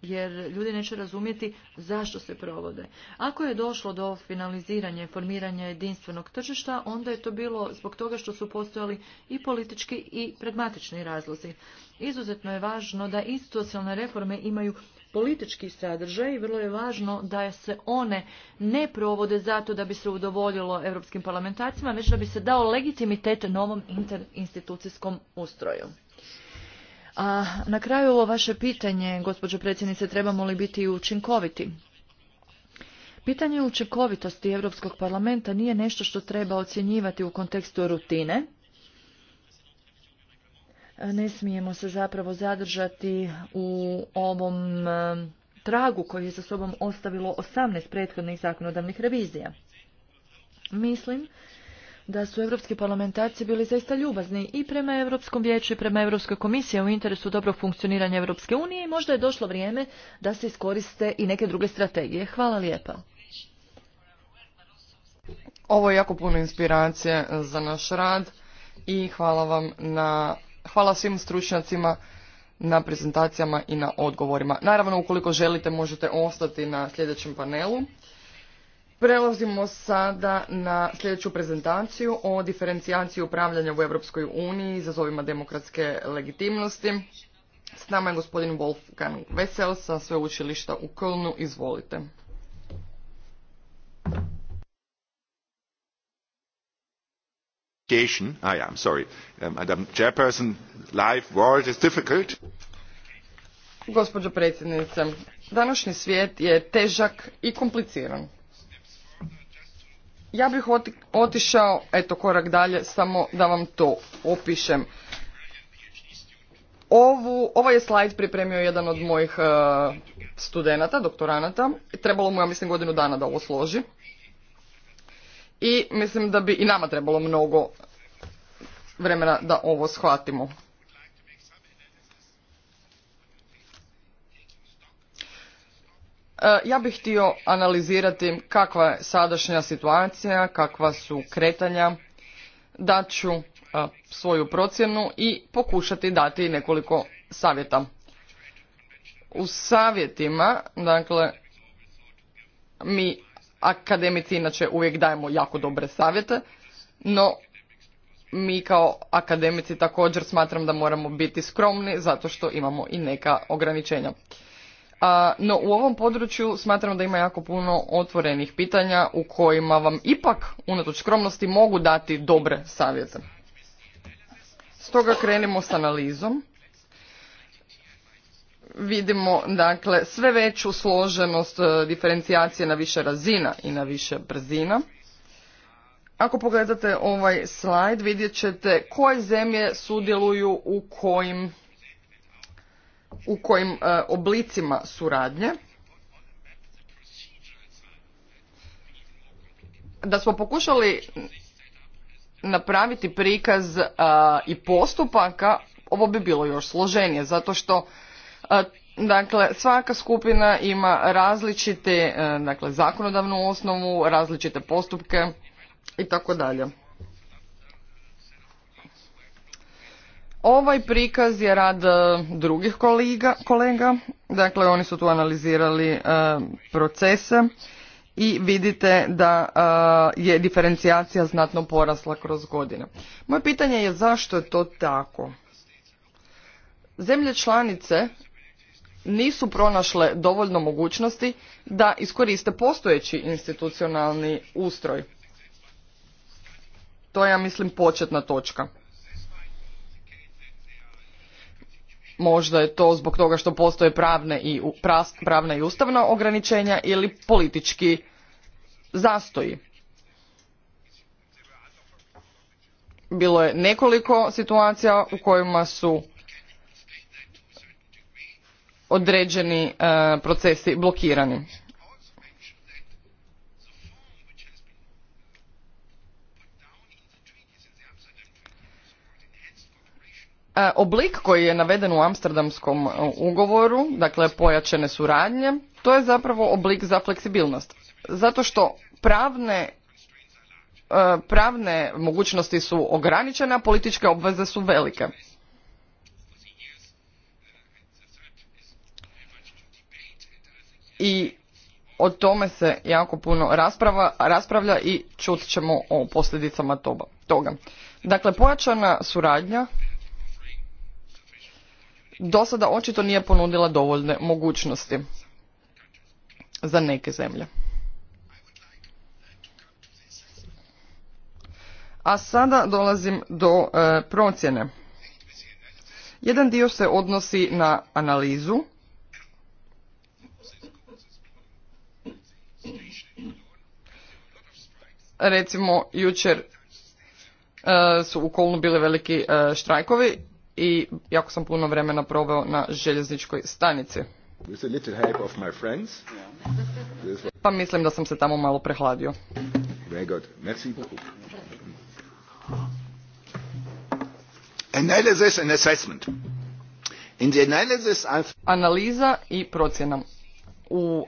jer ljudi neće razumjeti zašto se provode. Ako je došlo do finaliziranja i formiranja jedinstvenog tržišta, onda je to bilo zbog toga što su postojali i politički i pragmatični razlozi. Izuzetno je važno da institucionalne reforme imaju politički sadržaj i vrlo je važno da se one ne provode zato da bi se udovoljilo europskim parlamentarcima, već da bi se dao legitimitet novom interinstitucijskom ustroju. A na kraju ovo vaše pitanje, gospođo predsjednice, trebamo li biti učinkoviti? Pitanje učinkovitosti Europskog parlamenta nije nešto što treba ocjenjivati u kontekstu rutine. Ne smijemo se zapravo zadržati u ovom tragu koji je sa sobom ostavilo 18 prethodnih zakonodavnih revizija. Mislim da su europski parlamentarci bili zaista ljubazni i prema Europskom vijeću i prema Europskoj komisiji u interesu dobrog funkcioniranja Europske unije i možda je došlo vrijeme da se iskoriste i neke druge strategije. Hvala lijepa. Ovo je jako puno inspiracije za naš rad i hvala vam na, hvala svim stručnjacima na prezentacijama i na odgovorima. Naravno, ukoliko želite, možete ostati na sljedećem panelu. Prelazimo sada na sljedeću prezentaciju o diferencijaciji upravljanja u Europskoj uniji, izazovima demokratske legitimnosti. S nama je gospodin Wolfgang Vesel sa sveučilišta u Kölnu. Izvolite. Ah, sorry. predsjednice, današnji svijet je težak i kompliciran. Ja bih otišao eto korak dalje samo da vam to opišem. Ovu, ovaj je slajd pripremio jedan od mojih uh, studenata, doktoranata. Trebalo mu, ja mislim, godinu dana da ovo složi. I mislim da bi i nama trebalo mnogo vremena da ovo shvatimo. E, ja bih htio analizirati kakva je sadašnja situacija, kakva su kretanja, daću e, svoju procjenu i pokušati dati nekoliko savjeta. U savjetima, dakle, mi akademici inače uvijek dajemo jako dobre savjete, no mi kao akademici također smatram da moramo biti skromni zato što imamo i neka ograničenja. No u ovom području smatram da ima jako puno otvorenih pitanja u kojima vam ipak, unatoč skromnosti, mogu dati dobre savjete. Stoga krenimo s analizom. Vidimo dakle sve veću složenost e, diferencijacije na više razina i na više brzina. Ako pogledate ovaj slajd vidjet ćete koje zemlje sudjeluju u kojim u kojim e, oblicima suradnje da smo pokušali napraviti prikaz e, i postupaka ovo bi bilo još složenije zato što e, dakle svaka skupina ima različite dakle zakonodavnu osnovu različite postupke i tako dalje Ovaj prikaz je rad e, drugih kolega, kolega. dakle oni su tu analizirali e, procese i vidite da e, je diferencijacija znatno porasla kroz godine. Moje pitanje je zašto je to tako? Zemlje članice nisu pronašle dovoljno mogućnosti da iskoriste postojeći institucionalni ustroj. To je, ja mislim, početna točka. Možda je to zbog toga što postoje pravne i, pravna i ustavna ograničenja ili politički zastoji. Bilo je nekoliko situacija u kojima su određeni e, procesi blokirani. E, oblik koji je naveden u Amsterdamskom e, ugovoru, dakle pojačane suradnje, to je zapravo oblik za fleksibilnost. Zato što pravne e, pravne mogućnosti su ograničene, a političke obveze su velike. I o tome se jako puno rasprava, raspravlja i čut ćemo o posljedicama toga. Dakle, pojačana suradnja do sada očito nije ponudila dovoljne mogućnosti za neke zemlje. A sada dolazim do e, procjene. Jedan dio se odnosi na analizu. Recimo, jučer e, su u Kolnu bili veliki e, štrajkovi i jako sam puno vremena proveo na željezničkoj stanici. Pa mislim da sam se tamo malo prehladio. Analiza i procjena. U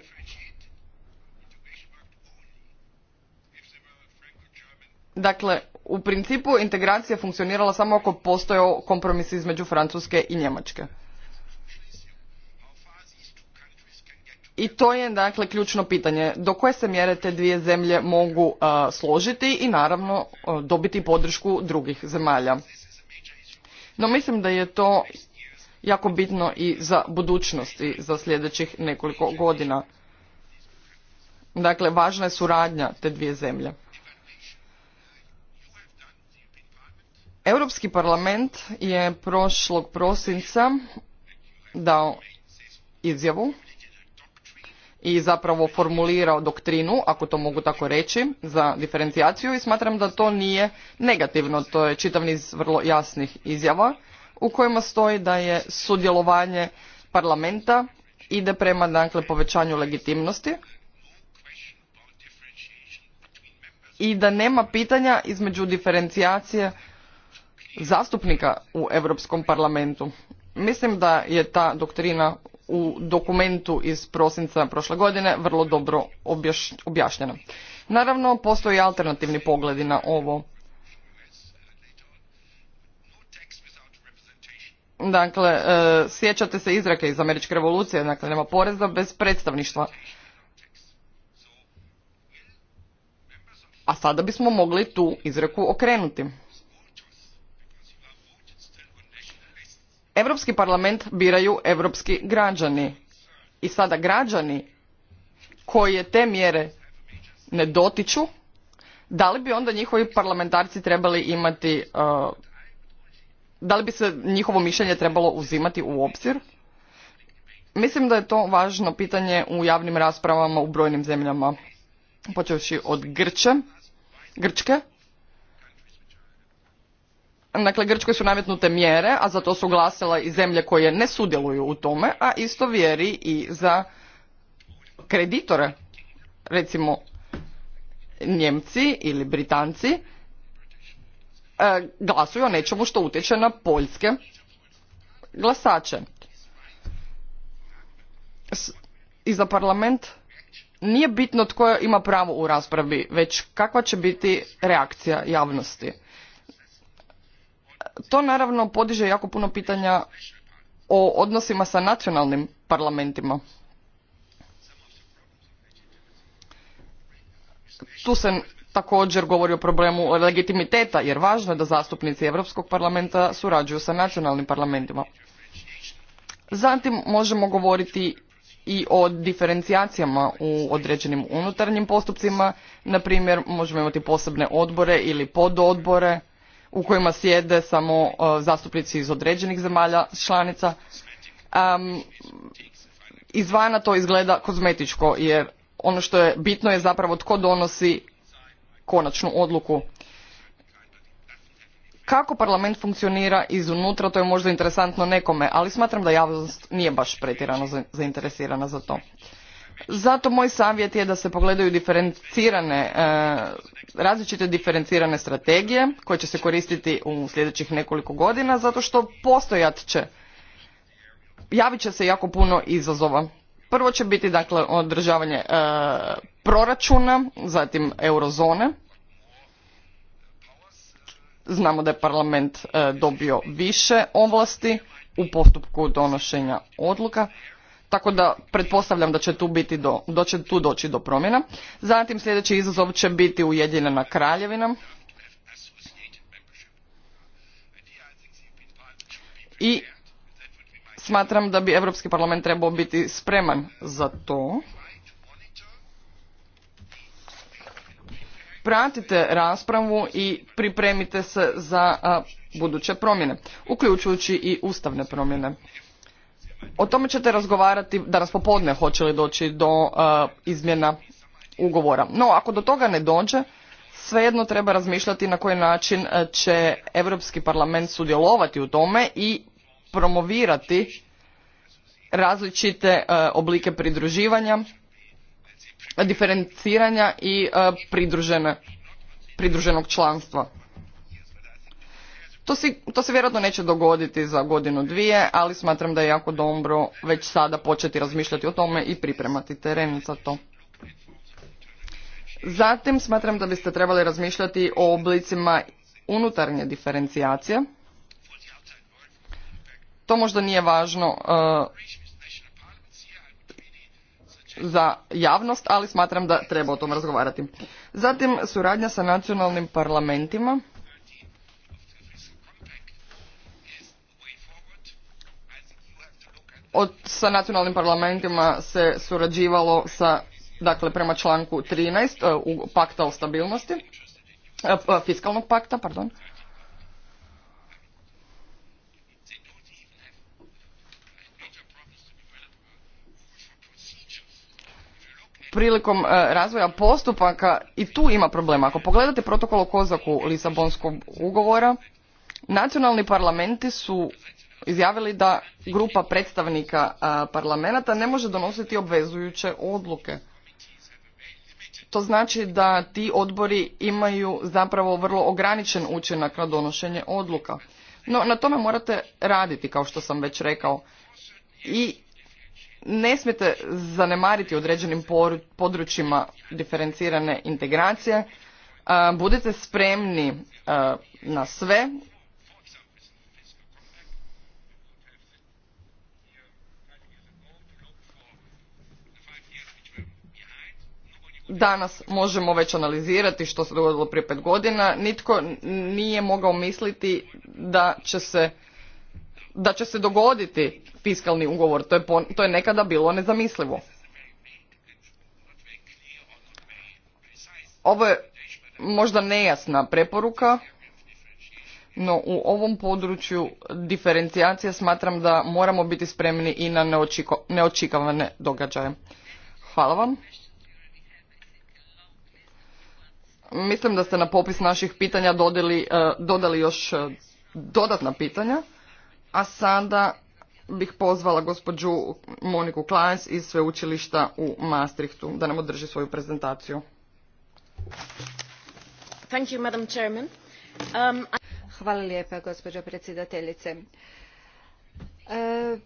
Dakle, u principu integracija funkcionirala samo ako postoje kompromis između Francuske i Njemačke. I to je dakle ključno pitanje do koje se mjere te dvije zemlje mogu uh, složiti i naravno uh, dobiti podršku drugih zemalja. No mislim da je to jako bitno i za budućnost i za sljedećih nekoliko godina. Dakle, važna je suradnja te dvije zemlje. Europski parlament je prošlog prosinca dao izjavu i zapravo formulirao doktrinu, ako to mogu tako reći, za diferencijaciju i smatram da to nije negativno. To je čitav niz vrlo jasnih izjava u kojima stoji da je sudjelovanje parlamenta ide prema dakle, povećanju legitimnosti i da nema pitanja između diferencijacije zastupnika u Europskom parlamentu. Mislim da je ta doktrina u dokumentu iz prosinca prošle godine vrlo dobro objašnjena. Naravno, postoje alternativni pogledi na ovo. Dakle, e, sjećate se izrake iz američke revolucije, dakle nema poreza bez predstavništva. A sada bismo mogli tu izreku okrenuti. Europski parlament biraju europski građani. I sada građani koji te mjere ne dotiču, da li bi onda njihovi parlamentarci trebali imati, uh, da li bi se njihovo mišljenje trebalo uzimati u obzir? Mislim da je to važno pitanje u javnim raspravama u brojnim zemljama, počevši od Grče, Grčke, Dakle, Grčkoj su nametnute mjere, a za to su glasila i zemlje koje ne sudjeluju u tome, a isto vjeri i za kreditore, recimo Njemci ili Britanci, e, glasuju o nečemu što utječe na poljske glasače. I za parlament nije bitno tko ima pravo u raspravi, već kakva će biti reakcija javnosti to naravno podiže jako puno pitanja o odnosima sa nacionalnim parlamentima. Tu se također govori o problemu legitimiteta jer važno je da zastupnici Europskog parlamenta surađuju sa nacionalnim parlamentima. Zatim možemo govoriti i o diferencijacijama u određenim unutarnjim postupcima, na primjer možemo imati posebne odbore ili pododbore u kojima sjede samo e, zastupnici iz određenih zemalja članica. izvana to izgleda kozmetičko jer ono što je bitno je zapravo tko donosi konačnu odluku. Kako parlament funkcionira unutra, to je možda interesantno nekome, ali smatram da javnost nije baš pretjerano zainteresirana za to. Zato moj savjet je da se pogledaju diferencirane, e, različite diferencirane strategije koje će se koristiti u sljedećih nekoliko godina zato što postojat će, javit će se jako puno izazova. Prvo će biti dakle održavanje e, proračuna, zatim eurozone. Znamo da je parlament e, dobio više ovlasti u postupku donošenja odluka tako da pretpostavljam da će tu, biti tu doći do promjena. Zatim sljedeći izazov će biti Ujedinjena kraljevina. I smatram da bi Europski parlament trebao biti spreman za to. Pratite raspravu i pripremite se za buduće promjene, uključujući i ustavne promjene o tome ćete razgovarati danas popodne hoće li doći do e, izmjena ugovora. No, ako do toga ne dođe, svejedno treba razmišljati na koji način e, će Europski parlament sudjelovati u tome i promovirati različite e, oblike pridruživanja, diferenciranja i pridruženog članstva. To, to se vjerojatno neće dogoditi za godinu dvije, ali smatram da je jako dobro već sada početi razmišljati o tome i pripremati teren za to. Zatim smatram da biste trebali razmišljati o oblicima unutarnje diferencijacije. To možda nije važno e, za javnost, ali smatram da treba o tom razgovarati. Zatim suradnja sa nacionalnim parlamentima. od, sa nacionalnim parlamentima se surađivalo sa, dakle, prema članku 13 e, pakta o stabilnosti, e, e, fiskalnog pakta, pardon. prilikom razvoja postupaka i tu ima problema. Ako pogledate protokol o kozaku Lisabonskog ugovora, nacionalni parlamenti su izjavili da grupa predstavnika parlamenta ne može donositi obvezujuće odluke. To znači da ti odbori imaju zapravo vrlo ograničen učinak na donošenje odluka. No, na tome morate raditi, kao što sam već rekao. I ne smijete zanemariti određenim područjima diferencirane integracije. Budite spremni na sve Danas možemo već analizirati što se dogodilo prije pet godina. Nitko nije mogao misliti da će se, da će se dogoditi fiskalni ugovor. To je, to je nekada bilo nezamislivo. Ovo je možda nejasna preporuka, no u ovom području diferencijacije smatram da moramo biti spremni i na neočiko, neočikavane događaje. Hvala vam. Mislim da ste na popis naših pitanja dodali, e, dodali još e, dodatna pitanja, a sada bih pozvala gospođu Moniku Klajs iz sveučilišta u Maastrichtu da nam održi svoju prezentaciju. Thank you, Madam um, Hvala lijepa, gospođo predsjedateljice. Meni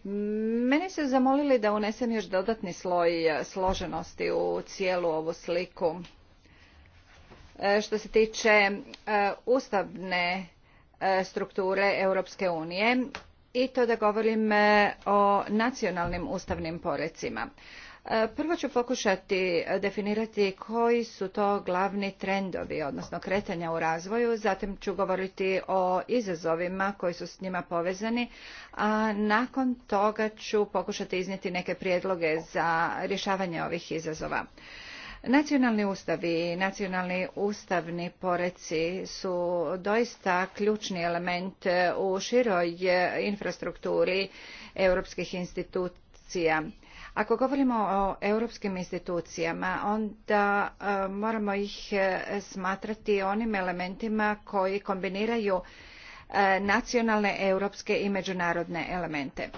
mene zamolili da unesem još dodatni sloj e, složenosti u cijelu ovu sliku E, što se tiče e, ustavne e, strukture Europske unije i to da govorim o nacionalnim ustavnim porecima. Prvo ću pokušati definirati koji su to glavni trendovi, odnosno kretanja u razvoju, zatim ću govoriti o izazovima koji su s njima povezani, a nakon toga ću pokušati iznijeti neke prijedloge za rješavanje ovih izazova. Nacionalni ustavi i nacionalni ustavni poreci su doista ključni element u široj infrastrukturi europskih institucija. Ako govorimo o europskim institucijama, onda e, moramo ih e, smatrati onim elementima koji kombiniraju e, nacionalne, europske i međunarodne elemente.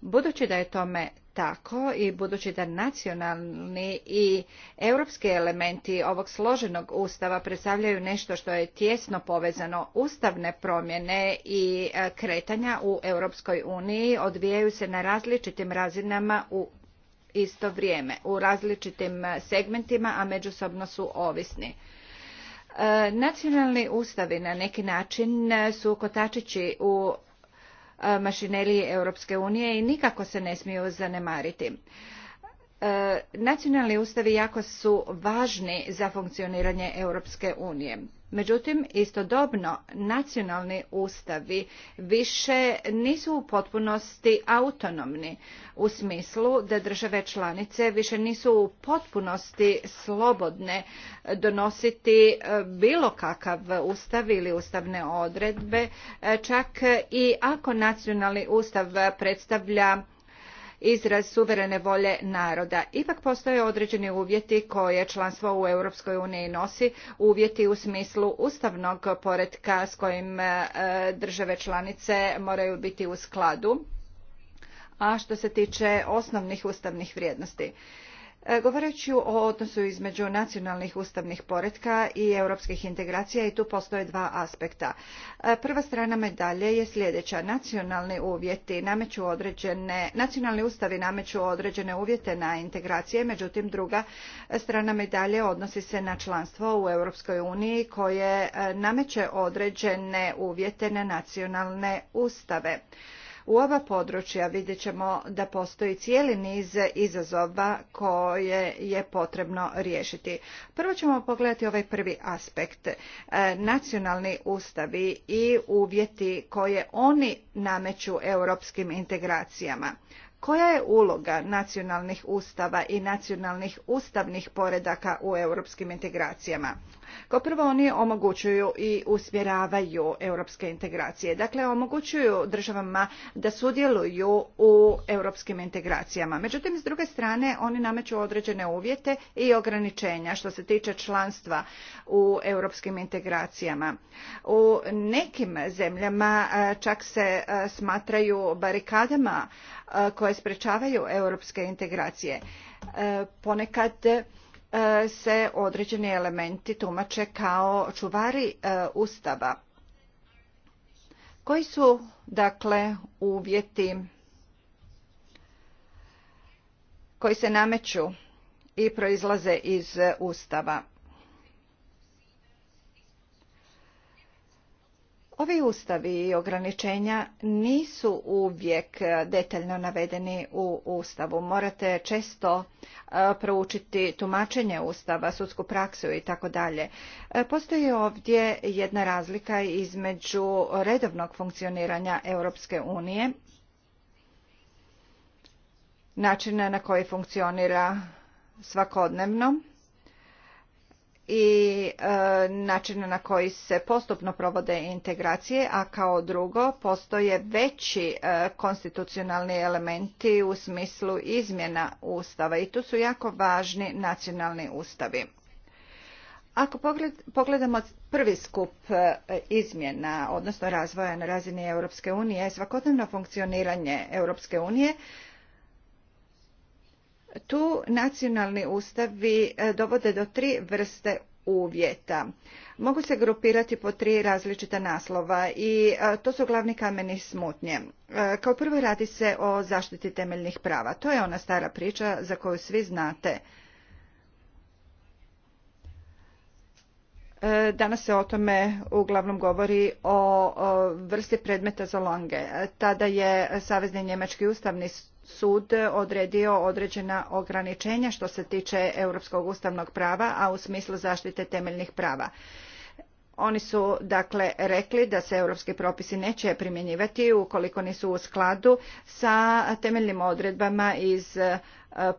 Budući da je tome tako i budući da nacionalni i europski elementi ovog složenog ustava predstavljaju nešto što je tjesno povezano ustavne promjene i e, kretanja u Europskoj uniji odvijaju se na različitim razinama u isto vrijeme u različitim e, segmentima a međusobno su ovisni e, nacionalni ustavi na neki način su kotačići u E, mašineriji Europske unije i nikako se ne smiju zanemariti. E, nacionalni ustavi jako su važni za funkcioniranje Europske unije. Međutim, istodobno nacionalni ustavi više nisu u potpunosti autonomni u smislu da države članice više nisu u potpunosti slobodne donositi e, bilo kakav ustav ili ustavne odredbe, e, čak i ako nacionalni ustav predstavlja izraz suverene volje naroda. Ipak postoje određeni uvjeti koje članstvo u Europskoj uniji nosi, uvjeti u smislu ustavnog poretka s kojim e, države članice moraju biti u skladu, a što se tiče osnovnih ustavnih vrijednosti. E, govoreći o odnosu između nacionalnih ustavnih poretka i europskih integracija i tu postoje dva aspekta. E, prva strana medalje je sljedeća. Nacionalni uvjeti nameću određene, nacionalni ustavi nameću određene uvjete na integracije, međutim druga strana medalje odnosi se na članstvo u Europskoj uniji koje e, nameće određene uvjete na nacionalne ustave. U ova područja vidjet ćemo da postoji cijeli niz izazova koje je potrebno riješiti. Prvo ćemo pogledati ovaj prvi aspekt. E, nacionalni ustavi i uvjeti koje oni nameću europskim integracijama. Koja je uloga nacionalnih ustava i nacionalnih ustavnih poredaka u europskim integracijama? Kao prvo oni omogućuju i usmjeravaju europske integracije. Dakle, omogućuju državama da sudjeluju u europskim integracijama. Međutim, s druge strane, oni nameću određene uvjete i ograničenja što se tiče članstva u europskim integracijama. U nekim zemljama čak se smatraju barikadama koje sprečavaju europske integracije. E, ponekad E, se određeni elementi tumače kao čuvari e, Ustava. Koji su, dakle, uvjeti koji se nameću i proizlaze iz Ustava? Ovi ustavi i ograničenja nisu uvijek detaljno navedeni u ustavu. Morate često e, proučiti tumačenje ustava, sudsku praksu i tako dalje. E, postoji ovdje jedna razlika između redovnog funkcioniranja Europske unije, načina na koji funkcionira svakodnevno i e, načina na koji se postupno provode integracije, a kao drugo postoje veći e, konstitucionalni elementi u smislu izmjena ustava i tu su jako važni nacionalni ustavi. Ako pogledamo prvi skup e, izmjena, odnosno razvoja na razini Europske unije, svakodnevno funkcioniranje Europske unije, tu nacionalni ustavi e, dovode do tri vrste uvjeta. Mogu se grupirati po tri različita naslova i e, to su glavni kameni smutnje. E, kao prvo radi se o zaštiti temeljnih prava. To je ona stara priča za koju svi znate E, danas se o tome uglavnom govori o vrsti predmeta za longe. E, tada je Savezni njemački ustavni sud odredio određena ograničenja što se tiče europskog ustavnog prava, a u smislu zaštite temeljnih prava. Oni su dakle rekli da se europski propisi neće primjenjivati ukoliko nisu u skladu sa temeljnim odredbama iz e,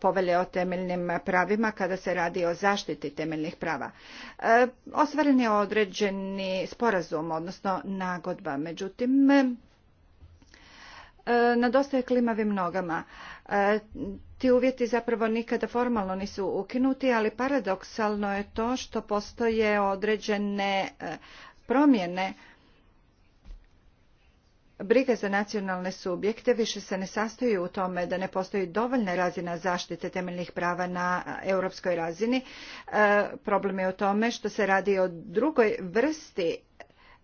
povelje o temeljnim pravima kada se radi o zaštiti temeljnih prava. E, ostvaren je određeni sporazum, odnosno nagodba. Međutim, e, na klimavim nogama ti uvjeti zapravo nikada formalno nisu ukinuti, ali paradoksalno je to što postoje određene e, promjene Briga za nacionalne subjekte više se ne sastoji u tome da ne postoji dovoljna razina zaštite temeljnih prava na europskoj razini. E, problem je u tome što se radi o drugoj vrsti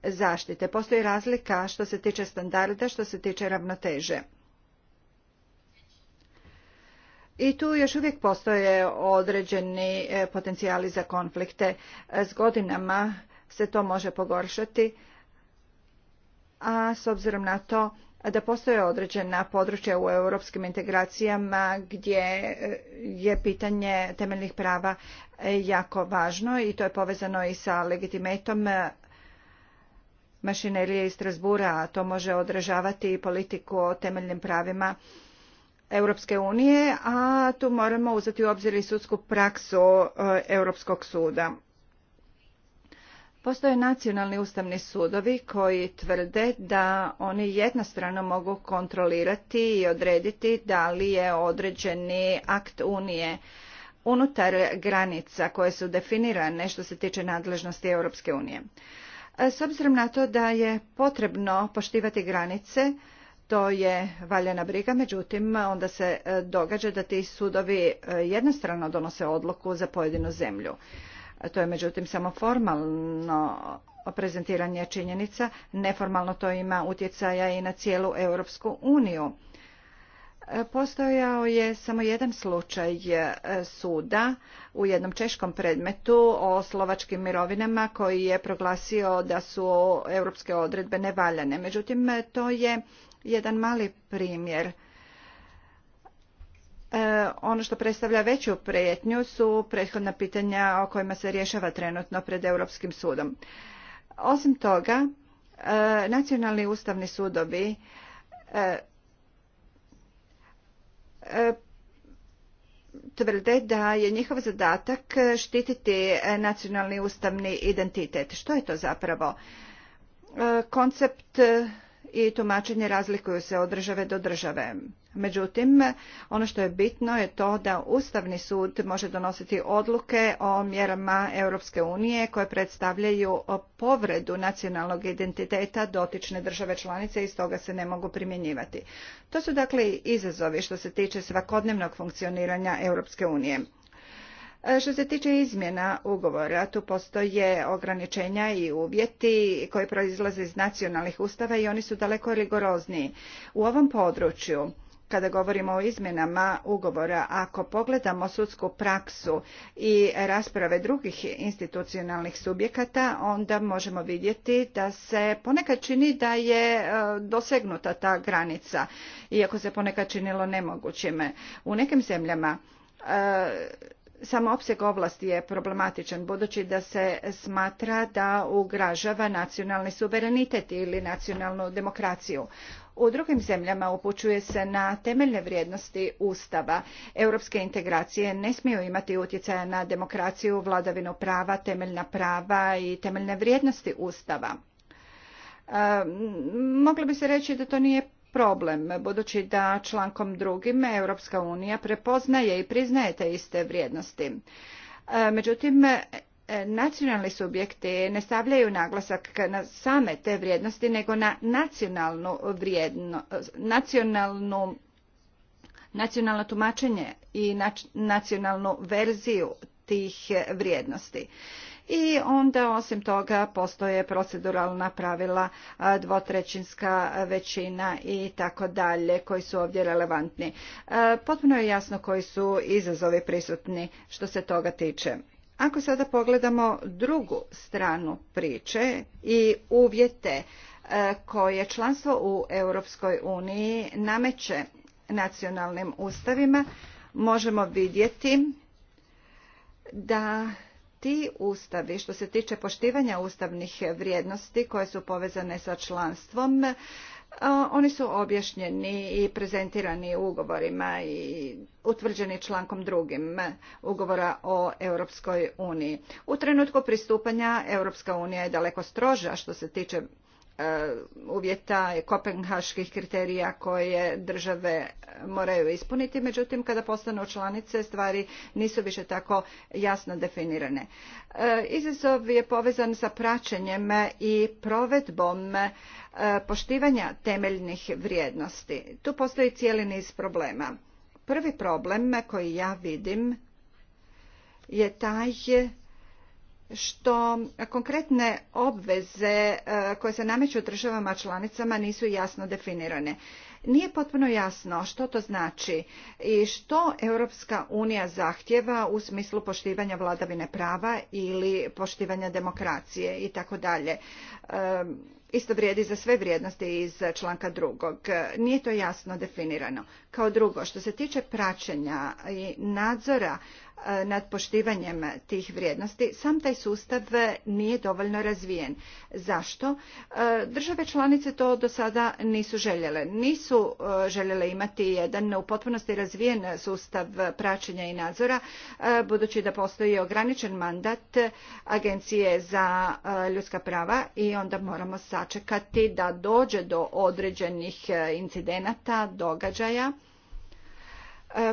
zaštite. Postoji razlika što se tiče standarda, što se tiče ravnoteže i tu još uvijek postoje određeni e, potencijali za konflikte. E, s godinama se to može pogoršati, a s obzirom na to da postoje određena područja u europskim integracijama gdje e, je pitanje temeljnih prava jako važno i to je povezano i sa legitimetom mašinerije iz Strasbura, a to može odražavati i politiku o temeljnim pravima Europske unije, a tu moramo uzeti u obzir i sudsku praksu e, Europskog suda. Postoje nacionalni ustavni sudovi koji tvrde da oni jednostrano mogu kontrolirati i odrediti da li je određeni akt Unije unutar granica koje su definirane što se tiče nadležnosti Europske unije. E, s obzirom na to da je potrebno poštivati granice, to je valjana briga, međutim onda se e, događa da ti sudovi e, jednostrano donose odluku za pojedinu zemlju. To je međutim samo formalno prezentiranje činjenica, neformalno to ima utjecaja i na cijelu Europsku uniju. E, postojao je samo jedan slučaj suda u jednom češkom predmetu o slovačkim mirovinama koji je proglasio da su europske odredbe nevaljane. Međutim, to je jedan mali primjer. E, ono što predstavlja veću prijetnju su prethodna pitanja o kojima se rješava trenutno pred Europskim sudom. Osim toga, e, nacionalni ustavni sudovi e, tvrde da je njihov zadatak štititi nacionalni ustavni identitet. Što je to zapravo? Koncept i tumačenje razlikuju se od države do države. Međutim, ono što je bitno je to da Ustavni sud može donositi odluke o mjerama Europske unije koje predstavljaju povredu nacionalnog identiteta dotične države članice i stoga se ne mogu primjenjivati. To su dakle izazovi što se tiče svakodnevnog funkcioniranja Europske unije. E, što se tiče izmjena ugovora, tu postoje ograničenja i uvjeti koji proizlaze iz nacionalnih ustava i oni su daleko rigorozniji. U ovom području kada govorimo o izmjenama ugovora, ako pogledamo sudsku praksu i rasprave drugih institucionalnih subjekata, onda možemo vidjeti da se ponekad čini da je e, dosegnuta ta granica, iako se ponekad činilo nemogućime. U nekim zemljama e, samo opseg ovlasti je problematičan budući da se smatra da ugražava nacionalni suverenitet ili nacionalnu demokraciju. U drugim zemljama upućuje se na temeljne vrijednosti Ustava. Europske integracije ne smiju imati utjecaja na demokraciju, vladavinu prava, temeljna prava i temeljne vrijednosti Ustava. E, Mogli bi se reći da to nije problem, budući da člankom drugim Europska unija prepoznaje i priznaje te iste vrijednosti. E, međutim, e, nacionalni subjekti ne stavljaju naglasak na same te vrijednosti, nego na nacionalno tumačenje i nacionalnu verziju tih vrijednosti i onda osim toga postoje proceduralna pravila dvotrećinska većina i tako dalje koji su ovdje relevantni. Potpuno je jasno koji su izazovi prisutni što se toga tiče. Ako sada pogledamo drugu stranu priče i uvjete koje članstvo u Europskoj uniji nameće nacionalnim ustavima, možemo vidjeti da ti ustavi što se tiče poštivanja ustavnih vrijednosti koje su povezane sa članstvom oni su objašnjeni i prezentirani ugovorima i utvrđeni člankom drugim ugovora o Europskoj uniji. U trenutku pristupanja Europska unija je daleko stroža što se tiče E, uvjeta i kopenhaških kriterija koje države moraju ispuniti međutim kada postanu članice stvari nisu više tako jasno definirane e, izazov je povezan sa praćenjem i provedbom e, poštivanja temeljnih vrijednosti tu postoji cijeli niz problema prvi problem koji ja vidim je taj što konkretne obveze e, koje se nameću državama članicama nisu jasno definirane. Nije potpuno jasno što to znači i što Europska unija zahtjeva u smislu poštivanja vladavine prava ili poštivanja demokracije i tako dalje. E, isto vrijedi za sve vrijednosti iz članka drugog. Nije to jasno definirano. Kao drugo, što se tiče praćenja i nadzora nad poštivanjem tih vrijednosti, sam taj sustav nije dovoljno razvijen. Zašto? E, države članice to do sada nisu željele. Nisu e, željele imati jedan u potpunosti razvijen sustav praćenja i nadzora, e, budući da postoji ograničen mandat Agencije za ljudska prava i onda moramo sačekati da dođe do određenih incidenata, događaja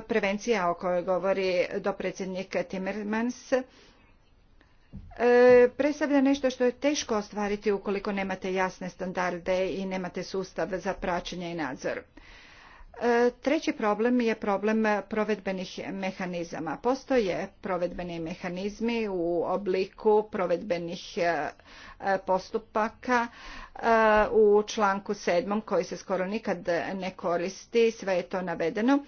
prevencija o kojoj govori dopredsjednik Timmermans e, predstavlja nešto što je teško ostvariti ukoliko nemate jasne standarde i nemate sustav za praćenje i nadzor. E, treći problem je problem provedbenih mehanizama. Postoje provedbeni mehanizmi u obliku provedbenih e, postupaka u članku 7. koji se skoro nikad ne koristi, sve je to navedeno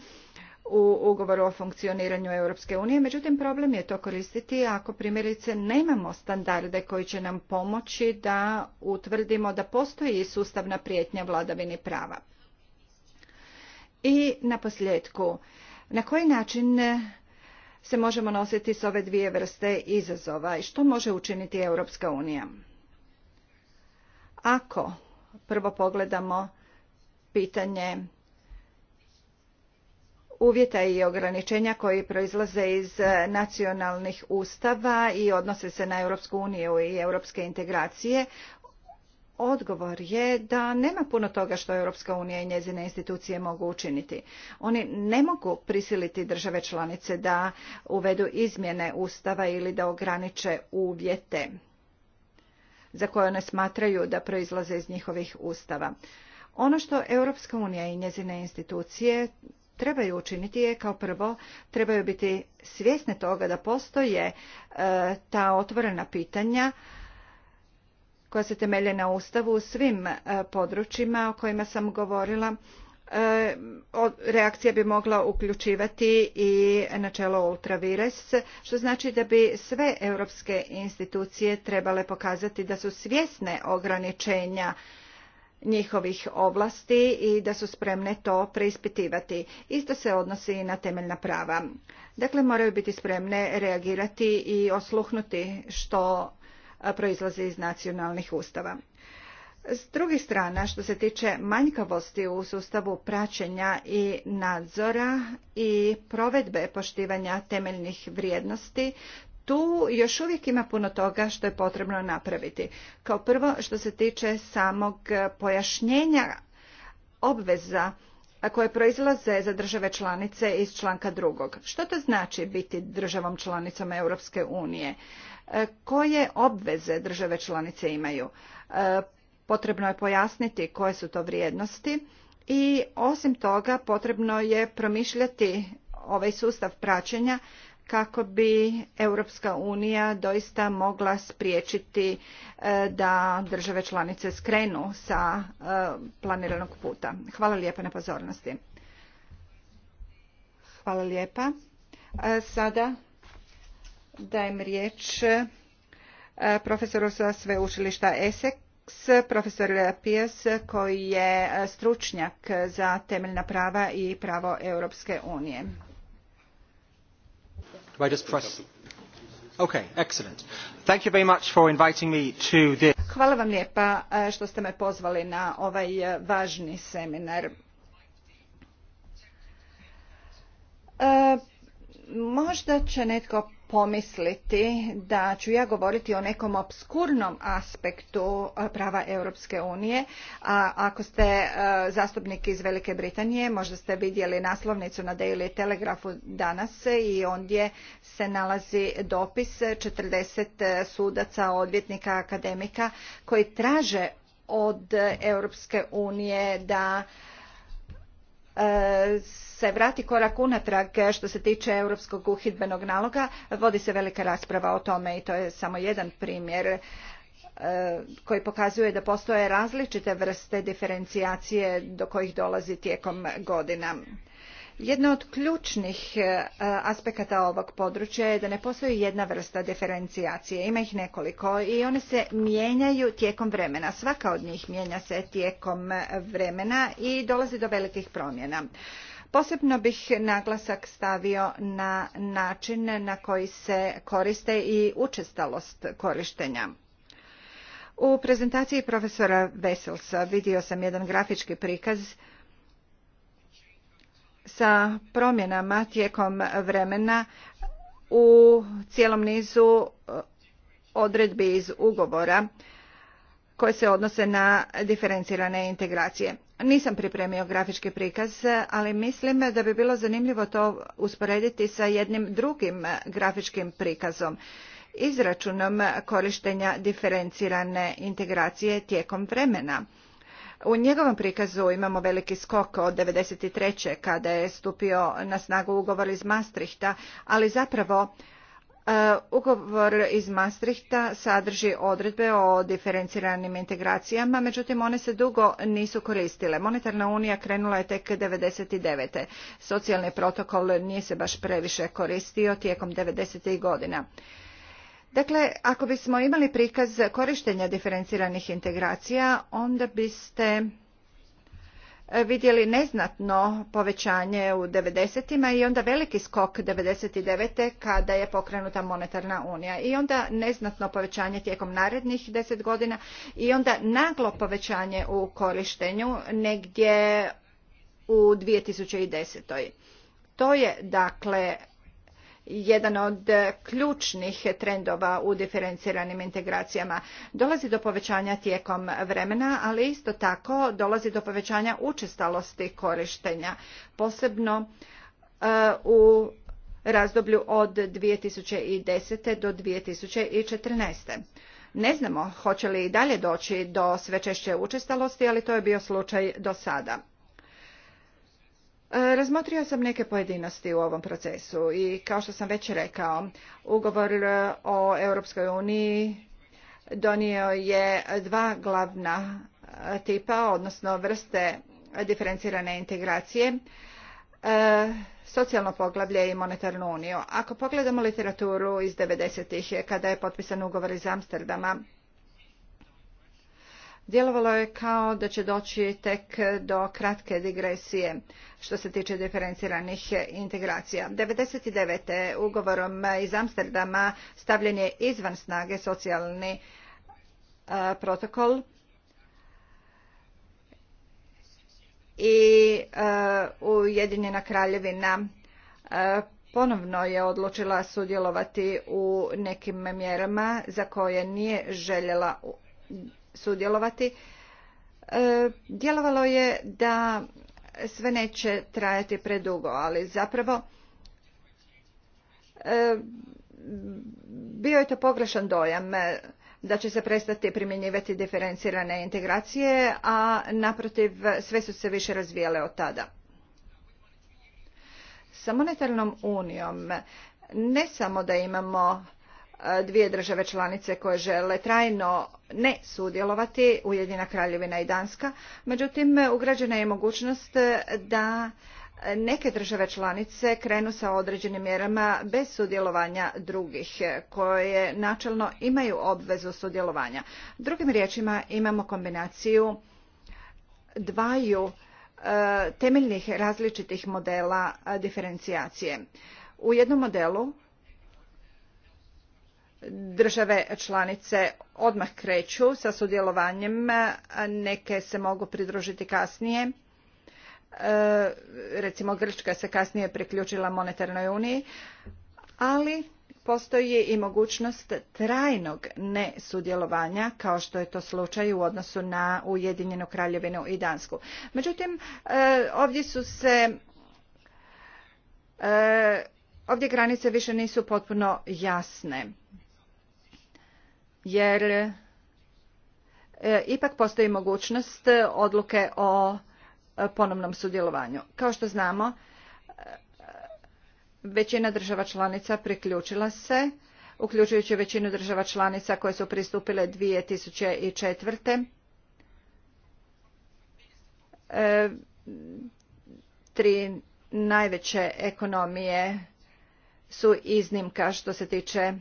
u ugovoru o funkcioniranju Europske unije, međutim problem je to koristiti ako primjerice nemamo standarde koji će nam pomoći da utvrdimo da postoji sustavna prijetnja vladavini prava. I na na koji način se možemo nositi s ove dvije vrste izazova i što može učiniti Europska unija? Ako prvo pogledamo pitanje uvjeta i ograničenja koji proizlaze iz nacionalnih ustava i odnose se na Europsku uniju i europske integracije, Odgovor je da nema puno toga što Europska unija i njezine institucije mogu učiniti. Oni ne mogu prisiliti države članice da uvedu izmjene ustava ili da ograniče uvjete za koje one smatraju da proizlaze iz njihovih ustava. Ono što Europska unija i njezine institucije trebaju učiniti je kao prvo trebaju biti svjesne toga da postoje e, ta otvorena pitanja koja se temelje na Ustavu u svim e, područjima o kojima sam govorila. E, reakcija bi mogla uključivati i načelo ultravires, što znači da bi sve europske institucije trebale pokazati da su svjesne ograničenja njihovih ovlasti i da su spremne to preispitivati. Isto se odnosi i na temeljna prava. Dakle, moraju biti spremne reagirati i osluhnuti što proizlazi iz nacionalnih ustava. S druge strane, što se tiče manjkavosti u sustavu praćenja i nadzora i provedbe poštivanja temeljnih vrijednosti, tu još uvijek ima puno toga što je potrebno napraviti. Kao prvo što se tiče samog pojašnjenja obveza koje proizlaze za države članice iz članka drugog. Što to znači biti državom članicom Europske unije? E, koje obveze države članice imaju? E, potrebno je pojasniti koje su to vrijednosti i osim toga potrebno je promišljati ovaj sustav praćenja kako bi Europska unija doista mogla spriječiti e, da države članice skrenu sa e, planiranog puta. Hvala lijepa na pozornosti. Hvala lijepa. E, sada dajem riječ profesoru sa sveučilišta Essex, profesor Pijas koji je stručnjak za temeljna prava i pravo Europske unije. Do I just press? Okay, excellent. Thank you very much for inviting me to this. Hvala vam lijepa e, što ste me pozvali na ovaj e, važni seminar. E, Možda će netko pomisliti da ću ja govoriti o nekom obskurnom aspektu prava Europske unije, a ako ste e, zastupnik iz Velike Britanije, možda ste vidjeli naslovnicu na Daily Telegrafu danas i ondje se nalazi dopis 40 e, sudaca, odvjetnika, akademika koji traže od Europske unije da se vrati korak unatrag što se tiče europskog uhidbenog naloga vodi se velika rasprava o tome i to je samo jedan primjer e, koji pokazuje da postoje različite vrste diferencijacije do kojih dolazi tijekom godina. Jedno od ključnih e, aspekata ovog područja je da ne postoji jedna vrsta diferencijacije. Ima ih nekoliko i one se mijenjaju tijekom vremena. Svaka od njih mijenja se tijekom vremena i dolazi do velikih promjena. Posebno bih naglasak stavio na način na koji se koriste i učestalost korištenja. U prezentaciji profesora Veselsa vidio sam jedan grafički prikaz sa promjenama tijekom vremena u cijelom nizu e, odredbi iz ugovora koje se odnose na diferencirane integracije. Nisam pripremio grafički prikaz, ali mislim da bi bilo zanimljivo to usporediti sa jednim drugim grafičkim prikazom, izračunom korištenja diferencirane integracije tijekom vremena. U njegovom prikazu imamo veliki skok od 1993. kada je stupio na snagu ugovor iz Maastrichta, ali zapravo e, Ugovor iz Maastrichta sadrži odredbe o diferenciranim integracijama, međutim one se dugo nisu koristile. Monetarna unija krenula je tek 1999. Socijalni protokol nije se baš previše koristio tijekom 90. godina. Dakle, ako bismo imali prikaz korištenja diferenciranih integracija, onda biste e, vidjeli neznatno povećanje u 90-ima i onda veliki skok 99. kada je pokrenuta monetarna unija i onda neznatno povećanje tijekom narednih 10 godina i onda naglo povećanje u korištenju negdje u 2010. To je dakle jedan od ključnih trendova u diferenciranim integracijama. Dolazi do povećanja tijekom vremena, ali isto tako dolazi do povećanja učestalosti korištenja, posebno uh, u razdoblju od 2010. do 2014. Ne znamo hoće li i dalje doći do sve češće učestalosti, ali to je bio slučaj do sada. Razmotrio sam neke pojedinosti u ovom procesu i kao što sam već rekao, ugovor o Europskoj uniji donio je dva glavna e, tipa, odnosno vrste diferencirane integracije, e, socijalno poglavlje i monetarnu uniju. Ako pogledamo literaturu iz 90-ih, kada je potpisan ugovor iz Amsterdama, Djelovalo je kao da će doći tek do kratke digresije što se tiče diferenciranih integracija. 99. ugovorom iz Amsterdama stavljen je izvan snage socijalni e, protokol i e, Ujedinjena kraljevina e, ponovno je odlučila sudjelovati u nekim mjerama za koje nije željela sudjelovati, e, djelovalo je da sve neće trajati predugo, ali zapravo e, bio je to pogrešan dojam e, da će se prestati primjenjivati diferencirane integracije, a naprotiv sve su se više razvijele od tada. Sa monetarnom unijom ne samo da imamo dvije države članice koje žele trajno ne sudjelovati, Ujedina Kraljevina i Danska. Međutim, ugrađena je mogućnost da neke države članice krenu sa određenim mjerama bez sudjelovanja drugih koje načelno imaju obvezu sudjelovanja. Drugim riječima imamo kombinaciju dvaju e, temeljnih različitih modela diferencijacije. U jednom modelu države članice odmah kreću sa sudjelovanjem, neke se mogu pridružiti kasnije. E, recimo Grčka se kasnije priključila monetarnoj uniji, ali postoji i mogućnost trajnog nesudjelovanja kao što je to slučaj u odnosu na Ujedinjenu kraljevinu i Dansku. Međutim, e, ovdje su se e, ovdje granice više nisu potpuno jasne jer e, ipak postoji mogućnost odluke o e, ponovnom sudjelovanju. Kao što znamo, e, većina država članica priključila se, uključujući većinu država članica koje su pristupile 2004. Tri najveće ekonomije su iznimka što se tiče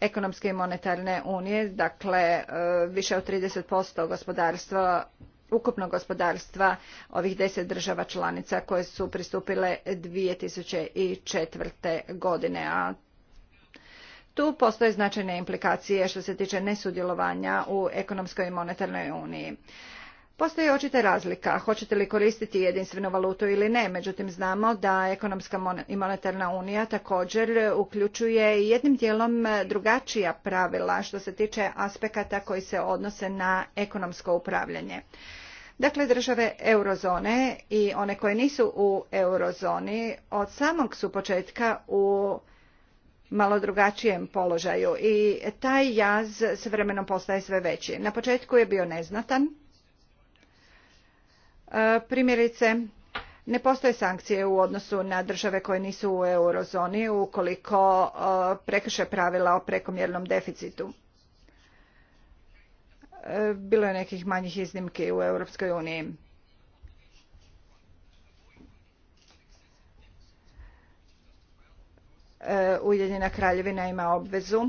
ekonomske i monetarne unije, dakle e, više od 30% gospodarstva ukupnog gospodarstva ovih deset država članica koje su pristupile 2004. godine, a tu postoje značajne implikacije što se tiče nesudjelovanja u ekonomskoj i monetarnoj uniji. Postoji očita razlika, hoćete li koristiti jedinstvenu valutu ili ne, međutim znamo da ekonomska i monetarna unija također uključuje jednim dijelom drugačija pravila što se tiče aspekata koji se odnose na ekonomsko upravljanje. Dakle, države eurozone i one koje nisu u eurozoni od samog su početka u malo drugačijem položaju i taj jaz s vremenom postaje sve veći. Na početku je bio neznatan, E, primjerice, ne postoje sankcije u odnosu na države koje nisu u eurozoni ukoliko e, prekrše pravila o prekomjernom deficitu. E, bilo je nekih manjih iznimki u Europskoj uniji. Ujedinjena kraljevina ima obvezu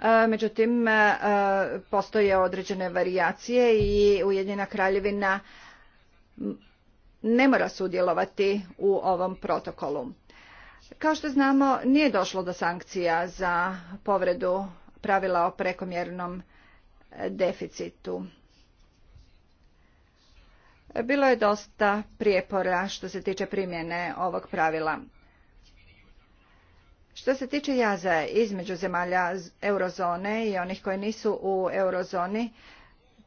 E, međutim e, e, postoje određene varijacije i Ujedinjena kraljevina ne mora sudjelovati u ovom protokolu. Kao što znamo, nije došlo do sankcija za povredu pravila o prekomjernom deficitu. Bilo je dosta prijepora što se tiče primjene ovog pravila. Što se tiče jaza između zemalja eurozone i onih koje nisu u eurozoni,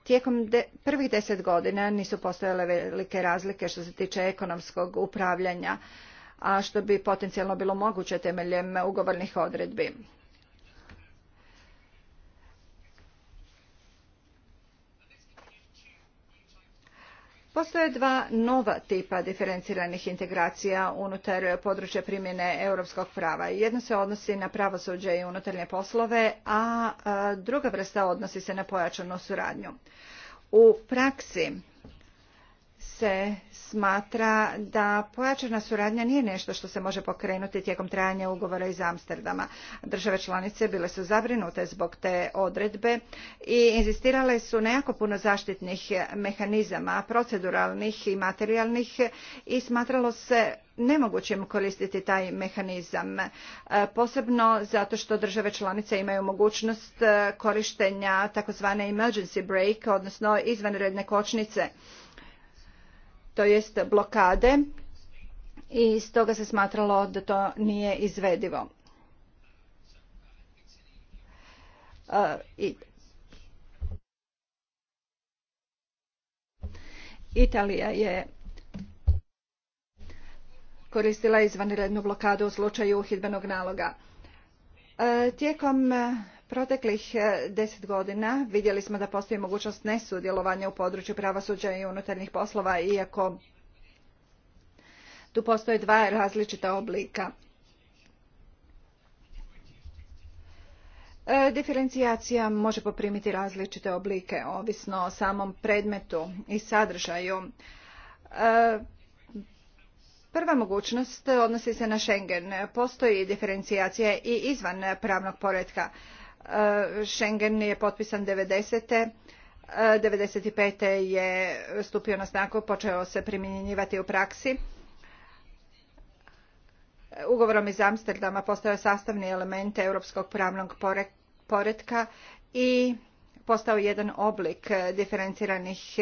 tijekom prvih deset godina nisu postojale velike razlike što se tiče ekonomskog upravljanja, a što bi potencijalno bilo moguće temeljem ugovornih odredbi. Postoje dva nova tipa diferenciranih integracija unutar područja primjene europskog prava. Jedno se odnosi na pravosuđe i unutarnje poslove, a druga vrsta odnosi se na pojačanu suradnju. U praksi se smatra da pojačana suradnja nije nešto što se može pokrenuti tijekom trajanja ugovora iz Amsterdama. Države članice bile su zabrinute zbog te odredbe i inzistirale su nejako puno zaštitnih mehanizama, proceduralnih i materijalnih i smatralo se nemogućim koristiti taj mehanizam, e, posebno zato što države članice imaju mogućnost e, korištenja takozvane emergency break, odnosno izvanredne kočnice to jest blokade i stoga se smatralo da to nije izvedivo. Italija je koristila izvanrednu blokadu u slučaju uhidbenog naloga. Tijekom Proteklih e, deset godina vidjeli smo da postoji mogućnost nesudjelovanja u području pravosuđa i unutarnjih poslova, iako tu postoje dva različita oblika. E, diferencijacija može poprimiti različite oblike, ovisno o samom predmetu i sadržaju. E, prva mogućnost odnosi se na Schengen. Postoji diferencijacija i izvan pravnog poretka. Eh, Schengen je potpisan 90. five eh, je stupio na snagu, počeo se primjenjivati u praksi. Eh, ugovorom iz Amsterdama postao je sastavni element europskog pravnog poretka i postao je jedan oblik diferenciranih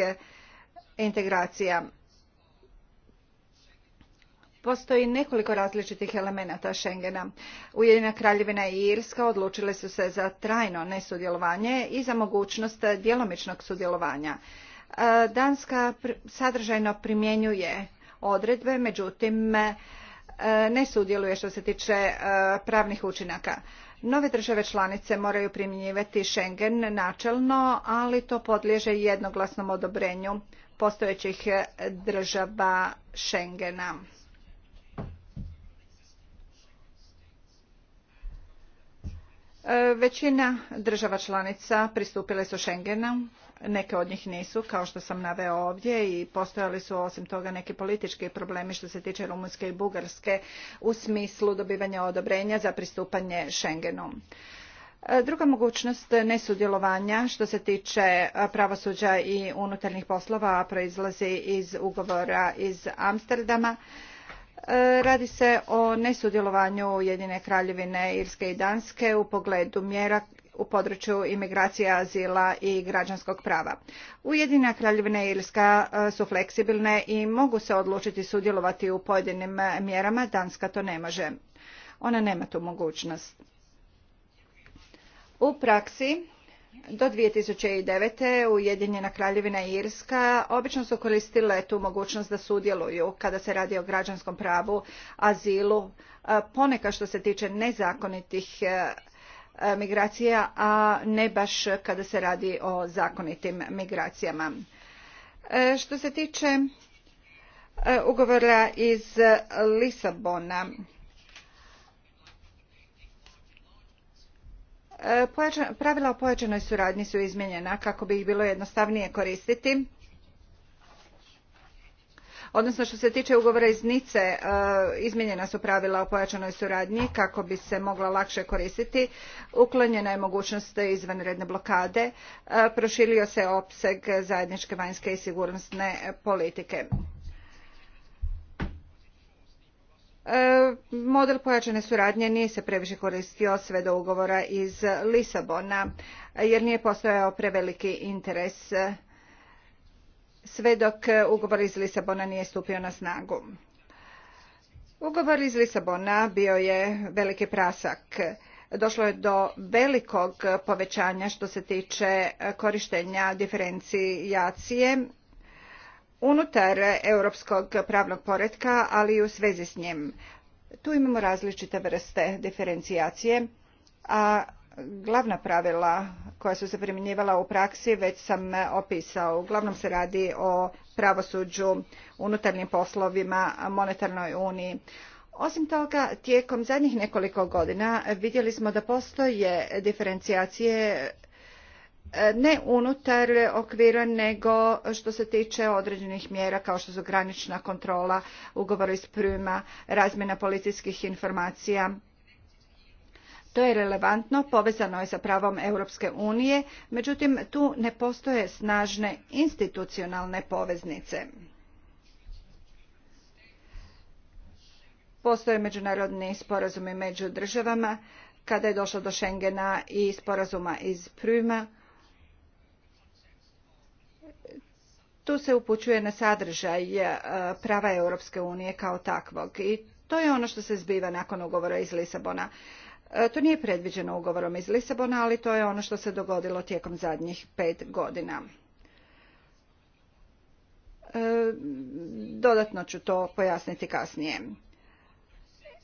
integracija Postoji nekoliko različitih elemenata Schengena. Ujedina Kraljevina i Irska odlučile su se za trajno nesudjelovanje i za mogućnost djelomičnog sudjelovanja. E, Danska sadržajno primjenjuje odredbe, međutim e, ne sudjeluje što se tiče e, pravnih učinaka. Nove države članice moraju primjenjivati Schengen načelno, ali to podliježe jednoglasnom odobrenju postojećih država Schengena. E, većina država članica pristupile su Schengenu, neke od njih nisu, kao što sam naveo ovdje i postojali su osim toga neki politički problemi što se tiče Rumunjske i Bugarske u smislu dobivanja odobrenja za pristupanje Schengenu. E, druga mogućnost nesudjelovanja što se tiče pravosuđa i unutarnjih poslova proizlazi iz ugovora iz Amsterdama. E, radi se o nesudjelovanju ujedinjene kraljevine Irske i Danske u pogledu mjera u području imigracija, azila i građanskog prava. ujedinjena kraljevina i Irska e, su fleksibilne i mogu se odlučiti sudjelovati u pojedinim mjerama, Danska to ne može. Ona nema tu mogućnost. U praksi do 2009. Ujedinjena kraljevina i Irska obično su koristile tu mogućnost da sudjeluju kada se radi o građanskom pravu, azilu, e, ponekad što se tiče nezakonitih e, e, migracija, a ne baš kada se radi o zakonitim migracijama. Što se tiče ugovora iz Lisabona, Pravila o pojačanoj suradnji su izmijenjena kako bi ih bilo jednostavnije koristiti odnosno što se tiče ugovora iz nice e, izmijenjena su pravila o pojačanoj suradnji kako bi se mogla lakše koristiti uklonjena je mogućnost izvanredne blokade e, proširio se opseg zajedničke vanjske i sigurnosne politike. E, model pojačane suradnje nije se previše koristio sve do ugovora iz Lisabona jer nije postojao preveliki interes e, sve dok ugovor iz Lisabona nije stupio na snagu. Ugovor iz Lisabona bio je veliki prasak. Došlo je do velikog povećanja što se tiče korištenja diferencijacije unutar europskog pravnog poretka, ali i u svezi s njim. Tu imamo različite vrste diferencijacije, a glavna pravila koja su se primjenjivala u praksi već sam opisao. Uglavnom se radi o pravosuđu, unutarnjim poslovima, monetarnoj uniji. Osim toga, tijekom zadnjih nekoliko godina vidjeli smo da postoje diferencijacije E, ne unutar okvira nego što se tiče određenih mjera kao što su granična kontrola, ugovor iz prima, razmjena policijskih informacija. To je relevantno, povezano je sa pravom Europske unije, međutim tu ne postoje snažne institucionalne poveznice. Postoje međunarodni sporazumi među državama, kada je došlo do Schengena i sporazuma iz Prima, Tu se upućuje na sadržaj e, prava Europske unije kao takvog i to je ono što se zbiva nakon ugovora iz Lisabona. E, to nije predviđeno ugovorom iz Lisabona, ali to je ono što se dogodilo tijekom zadnjih pet godina. E, dodatno ću to pojasniti kasnije.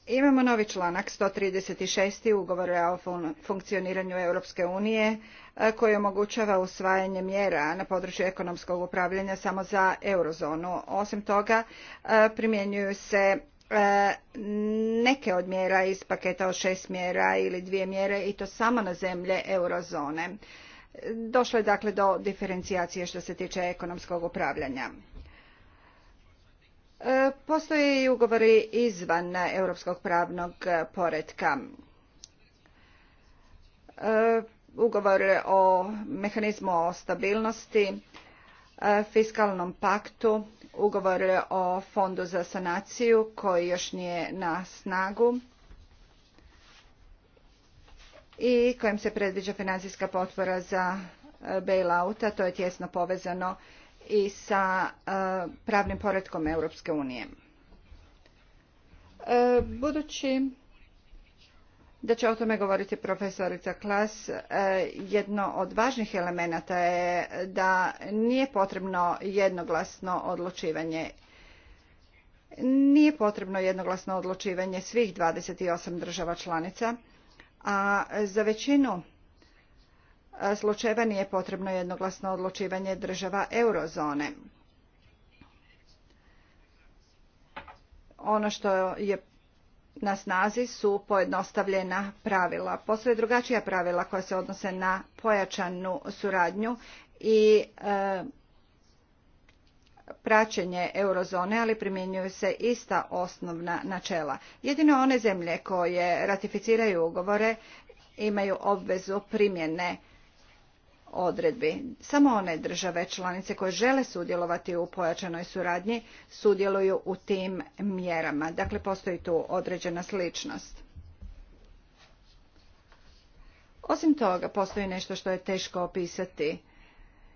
Imamo novi članak 136. ugovora o funkcioniranju Europske unije e, koji omogućava usvajanje mjera na području ekonomskog upravljanja samo za eurozonu. Osim toga e, primjenjuju se e, neke od mjera iz paketa od šest mjera ili dvije mjere i to samo na zemlje eurozone. Došlo je dakle do diferencijacije što se tiče ekonomskog upravljanja. E, postoje i ugovori izvan europskog pravnog poretka. E, ugovor o mehanizmu o stabilnosti, e, fiskalnom paktu, ugovor o fondu za sanaciju koji još nije na snagu i kojim se predviđa financijska potpora za a To je tjesno povezano i sa e, pravnim poretkom Europske unije. E, budući da će o tome govoriti profesorica Klas, e, jedno od važnih elemenata je da nije potrebno jednoglasno odlučivanje. Nije potrebno jednoglasno odlučivanje svih 28 država članica, a za većinu slučajeva nije potrebno jednoglasno odlučivanje država eurozone. Ono što je na snazi su pojednostavljena pravila. Postoje drugačija pravila koja se odnose na pojačanu suradnju i e, praćenje eurozone, ali primjenjuju se ista osnovna načela. Jedino one zemlje koje ratificiraju ugovore imaju obvezu primjene odredbi. Samo one države članice koje žele sudjelovati u pojačanoj suradnji sudjeluju u tim mjerama. Dakle, postoji tu određena sličnost. Osim toga, postoji nešto što je teško opisati –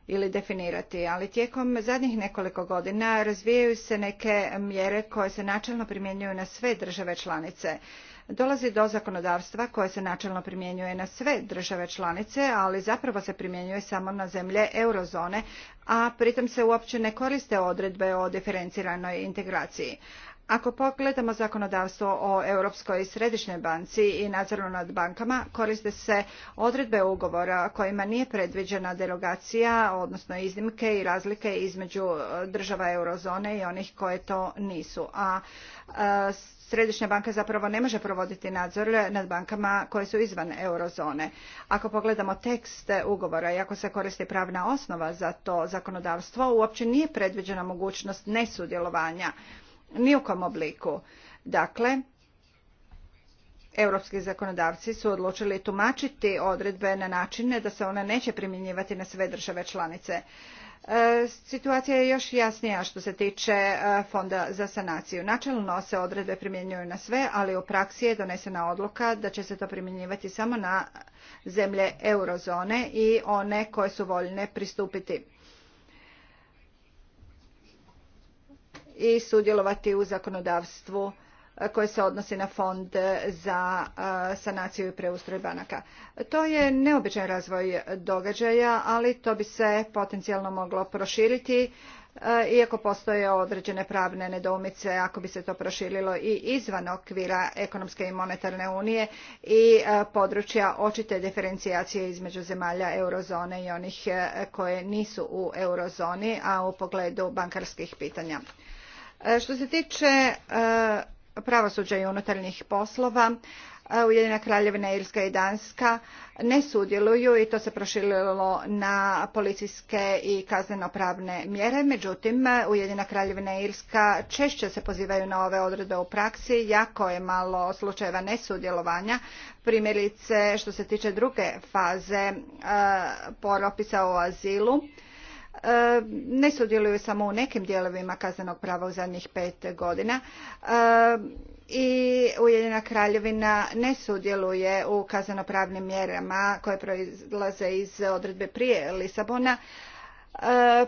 ili definirati, ali tijekom zadnjih nekoliko godina razvijaju se neke mjere koje se načelno primjenjuju na sve države članice. Dolazi do zakonodavstva koje se načelno primjenjuje na sve države članice, ali zapravo se primjenjuje samo na zemlje eurozone, a pritom se uopće ne koriste odredbe o diferenciranoj integraciji. Ako pogledamo zakonodavstvo o Europskoj središnjoj banci i nadzoru nad bankama, koriste se odredbe ugovora kojima nije predviđena derogacija, odnosno iznimke i razlike između e, država eurozone i onih koje to nisu. A e, Središnja banka zapravo ne može provoditi nadzor nad bankama koje su izvan eurozone. Ako pogledamo tekst ugovora i ako se koristi pravna osnova za to zakonodavstvo, uopće nije predviđena mogućnost nesudjelovanja ni u kom obliku. Dakle, europski zakonodavci su odlučili tumačiti odredbe na način da se one neće primjenjivati na sve države članice. E, situacija je još jasnija što se tiče e, fonda za sanaciju. Načelno se odredbe primjenjuju na sve, ali u praksi je donesena odluka da će se to primjenjivati samo na zemlje eurozone i one koje su voljne pristupiti i sudjelovati u zakonodavstvu e, koje se odnosi na fond za e, sanaciju i preustroj banaka. To je neobičan razvoj događaja, ali to bi se potencijalno moglo proširiti, e, iako postoje određene pravne nedoumice ako bi se to proširilo i izvan okvira ekonomske i monetarne unije i područja očite diferencijacije između zemalja eurozone i onih koje nisu u eurozoni, a u pogledu bankarskih pitanja. E, što se tiče e, pravosuđa i unutarnjih poslova, e, Ujedina Kraljevina, Irska i Danska ne sudjeluju i to se proširilo na policijske i kaznenopravne mjere. Međutim, Ujedina Kraljevina i Irska češće se pozivaju na ove odredbe u praksi, jako je malo slučajeva nesudjelovanja. Primjerice što se tiče druge faze poropisa o azilu, E, ne sudjeluju samo u nekim dijelovima kaznenog prava u zadnjih pet godina e, i Ujedinjena kraljevina ne sudjeluje u kaznenopravnim mjerama koje proizlaze iz odredbe prije Lisabona. E,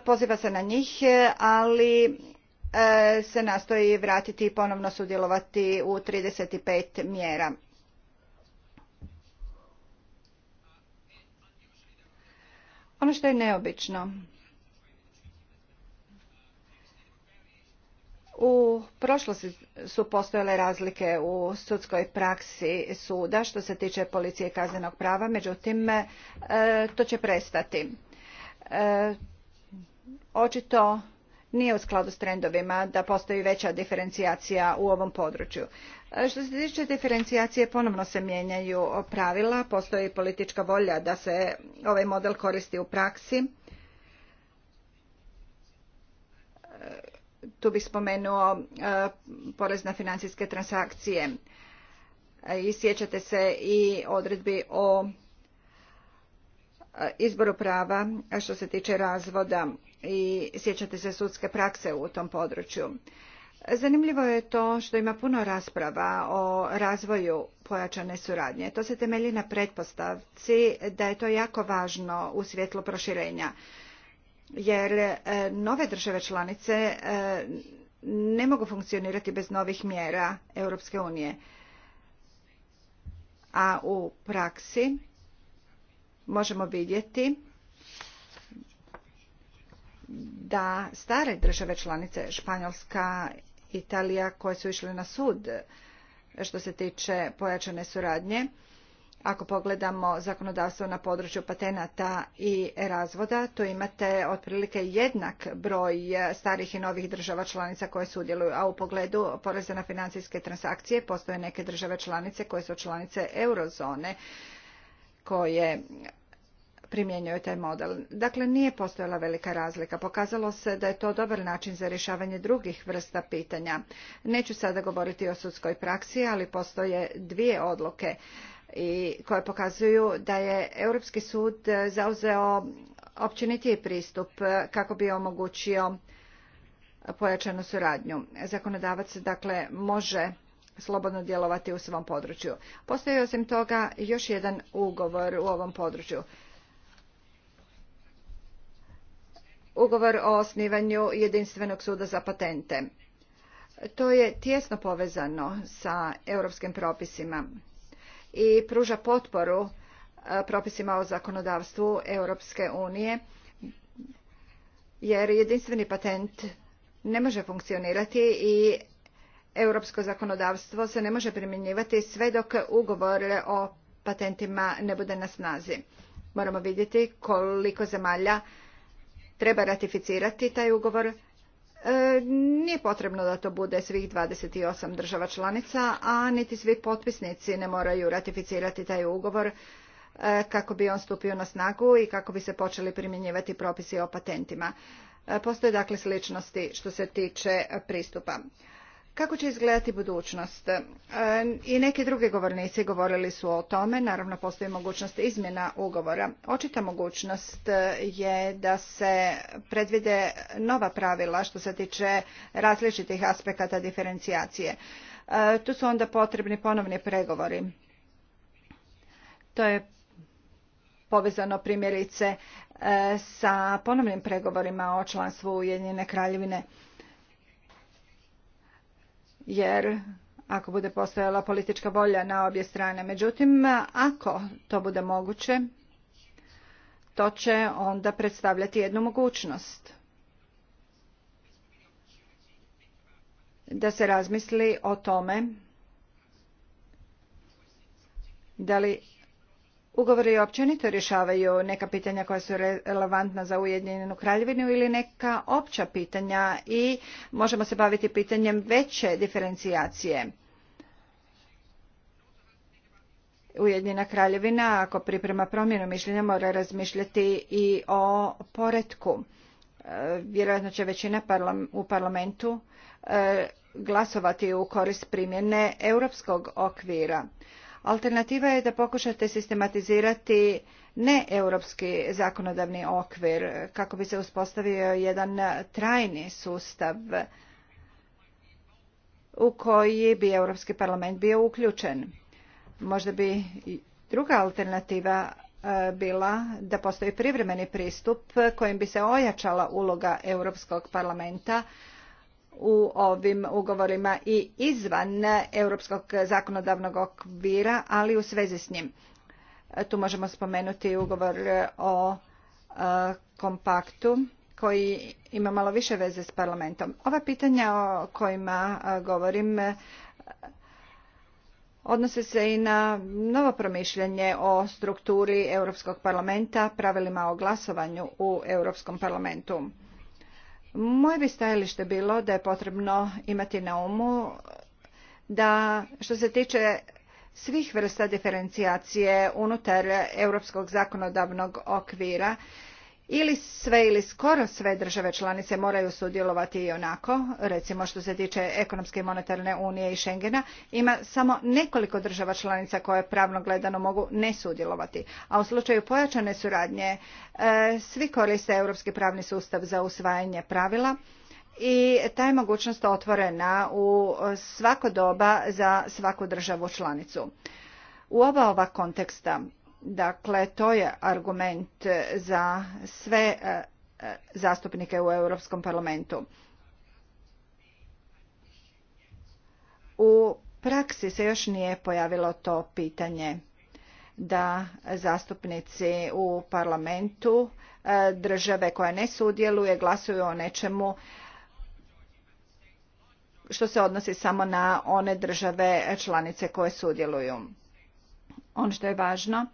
poziva se na njih, ali se nastoji vratiti i ponovno sudjelovati u 35 mjera. Ono što je neobično U prošlosti su postojale razlike u sudskoj praksi suda što se tiče policije kaznenog prava, međutim e, to će prestati. E, očito nije u skladu s trendovima da postoji veća diferencijacija u ovom području. E, što se tiče diferencijacije, ponovno se mijenjaju pravila, postoji politička volja da se ovaj model koristi u praksi tu bih spomenuo e, porez na financijske transakcije e, i sjećate se i odredbi o e, izboru prava što se tiče razvoda i sjećate se sudske prakse u tom području. Zanimljivo je to što ima puno rasprava o razvoju pojačane suradnje. To se temelji na pretpostavci da je to jako važno u svjetlu proširenja jer e, nove države članice e, ne mogu funkcionirati bez novih mjera Europske unije. A u praksi možemo vidjeti da stare države članice Španjolska, Italija koje su išle na sud e, što se tiče pojačane suradnje ako pogledamo zakonodavstvo na području patenata i razvoda, tu imate otprilike jednak broj e, starih i novih država članica koje sudjeluju, a u pogledu poreza na financijske transakcije postoje neke države članice koje su članice eurozone koje primjenjuju taj model. Dakle, nije postojala velika razlika. Pokazalo se da je to dobar način za rješavanje drugih vrsta pitanja. Neću sada govoriti o sudskoj praksi, ali postoje dvije odluke i koje pokazuju da je Europski sud zauzeo općenitiji pristup kako bi omogućio pojačanu suradnju. Zakonodavac dakle može slobodno djelovati u svom području. Postoji osim toga još jedan ugovor u ovom području. Ugovor o osnivanju Jedinstvenog suda za patente. To je tjesno povezano sa europskim propisima i pruža potporu e, propisima o zakonodavstvu Europske unije jer jedinstveni patent ne može funkcionirati i europsko zakonodavstvo se ne može primjenjivati sve dok ugovor o patentima ne bude na snazi. Moramo vidjeti koliko zemalja treba ratificirati taj ugovor E, nije potrebno da to bude svih 28 država članica, a niti svi potpisnici ne moraju ratificirati taj ugovor e, kako bi on stupio na snagu i kako bi se počeli primjenjivati propisi o patentima. E, postoje dakle sličnosti što se tiče pristupa. Kako će izgledati budućnost? E, I neki drugi govornici govorili su o tome. Naravno, postoji mogućnost izmjena ugovora. Očita mogućnost e, je da se predvide nova pravila što se tiče različitih aspekata diferencijacije. E, tu su onda potrebni ponovni pregovori. To je povezano primjerice sa ponovnim pregovorima o članstvu Ujedinjene kraljevine jer ako bude postojala politička volja na obje strane. Međutim, ako to bude moguće, to će onda predstavljati jednu mogućnost da se razmisli o tome da li Ugovori općenito rješavaju neka pitanja koja su relevantna za Ujedinjenu kraljevinu ili neka opća pitanja i možemo se baviti pitanjem veće diferencijacije. Ujedinjena kraljevina ako priprema promjenu mišljenja mora razmišljati i o poretku. E, vjerojatno će većina u parlamentu e, glasovati u korist primjene europskog okvira. Alternativa je da pokušate sistematizirati neeuropski zakonodavni okvir kako bi se uspostavio jedan trajni sustav u koji bi Europski parlament bio uključen. Možda bi druga alternativa e, bila da postoji privremeni pristup kojim bi se ojačala uloga Europskog parlamenta u ovim ugovorima i izvan europskog zakonodavnog okvira, ali u svezi s njim. Tu možemo spomenuti ugovor o e, kompaktu koji ima malo više veze s parlamentom. Ova pitanja o kojima e, govorim e, odnose se i na novo promišljanje o strukturi Europskog parlamenta, pravilima o glasovanju u Europskom parlamentu. Moje bi stajalište bilo da je potrebno imati na umu da što se tiče svih vrsta diferencijacije unutar europskog zakonodavnog okvira ili sve ili skoro sve države članice moraju sudjelovati i onako, recimo što se tiče ekonomske i monetarne unije i Schengena, ima samo nekoliko država članica koje pravno gledano mogu ne sudjelovati. A u slučaju pojačane suradnje e, svi koriste europski pravni sustav za usvajanje pravila i ta je mogućnost otvorena u svako doba za svaku državu članicu. U oba ova konteksta Dakle, to je argument za sve e, e, zastupnike u Europskom parlamentu. U praksi se još nije pojavilo to pitanje da zastupnici u parlamentu e, države koja ne sudjeluje glasuju o nečemu što se odnosi samo na one države članice koje sudjeluju. Ono što je važno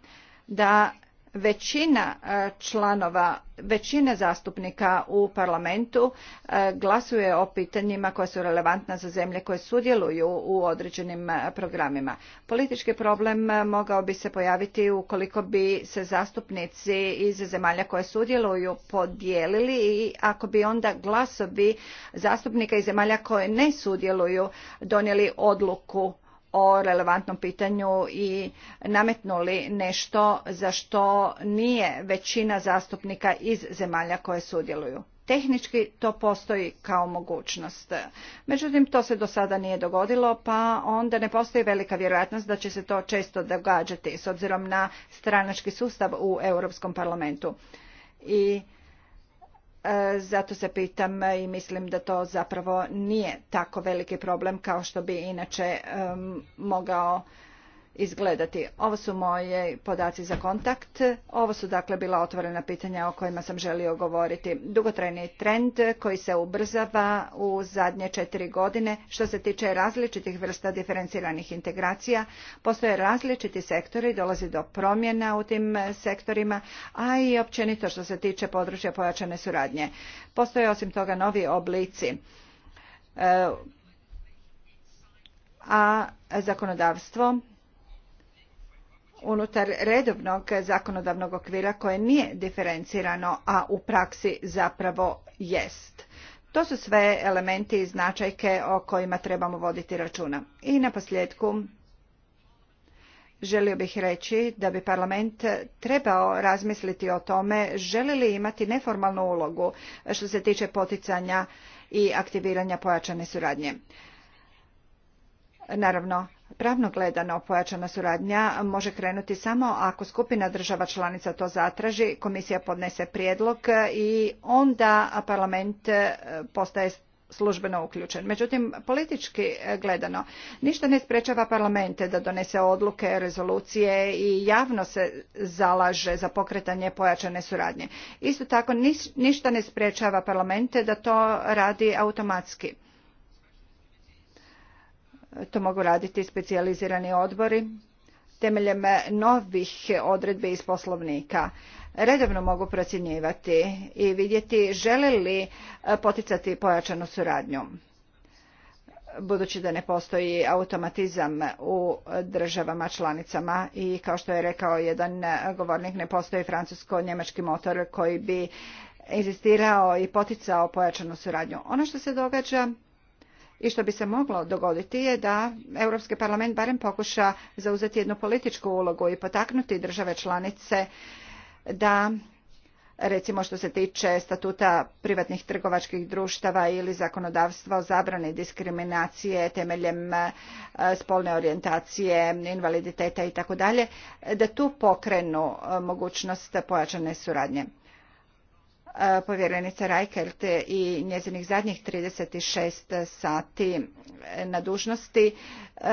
da većina e, članova, većina zastupnika u parlamentu e, glasuje o pitanjima koja su relevantna za zemlje koje sudjeluju u određenim e, programima. Politički problem mogao bi se pojaviti ukoliko bi se zastupnici iz zemalja koje sudjeluju podijelili i ako bi onda glasovi zastupnika iz zemalja koje ne sudjeluju donijeli odluku o relevantnom pitanju i nametnuli nešto za što nije većina zastupnika iz zemalja koje sudjeluju. Tehnički to postoji kao mogućnost. Međutim, to se do sada nije dogodilo, pa onda ne postoji velika vjerojatnost da će se to često događati s obzirom na stranački sustav u Europskom parlamentu. I E, zato se pitam i mislim da to zapravo nije tako veliki problem kao što bi inače mogao izgledati. Ovo su moje podaci za kontakt. Ovo su dakle bila otvorena pitanja o kojima sam želio govoriti. Dugotrajni trend koji se ubrzava u zadnje četiri godine što se tiče različitih vrsta diferenciranih integracija. Postoje različiti sektori, dolazi do promjena u tim sektorima, a i općenito što se tiče područja pojačane suradnje. Postoje osim toga novi oblici e, a zakonodavstvo unutar redovnog zakonodavnog okvira koje nije diferencirano, a u praksi zapravo jest. To su sve elementi i značajke o kojima trebamo voditi računa. I na posljedku želio bih reći da bi parlament trebao razmisliti o tome želi li imati neformalnu ulogu što se tiče poticanja i aktiviranja pojačane suradnje. Naravno, Pravno gledano pojačana suradnja može krenuti samo ako skupina država članica to zatraži, komisija podnese prijedlog i onda parlament e, postaje službeno uključen. Međutim, politički e, gledano, ništa ne sprečava parlamente da donese odluke, rezolucije i javno se zalaže za pokretanje pojačane suradnje. Isto tako, ništa ne sprečava parlamente da to radi automatski. To mogu raditi specijalizirani odbori temeljem novih odredbi iz poslovnika. Redovno mogu procjenjivati i vidjeti žele li e, poticati pojačanu suradnju. Budući da ne postoji automatizam u državama članicama i kao što je rekao jedan govornik ne postoji francusko-njemački motor koji bi inzistirao i poticao pojačanu suradnju. Ono što se događa i što bi se moglo dogoditi je da Europski parlament barem pokuša zauzeti jednu političku ulogu i potaknuti države članice da recimo što se tiče statuta privatnih trgovačkih društava ili zakonodavstva o zabrani diskriminacije temeljem e, spolne orijentacije, invaliditeta i tako dalje, da tu pokrenu e, mogućnost pojačane suradnje povjerenice Reichelt i njezinih zadnjih 36 sati na dužnosti. E,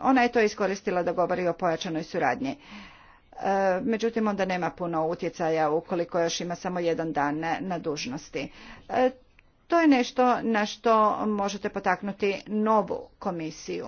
ona je to iskoristila da govori o pojačanoj suradnji. E, međutim, onda nema puno utjecaja ukoliko još ima samo jedan dan na dužnosti. E, to je nešto na što možete potaknuti novu komisiju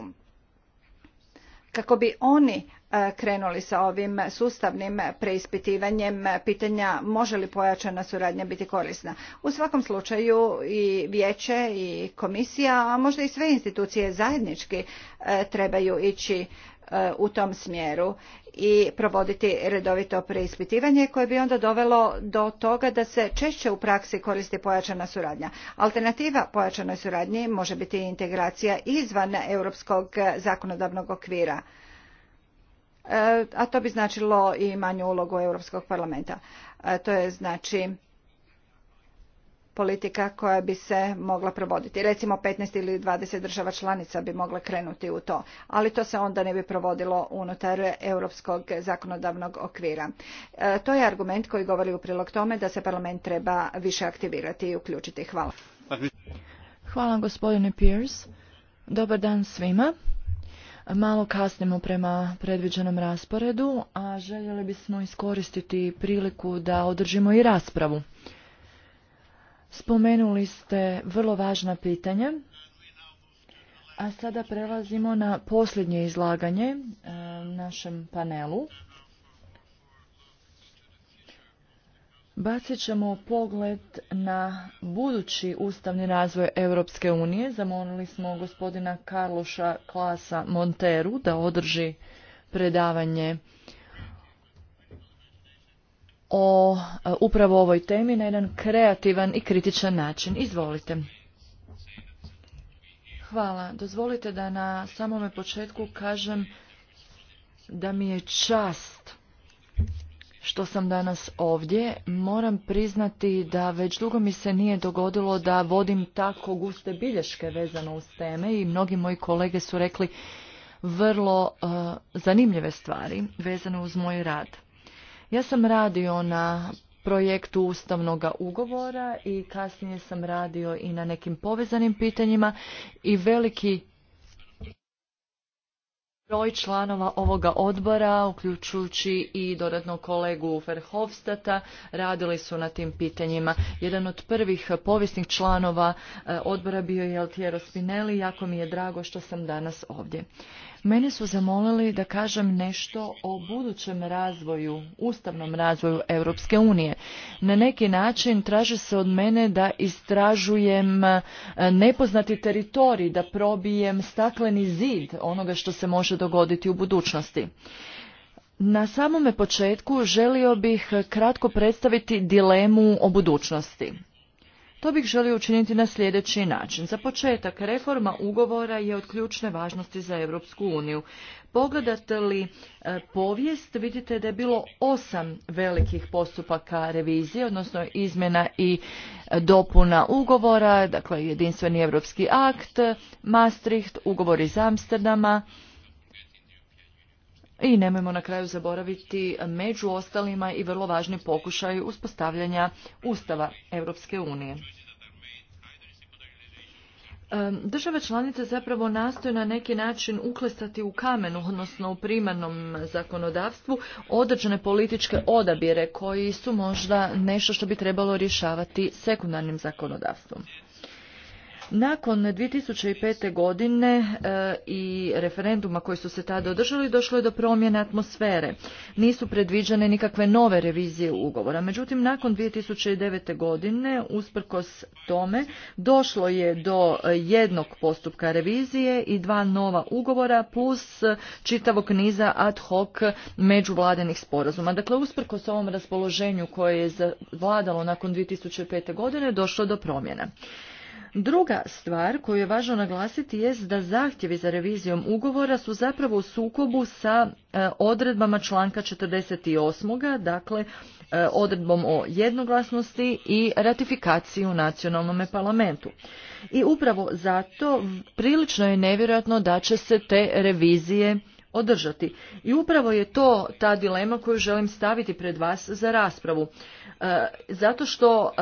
kako bi oni krenuli sa ovim sustavnim preispitivanjem pitanja može li pojačana suradnja biti korisna. U svakom slučaju i vijeće i komisija, a možda i sve institucije zajednički e, trebaju ići e, u tom smjeru i provoditi redovito preispitivanje koje bi onda dovelo do toga da se češće u praksi koristi pojačana suradnja. Alternativa pojačanoj suradnji može biti integracija izvan europskog zakonodavnog okvira E, a to bi značilo i manju ulogu Europskog parlamenta. E, to je znači politika koja bi se mogla provoditi. Recimo 15 ili 20 država članica bi mogle krenuti u to, ali to se onda ne bi provodilo unutar europskog zakonodavnog okvira. E, to je argument koji govori u prilog tome da se parlament treba više aktivirati i uključiti. Hvala. Hvala gospodine Pierce. Dobar dan svima. Malo kasnimo prema predviđenom rasporedu, a željeli bismo iskoristiti priliku da održimo i raspravu. Spomenuli ste vrlo važna pitanja, a sada prelazimo na posljednje izlaganje e, našem panelu. Bacit ćemo pogled na budući ustavni razvoj Europske unije. Zamolili smo gospodina Karloša Klasa Monteru da održi predavanje o e, upravo ovoj temi na jedan kreativan i kritičan način. Izvolite. Hvala. Dozvolite da na samome početku kažem da mi je čast što sam danas ovdje. Moram priznati da već dugo mi se nije dogodilo da vodim tako guste bilješke vezano uz teme i mnogi moji kolege su rekli vrlo eh, zanimljive stvari vezano uz moj rad. Ja sam radio na projektu ustavnog ugovora i kasnije sam radio i na nekim povezanim pitanjima i veliki broj članova ovoga odbora, uključujući i dodatno kolegu Verhofstata, radili su na tim pitanjima. Jedan od prvih povijesnih članova e, odbora bio je Altiero Spinelli, jako mi je drago što sam danas ovdje. Mene su zamolili da kažem nešto o budućem razvoju, ustavnom razvoju Europske unije. Na neki način traži se od mene da istražujem e, nepoznati teritorij, da probijem stakleni zid onoga što se može dogoditi u budućnosti. Na samome početku želio bih kratko predstaviti dilemu o budućnosti. To bih želio učiniti na sljedeći način. Za početak, reforma ugovora je od ključne važnosti za Europsku uniju. Pogledate li e, povijest, vidite da je bilo osam velikih postupaka revizije, odnosno izmjena i e, dopuna ugovora, dakle jedinstveni europski akt, Maastricht, ugovor iz Amsterdama, i nemojmo na kraju zaboraviti među ostalima i vrlo važni pokušaj uspostavljanja Ustava Europske unije. Države članice zapravo nastoje na neki način uklesati u kamenu, odnosno u primarnom zakonodavstvu, određene političke odabire koji su možda nešto što bi trebalo rješavati sekundarnim zakonodavstvom. Nakon 2005. godine e, i referenduma koji su se tada održali došlo je do promjene atmosfere. Nisu predviđene nikakve nove revizije ugovora. Međutim, nakon 2009. godine, usprkos tome, došlo je do jednog postupka revizije i dva nova ugovora plus čitavog niza ad hoc međuvladenih sporazuma. Dakle, usprkos ovom raspoloženju koje je vladalo nakon 2005. godine, došlo do promjena. Druga stvar koju je važno naglasiti jest da zahtjevi za revizijom ugovora su zapravo u sukobu sa e, odredbama članka 48. dakle e, odredbom o jednoglasnosti i ratifikaciji u nacionalnom parlamentu. I upravo zato prilično je nevjerojatno da će se te revizije održati. I upravo je to ta dilema koju želim staviti pred vas za raspravu. E, zato što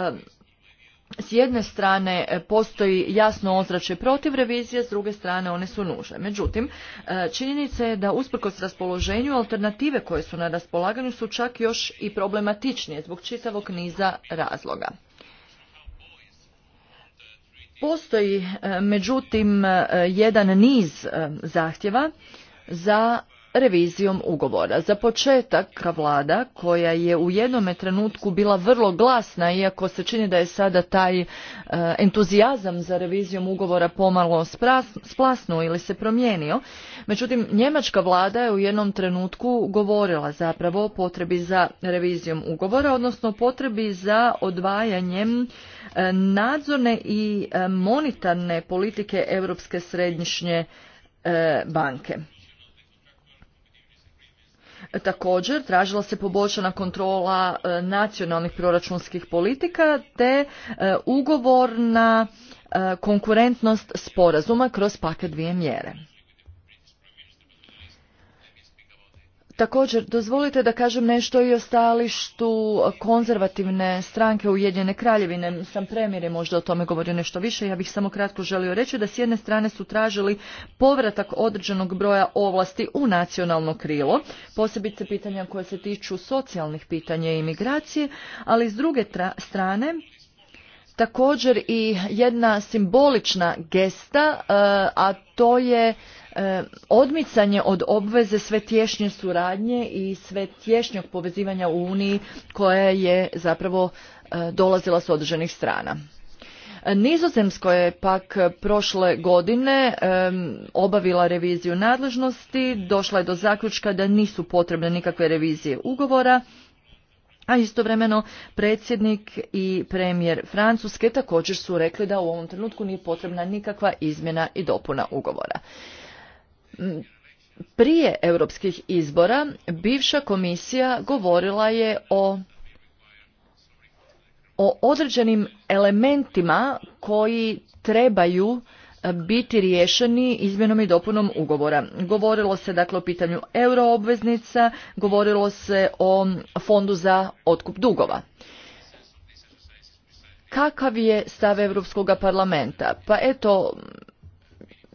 s jedne strane e, postoji jasno ozračje protiv revizije, s druge strane one su nužne. Međutim, e, činjenica je da usprkos raspoloženju alternative koje su na raspolaganju su čak još i problematičnije zbog čitavog niza razloga. Postoji e, međutim jedan niz zahtjeva za revizijom ugovora. Za početak vlada koja je u jednome trenutku bila vrlo glasna iako se čini da je sada taj e, entuzijazam za revizijom ugovora pomalo splasnuo ili se promijenio. Međutim, njemačka vlada je u jednom trenutku govorila zapravo o potrebi za revizijom ugovora, odnosno potrebi za odvajanjem e, nadzorne i e, monetarne politike Europske središnje banke. Također, tražila se poboljšana kontrola e, nacionalnih proračunskih politika te e, ugovorna e, konkurentnost sporazuma kroz paket dvije mjere. Također, dozvolite da kažem nešto i o stalištu konzervativne stranke Ujedinjene kraljevine. Sam premijer je možda o tome govorio nešto više. Ja bih samo kratko želio reći da s jedne strane su tražili povratak određenog broja ovlasti u nacionalno krilo, posebice pitanja koje se tiču socijalnih pitanja i imigracije, ali s druge strane također i jedna simbolična gesta, e, a to je E, odmicanje od obveze sve tješnje suradnje i sve tješnjog povezivanja u Uniji koja je zapravo e, dolazila s određenih strana. E, Nizozemsko je pak prošle godine obavila reviziju nadležnosti, došla je do zaključka da nisu potrebne nikakve revizije ugovora, a istovremeno predsjednik i premijer Francuske također su rekli da u ovom trenutku nije potrebna nikakva izmjena i dopuna ugovora prije europskih izbora bivša komisija govorila je o o određenim elementima koji trebaju biti riješeni izmjenom i dopunom ugovora. Govorilo se dakle o pitanju euroobveznica, govorilo se o fondu za otkup dugova. Kakav je stav Europskog parlamenta? Pa eto,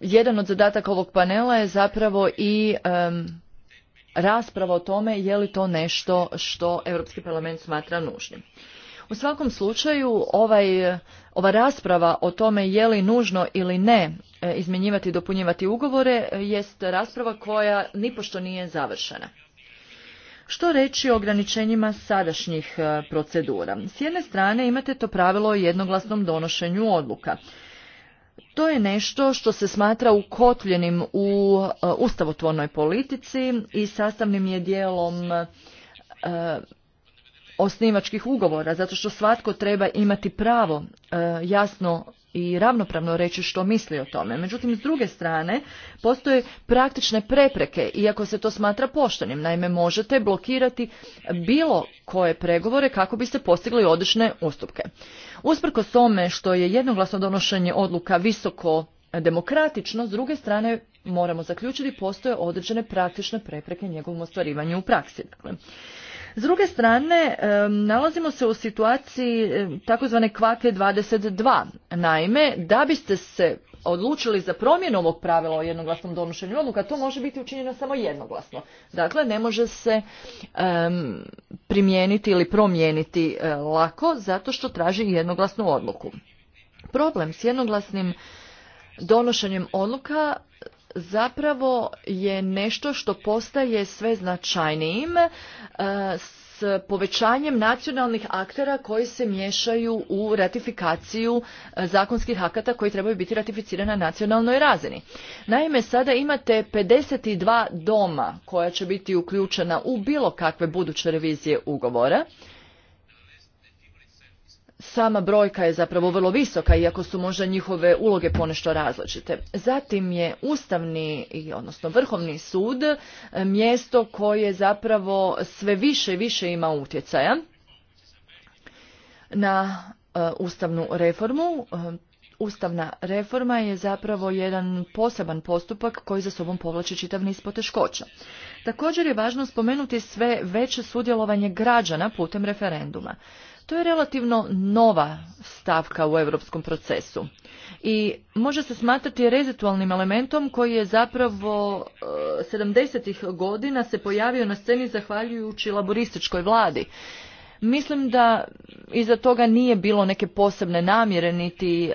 jedan od zadataka ovog panela je zapravo i rasprava o tome je li to nešto što Europski parlament smatra nužnim. U svakom slučaju ovaj, ova rasprava o tome je li nužno ili ne e, izmjenjivati i dopunjivati ugovore e, jest rasprava koja nipošto nije završena. Što reći o ograničenjima sadašnjih e, procedura? S jedne strane imate to pravilo o jednoglasnom donošenju odluka to je nešto što se smatra ukotljenim u e, ustavotvornoj politici i sastavnim je dijelom e, osnivačkih ugovora zato što svatko treba imati pravo e, jasno i ravnopravno reći što misli o tome. Međutim, s druge strane, postoje praktične prepreke, iako se to smatra poštenim. Naime, možete blokirati bilo koje pregovore kako biste postigli odlične ustupke. Usprkos tome što je jednoglasno donošenje odluka visoko demokratično, s druge strane moramo zaključiti postoje određene praktične prepreke njegovom ostvarivanju u praksi. Dakle, s druge strane, nalazimo se u situaciji takozvane kvake 22. Naime, da biste se odlučili za promjenu ovog pravila o jednoglasnom donošenju odluka, to može biti učinjeno samo jednoglasno. Dakle, ne može se primijeniti ili promijeniti e, lako zato što traži jednoglasnu odluku. Problem s jednoglasnim donošenjem odluka zapravo je nešto što postaje sve značajnijim e, s povećanjem nacionalnih aktera koji se miješaju u ratifikaciju e, zakonskih akata koji trebaju biti ratificirani na nacionalnoj razini. Naime, sada imate 52 doma koja će biti uključena u bilo kakve buduće revizije ugovora sama brojka je zapravo vrlo visoka, iako su možda njihove uloge ponešto različite. Zatim je Ustavni, odnosno Vrhovni sud, e, mjesto koje zapravo sve više i više ima utjecaja na e, ustavnu reformu. E, ustavna reforma je zapravo jedan poseban postupak koji za sobom povlači čitav niz poteškoća. Također je važno spomenuti sve veće sudjelovanje građana putem referenduma. To je relativno nova stavka u europskom procesu i može se smatrati rezitualnim elementom koji je zapravo 70 eh, godina se pojavio na sceni zahvaljujući laborističkoj vladi. Mislim da iza toga nije bilo neke posebne namjere niti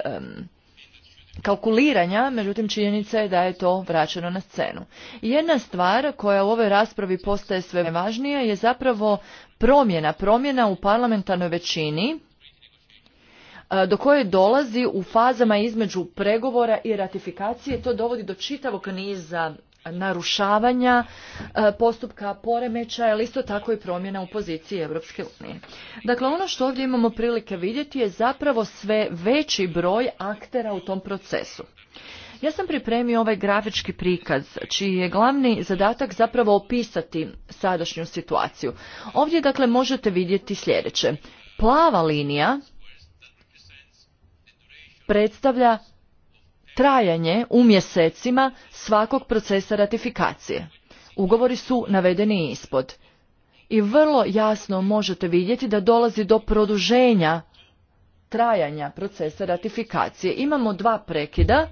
kalkuliranja, međutim činjenica je da je to vraćeno na scenu. Jedna stvar koja u ovoj raspravi postaje sve važnija je zapravo promjena, promjena u parlamentarnoj većini e, do koje dolazi u fazama između pregovora i ratifikacije. To dovodi do čitavog niza narušavanja e, postupka poremećaja, ali isto tako i promjena u poziciji Europske unije. Dakle, ono što ovdje imamo prilike vidjeti je zapravo sve veći broj aktera u tom procesu. Ja sam pripremio ovaj grafički prikaz, čiji je glavni zadatak zapravo opisati sadašnju situaciju. Ovdje, dakle, možete vidjeti sljedeće. Plava linija predstavlja trajanje u mjesecima svakog procesa ratifikacije. Ugovori su navedeni ispod. I vrlo jasno možete vidjeti da dolazi do produženja trajanja procesa ratifikacije. Imamo dva prekida.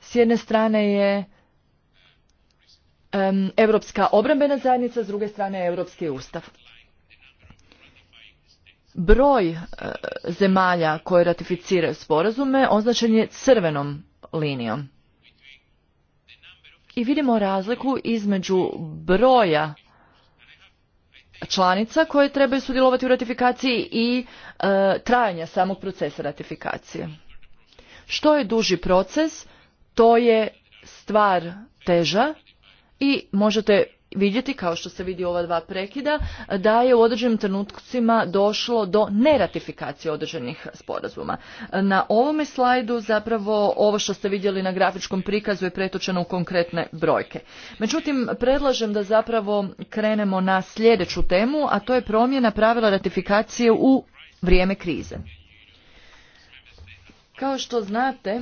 S jedne strane je Evropska Europska obrambena zajednica, s druge strane je Europski ustav broj e, zemalja koje ratificiraju sporazume označen je crvenom linijom. I vidimo razliku između broja članica koje trebaju sudjelovati u ratifikaciji i e, trajanja samog procesa ratifikacije. Što je duži proces, to je stvar teža i možete vidjeti, kao što se vidi ova dva prekida, da je u određenim trenutcima došlo do neratifikacije određenih sporazuma. Na ovome slajdu zapravo ovo što ste vidjeli na grafičkom prikazu je pretočeno u konkretne brojke. Međutim, predlažem da zapravo krenemo na sljedeću temu, a to je promjena pravila ratifikacije u vrijeme krize. Kao što znate,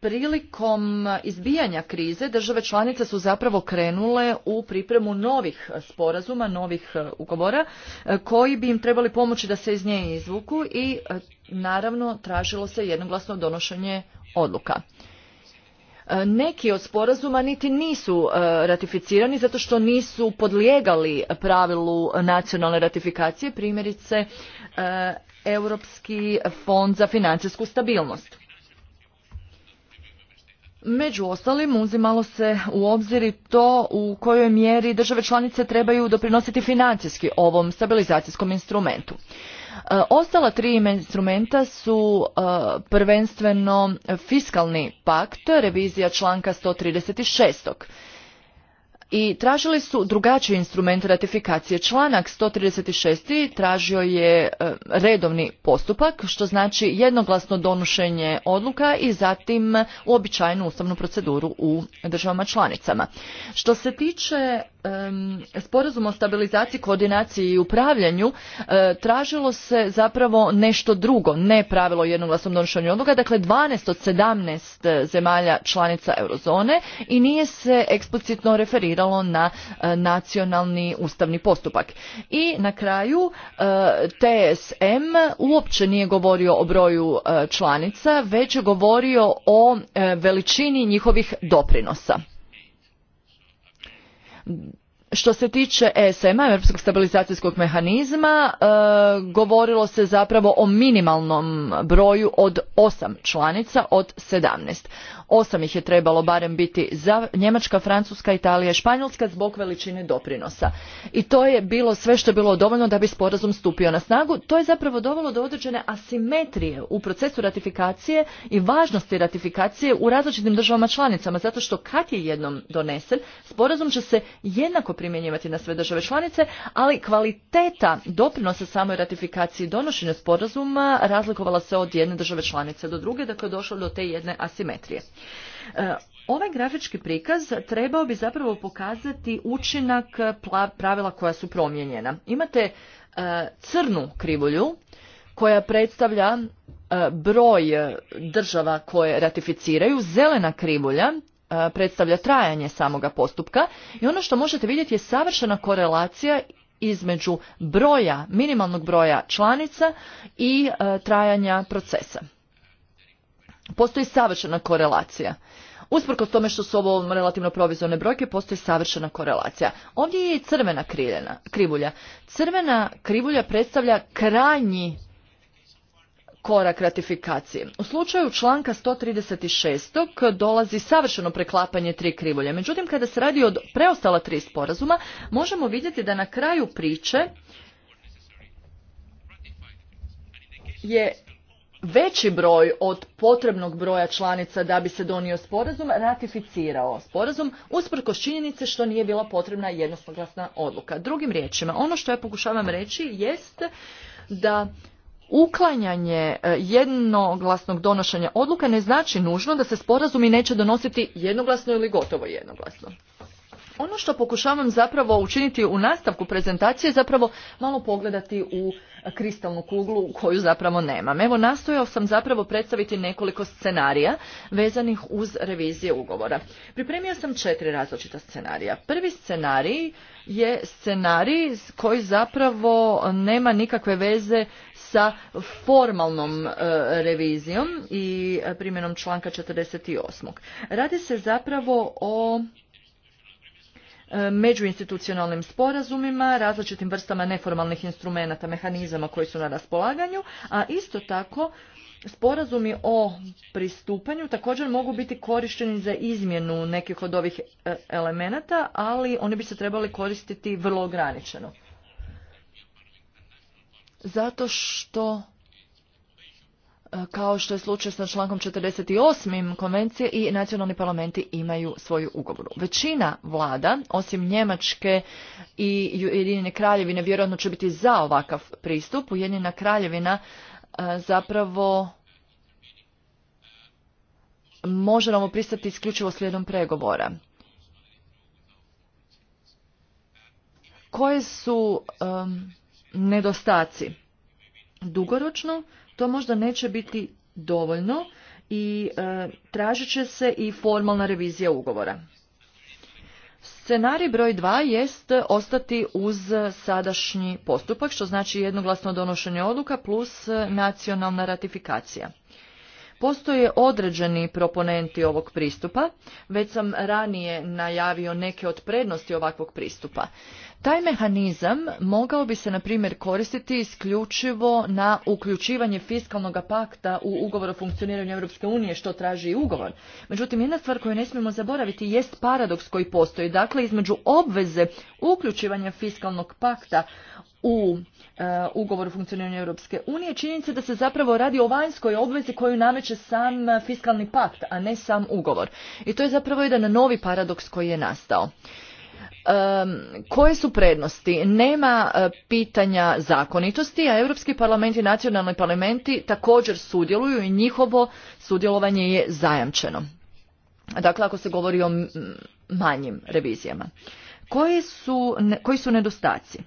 Prilikom izbijanja krize države članice su zapravo krenule u pripremu novih sporazuma, novih e, ugovora e, koji bi im trebali pomoći da se iz nje izvuku i e, naravno tražilo se jednoglasno donošenje odluka. Neki od sporazuma niti nisu ratificirani zato što nisu podlijegali pravilu nacionalne ratifikacije, primjerice Europski fond za financijsku stabilnost. Među ostalim uzimalo se u obzir i to u kojoj mjeri države članice trebaju doprinositi financijski ovom stabilizacijskom instrumentu. E, ostala tri instrumenta su e, prvenstveno fiskalni pakt, revizija članka 136 i tražili su drugačiji instrument ratifikacije. Članak 136. tražio je e, redovni postupak, što znači jednoglasno donošenje odluka i zatim uobičajenu ustavnu proceduru u državama članicama. Što se tiče sporazum o stabilizaciji, koordinaciji i upravljanju eh, tražilo se zapravo nešto drugo, ne pravilo jednoglasnom donošenju odluka, dakle 12 od 17 eh, zemalja članica eurozone i nije se eksplicitno referiralo na eh, nacionalni ustavni postupak. I na kraju TSM uopće nije govorio o broju članica, već je govorio o veličini njihovih doprinosa što se tiče ESM-a, Europskog stabilizacijskog mehanizma, e, govorilo se zapravo o minimalnom broju od osam članica od sedamnaest Osam ih je trebalo barem biti za Njemačka, Francuska, Italija i Španjolska zbog veličine doprinosa. I to je bilo sve što je bilo dovoljno da bi sporazum stupio na snagu. To je zapravo dovelo do određene asimetrije u procesu ratifikacije i važnosti ratifikacije u različitim državama članicama, zato što kad je jednom donesen, sporazum će se jednako primjenjivati na sve države članice, ali kvaliteta doprinosa samoj ratifikaciji donošenja sporazuma razlikovala se od jedne države članice do druge, dakle došlo do te jedne asimetrije. E, ovaj grafički prikaz trebao bi zapravo pokazati učinak pravila koja su promijenjena. Imate e, crnu krivulju koja predstavlja e, broj država koje ratificiraju, zelena krivulja predstavlja trajanje samoga postupka i ono što možete vidjeti je savršena korelacija između broja, minimalnog broja članica i trajanja procesa. Postoji savršena korelacija. Usprkos tome što su ovo relativno provizorne brojke, postoji savršena korelacija. Ovdje je i crvena krivulja. Crvena krivulja predstavlja krajnji korak ratifikacije. U slučaju članka 136. dolazi savršeno preklapanje tri krivulje. Međutim, kada se radi od preostala tri sporazuma, možemo vidjeti da na kraju priče je veći broj od potrebnog broja članica da bi se donio sporazum ratificirao sporazum usprkos činjenice što nije bila potrebna jednoglasna odluka. Drugim riječima, ono što ja pokušavam reći jest da uklanjanje e, jednoglasnog donošenja odluka ne znači nužno da se sporazumi neće donositi jednoglasno ili gotovo jednoglasno ono što pokušavam zapravo učiniti u nastavku prezentacije je zapravo malo pogledati u kristalnu kuglu koju zapravo nemam. Evo nastojao sam zapravo predstaviti nekoliko scenarija vezanih uz revizije ugovora. Pripremio sam četiri različita scenarija. Prvi scenarij je scenarij koji zapravo nema nikakve veze sa formalnom e, revizijom i primjenom članka 48. Radi se zapravo o E, međuinstitucionalnim sporazumima, različitim vrstama neformalnih instrumenata, mehanizama koji su na raspolaganju, a isto tako sporazumi o pristupanju također mogu biti korišteni za izmjenu nekih od ovih e, elemenata, ali oni bi se trebali koristiti vrlo ograničeno. Zato što E, kao što je slučaj sa člankom 48. konvencije i nacionalni parlamenti imaju svoju ugovoru. Većina vlada, osim Njemačke i Ujedinjene kraljevine, vjerojatno će biti za ovakav pristup. Ujedinjena kraljevina e, zapravo može nam pristati isključivo slijedom pregovora. Koje su nedostaci? Dugoročno to možda neće biti dovoljno i e, tražit će se i formalna revizija ugovora. Scenarij broj 2 jest ostati uz sadašnji postupak, što znači jednoglasno donošenje odluka plus nacionalna ratifikacija. Postoje određeni proponenti ovog pristupa, već sam ranije najavio neke od prednosti ovakvog pristupa. Taj mehanizam mogao bi se, na primjer, koristiti isključivo na uključivanje fiskalnog pakta u ugovor o funkcioniranju Europske unije, što traži i ugovor. Međutim, jedna stvar koju ne smijemo zaboraviti jest paradoks koji postoji. Dakle, između obveze uključivanja fiskalnog pakta u e, ugovor o funkcioniranju Europske unije činjenica da se zapravo radi o vanjskoj obvezi koju nameće sam fiskalni pakt, a ne sam ugovor. I to je zapravo jedan novi paradoks koji je nastao koje su prednosti? Nema e, pitanja zakonitosti, a Europski parlament i nacionalni parlamenti također sudjeluju i njihovo sudjelovanje je zajamčeno. Dakle, ako se govori o manjim revizijama. Koji su, nedostaci?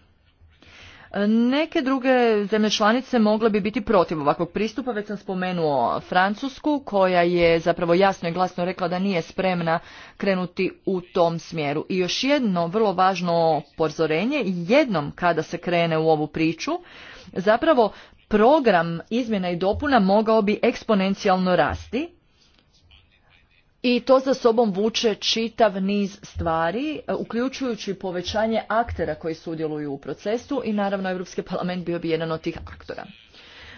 Neke druge zemlje članice mogle bi biti protiv ovakvog pristupa, već sam spomenuo Francusku koja je zapravo jasno i glasno rekla da nije spremna krenuti u tom smjeru. I još jedno vrlo važno upozorenje jednom kada se krene u ovu priču, zapravo program izmjena i dopuna mogao bi eksponencijalno rasti i to za sobom vuče čitav niz stvari, e, uključujući povećanje aktera koji sudjeluju u procesu i naravno Europski parlament bio bi jedan od tih aktora.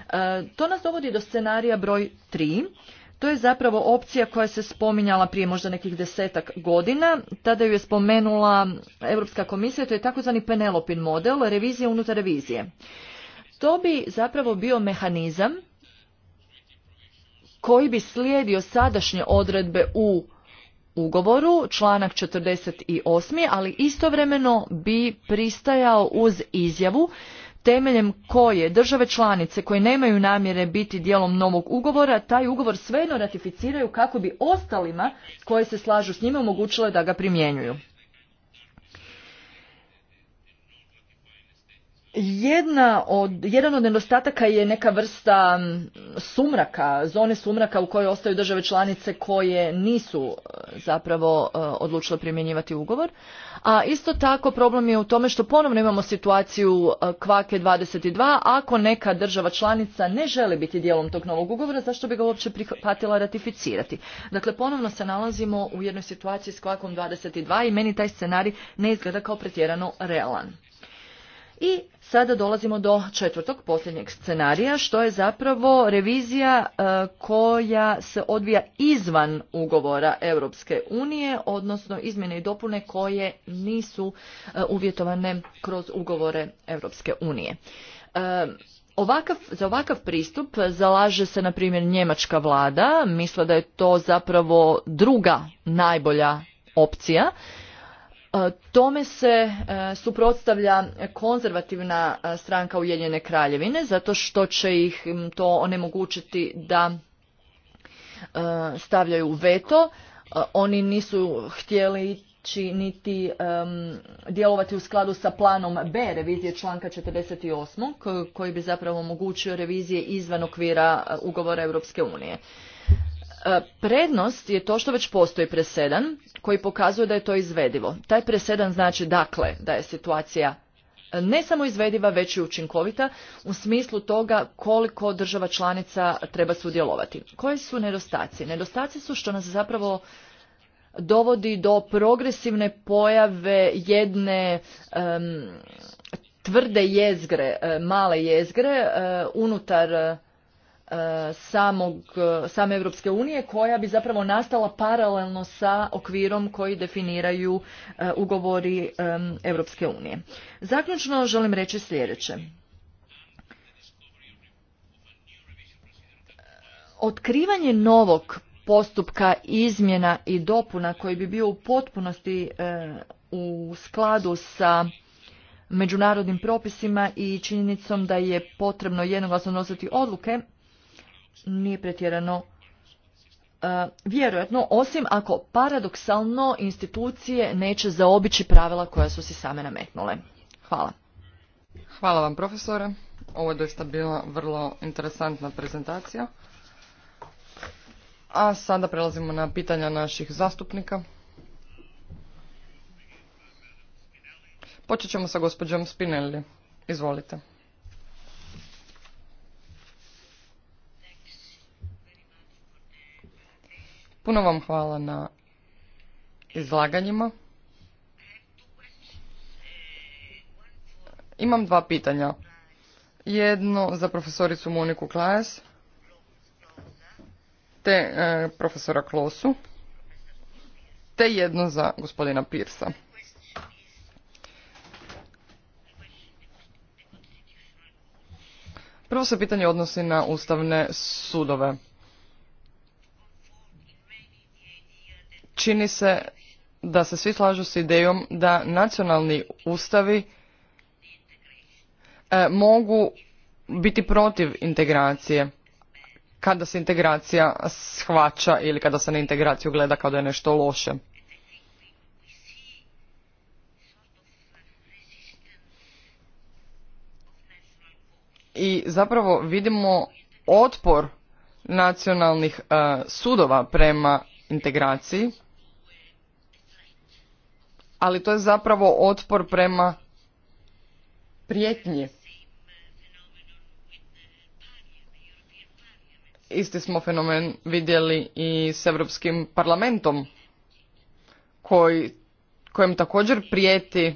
E, to nas dovodi do scenarija broj 3. To je zapravo opcija koja se spominjala prije možda nekih desetak godina. Tada ju je spomenula Europska komisija, to je takozvani Penelopin model, revizija unutar revizije. To bi zapravo bio mehanizam koji bi slijedio sadašnje odredbe u ugovoru, članak 48. ali istovremeno bi pristajao uz izjavu temeljem koje države članice koje nemaju namjere biti dijelom novog ugovora, taj ugovor svejedno ratificiraju kako bi ostalima koje se slažu s njima omogućile da ga primjenjuju. Jedna od, jedan od nedostataka je neka vrsta sumraka, zone sumraka u kojoj ostaju države članice koje nisu e, zapravo e, odlučile primjenjivati ugovor. A isto tako problem je u tome što ponovno imamo situaciju e, kvake 22, ako neka država članica ne želi biti dijelom tog novog ugovora, zašto bi ga uopće prihvatila ratificirati? Dakle, ponovno se nalazimo u jednoj situaciji s kvakom 22 i meni taj scenarij ne izgleda kao pretjerano realan. I sada dolazimo do četvrtog posljednjeg scenarija, što je zapravo revizija e, koja se odvija izvan ugovora Europske unije, odnosno izmjene i dopune koje nisu e, uvjetovane kroz ugovore Europske unije. E, ovakav, za ovakav pristup zalaže se, na primjer, njemačka vlada. Misle da je to zapravo druga najbolja opcija E, tome se e, suprotstavlja konzervativna e, stranka Ujedinjene kraljevine zato što će ih to onemogućiti da stavljaju veto. Oni nisu htjeli ići niti djelovati u skladu sa planom B revizije članka 48. koji bi zapravo omogućio revizije izvan okvira ugovora Europske unije. E, prednost je to što već postoji presedan koji pokazuje da je to izvedivo. Taj presedan znači dakle da je situacija e, ne samo izvediva, već i učinkovita u smislu toga koliko država članica treba sudjelovati. Koji su nedostaci? Nedostaci su što nas zapravo dovodi do progresivne pojave jedne tvrde jezgre, e, male jezgre unutar E, samog, e, same Europske unije koja bi zapravo nastala paralelno sa okvirom koji definiraju e, ugovori Europske unije. Zaključno želim reći sljedeće. Otkrivanje novog postupka izmjena i dopuna koji bi bio u potpunosti u skladu sa međunarodnim propisima i činjenicom da je potrebno jednoglasno nositi odluke nije pretjerano e, vjerojatno, osim ako paradoksalno institucije neće zaobići pravila koja su si same nametnule. Hvala. Hvala vam profesore. Ovo je doista bila vrlo interesantna prezentacija. A sada prelazimo na pitanja naših zastupnika. Počet ćemo sa gospođom Spinelli. Izvolite. Puno vam hvala na izlaganjima. Imam dva pitanja. Jedno za profesoricu Moniku Klajas, te e, profesora Klosu, te jedno za gospodina Pirsa. Prvo se pitanje odnosi na ustavne sudove. čini se da se svi slažu s idejom da nacionalni ustavi e, mogu biti protiv integracije kada se integracija shvaća ili kada se na integraciju gleda kao da je nešto loše. I zapravo vidimo otpor nacionalnih e, sudova prema integraciji, ali to je zapravo otpor prema prijetnji. Isti smo fenomen vidjeli i s Europskim parlamentom kojem također prijeti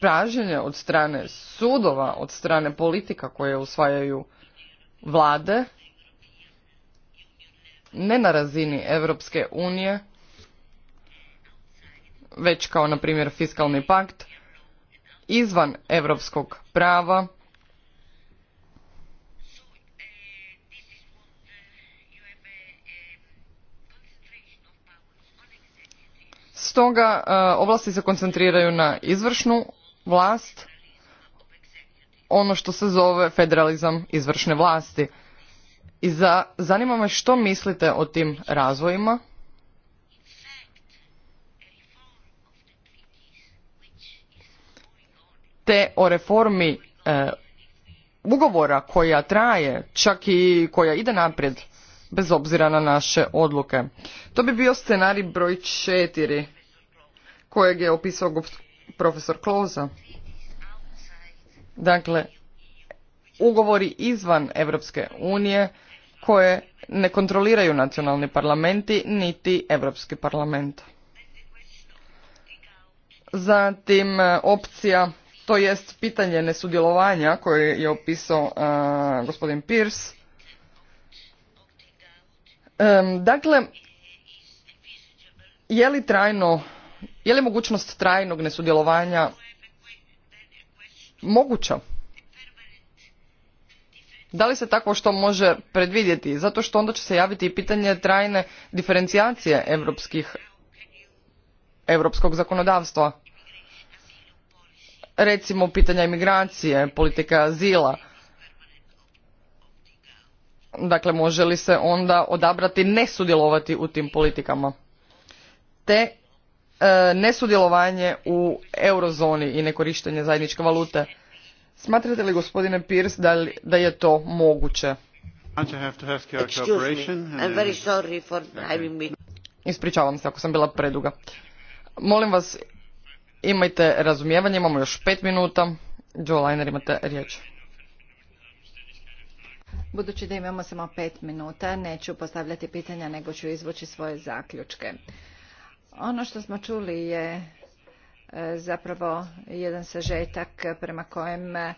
traženje od strane sudova, od strane politika koje usvajaju vlade, ne na razini Europske unije, već kao na primjer fiskalni pakt, izvan europskog prava, Stoga e, ovlasti se koncentriraju na izvršnu vlast ono što se zove federalizam izvršne vlasti. I za, zanima me što mislite o tim razvojima. Te o reformi e, ugovora koja traje, čak i koja ide naprijed, bez obzira na naše odluke. To bi bio scenarij broj četiri, kojeg je opisao profesor Kloza. Dakle, ugovori izvan Europske unije koje ne kontroliraju nacionalni parlamenti niti Europski parlament. Zatim e, opcija, to jest pitanje nesudjelovanja koje je opisao e, gospodin Pierce. dakle, je li trajno je li mogućnost trajnog nesudjelovanja moguća? Da li se tako što može predvidjeti? Zato što onda će se javiti i pitanje trajne diferencijacije europskih, europskog zakonodavstva. Recimo pitanja imigracije, politika azila. Dakle, može li se onda odabrati ne sudjelovati u tim politikama? Te E, nesudjelovanje u eurozoni i nekorištenje zajedničke valute. Smatrate li gospodine Pierce da, da je to moguće? Ispričavam se ako sam bila preduga. Molim vas, imajte razumijevanje, imamo još pet minuta. Joe Liner, imate riječ. Budući da imamo samo pet minuta, neću postavljati pitanja, nego ću izvući svoje zaključke. Ono što smo čuli je e, zapravo jedan sažetak prema kojem e,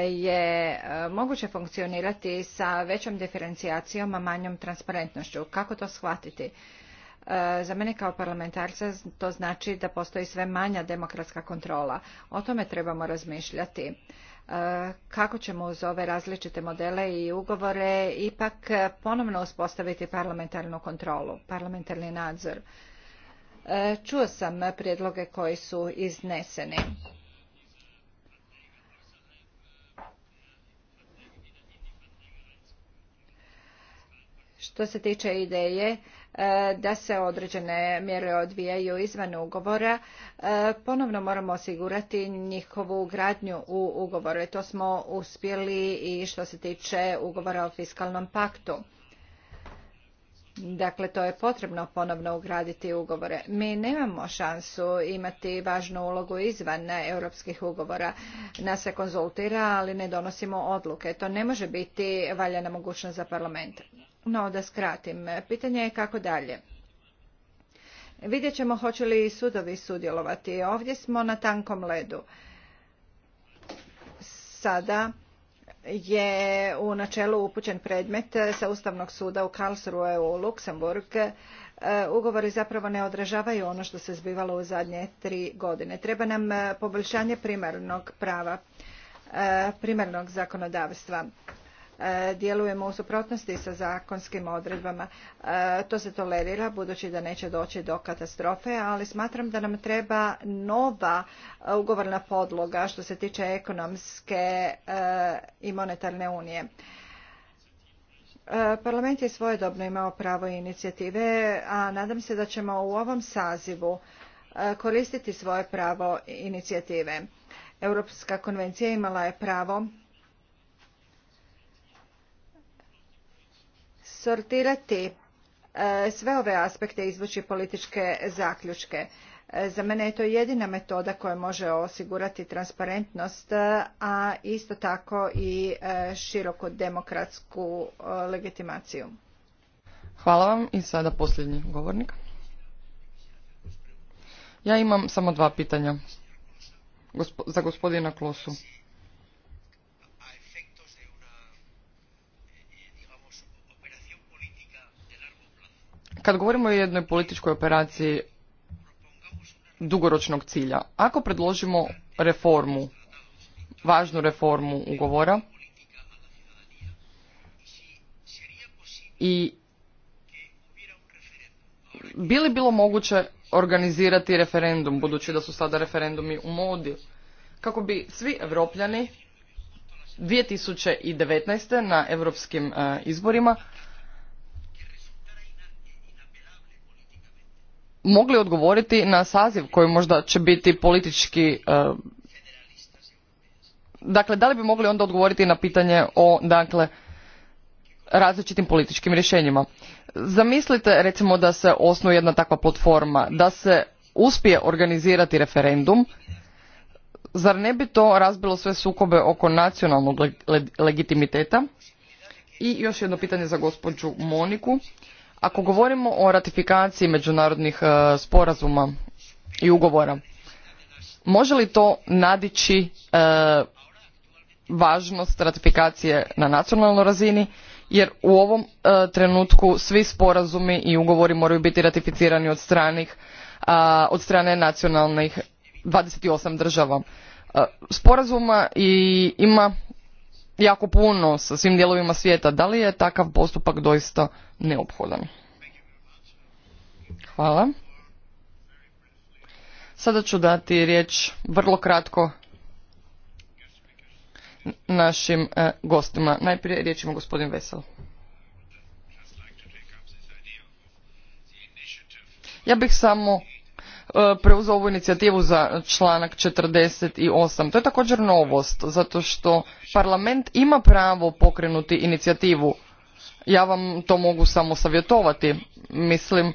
je e, moguće funkcionirati sa većom diferencijacijom, a manjom transparentnošću. Kako to shvatiti? Za mene kao parlamentarca to znači da postoji sve manja demokratska kontrola. O tome trebamo razmišljati. Kako ćemo uz ove različite modele i ugovore ipak ponovno uspostaviti parlamentarnu kontrolu, parlamentarni nadzor? E, čuo sam prijedloge koji su izneseni. Što se tiče ideje e, da se određene mjere odvijaju izvan ugovora, e, ponovno moramo osigurati njihovu gradnju u ugovore. To smo uspjeli i što se tiče ugovora o fiskalnom paktu. Dakle, to je potrebno ponovno ugraditi ugovore. Mi nemamo šansu imati važnu ulogu izvan europskih ugovora. Nas se konzultira, ali ne donosimo odluke. To ne može biti valjana mogućnost za parlament. No, da skratim. Pitanje je kako dalje. Vidjet ćemo hoće li sudovi sudjelovati. Ovdje smo na tankom ledu. Sada je u načelu upućen predmet sa Ustavnog suda u Karlsruhe u Luksemburg. E, ugovori zapravo ne odražavaju ono što se zbivalo u zadnje tri godine. Treba nam e, poboljšanje primarnog prava, e, primarnog zakonodavstva. E, djelujemo u suprotnosti sa zakonskim odredbama. E, to se tolerira budući da neće doći do katastrofe, ali smatram da nam treba nova e, ugovorna podloga što se tiče ekonomske i monetarne unije. Parlament je svojedobno imao pravo inicijative, a nadam se da ćemo u ovom sazivu koristiti svoje pravo inicijative. Europska konvencija imala je pravo sortirati e, sve ove aspekte i izvući političke zaključke. E, za mene je to jedina metoda koja može osigurati transparentnost, e, a isto tako i široku demokratsku legitimaciju. Hvala vam i sada posljednji govornik. Ja imam samo dva pitanja za gospodina Klosu. kad govorimo o jednoj političkoj operaciji dugoročnog cilja, ako predložimo reformu, važnu reformu ugovora i bi li bilo moguće organizirati referendum, budući da su sada referendumi u modi, kako bi svi evropljani 2019. na europskim e, izborima mogli odgovoriti na saziv koji možda će biti politički e, dakle da li bi mogli onda odgovoriti na pitanje o dakle različitim političkim rješenjima zamislite recimo da se osnuje jedna takva platforma da se uspije organizirati referendum zar ne bi to razbilo sve sukobe oko nacionalnog legitimiteta i još jedno pitanje za gospođu moniku ako govorimo o ratifikaciji međunarodnih e, sporazuma i ugovora, može li to nadići e, važnost ratifikacije na nacionalnoj razini jer u ovom e, trenutku svi sporazumi i ugovori moraju biti ratificirani od, od strane nacionalnih 28 država sporazuma i ima jako puno sa svim dijelovima svijeta. Da li je takav postupak doista neophodan? Hvala. Sada ću dati riječ vrlo kratko našim e, gostima. Najprije riječ ima gospodin Vesel. Ja bih samo preuzeo ovu inicijativu za članak 48. To je također novost, zato što parlament ima pravo pokrenuti inicijativu. Ja vam to mogu samo savjetovati. Mislim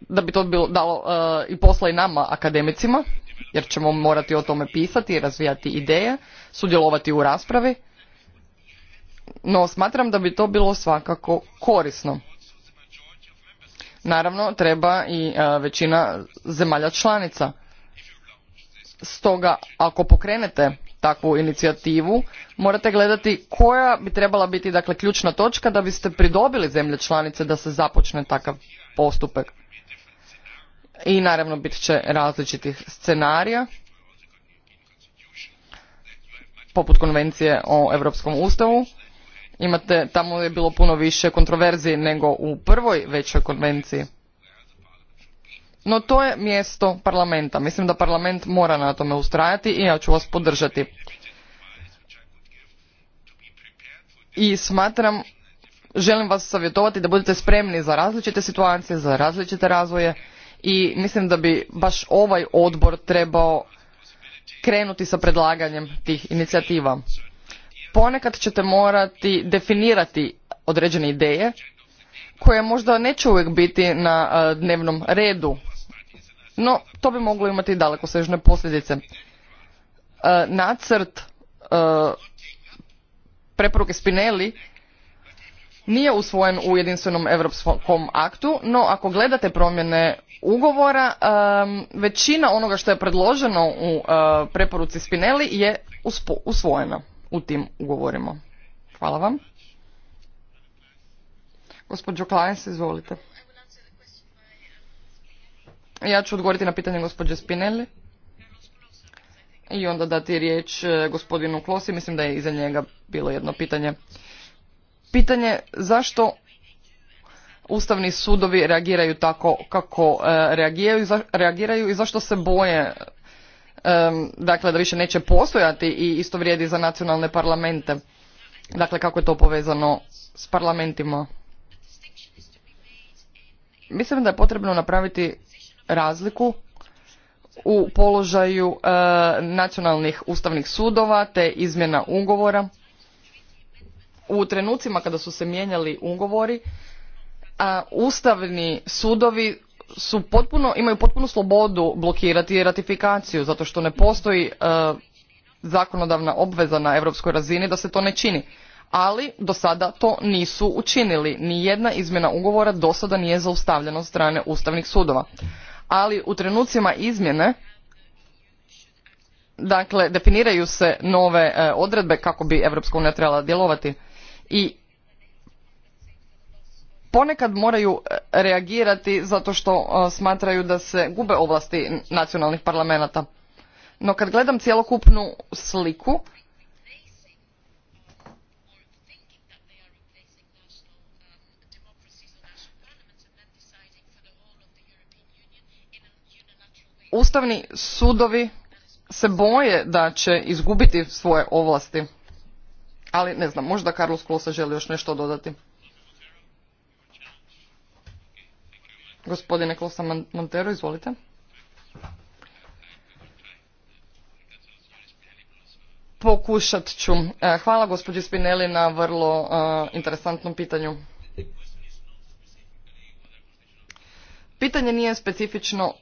da bi to bilo dalo e, i posla i nama akademicima, jer ćemo morati o tome pisati i razvijati ideje, sudjelovati u raspravi. No smatram da bi to bilo svakako korisno naravno treba i e, većina zemalja članica. Stoga ako pokrenete takvu inicijativu, morate gledati koja bi trebala biti dakle ključna točka da biste pridobili zemlje članice da se započne takav postupak. I naravno bit će različitih scenarija poput konvencije o europskom ustavu imate, tamo je bilo puno više kontroverzije nego u prvoj većoj konvenciji. No to je mjesto parlamenta. Mislim da parlament mora na tome ustrajati i ja ću vas podržati. I smatram, želim vas savjetovati da budete spremni za različite situacije, za različite razvoje i mislim da bi baš ovaj odbor trebao krenuti sa predlaganjem tih inicijativa ponekad ćete morati definirati određene ideje koje možda neće uvijek biti na e, dnevnom redu, no to bi moglo imati dalekosežne posljedice. E, nacrt e, preporuke Spinelli nije usvojen u jedinstvenom europskom aktu, no ako gledate promjene ugovora, većina onoga što je predloženo u preporuci Spinelli je usvojena u tim ugovorima. Hvala vam. Gospodžo Klajens, izvolite. Ja ću odgovoriti na pitanje gospođe Spinelli i onda dati riječ e, gospodinu Klosi. Mislim da je iza njega bilo jedno pitanje. Pitanje zašto ustavni sudovi reagiraju tako kako e, reagiraju i zašto se boje dakle da više neće postojati i isto vrijedi za nacionalne parlamente. Dakle, kako je to povezano s parlamentima? Mislim da je potrebno napraviti razliku u položaju e, nacionalnih ustavnih sudova te izmjena ugovora. U trenucima kada su se mijenjali ugovori, a ustavni sudovi su potpuno, imaju potpunu slobodu blokirati ratifikaciju zato što ne postoji e, zakonodavna obveza na europskoj razini da se to ne čini. Ali do sada to nisu učinili. Nijedna izmjena ugovora do sada nije zaustavljena od strane ustavnih sudova. Ali u trenucima izmjene dakle definiraju se nove e, odredbe kako bi Europska unija trebala djelovati i ponekad moraju e, reagirati zato što e, smatraju da se gube ovlasti nacionalnih parlamenata. No kad gledam cjelokupnu sliku, ustavni sudovi se boje da će izgubiti svoje ovlasti. Ali ne znam, možda Carlos Klosa želi još nešto dodati. Gospodine Klosa Montero, izvolite. Pokušat ću. E, hvala gospođi Spinelli na vrlo e, interesantnom pitanju. Pitanje nije specifično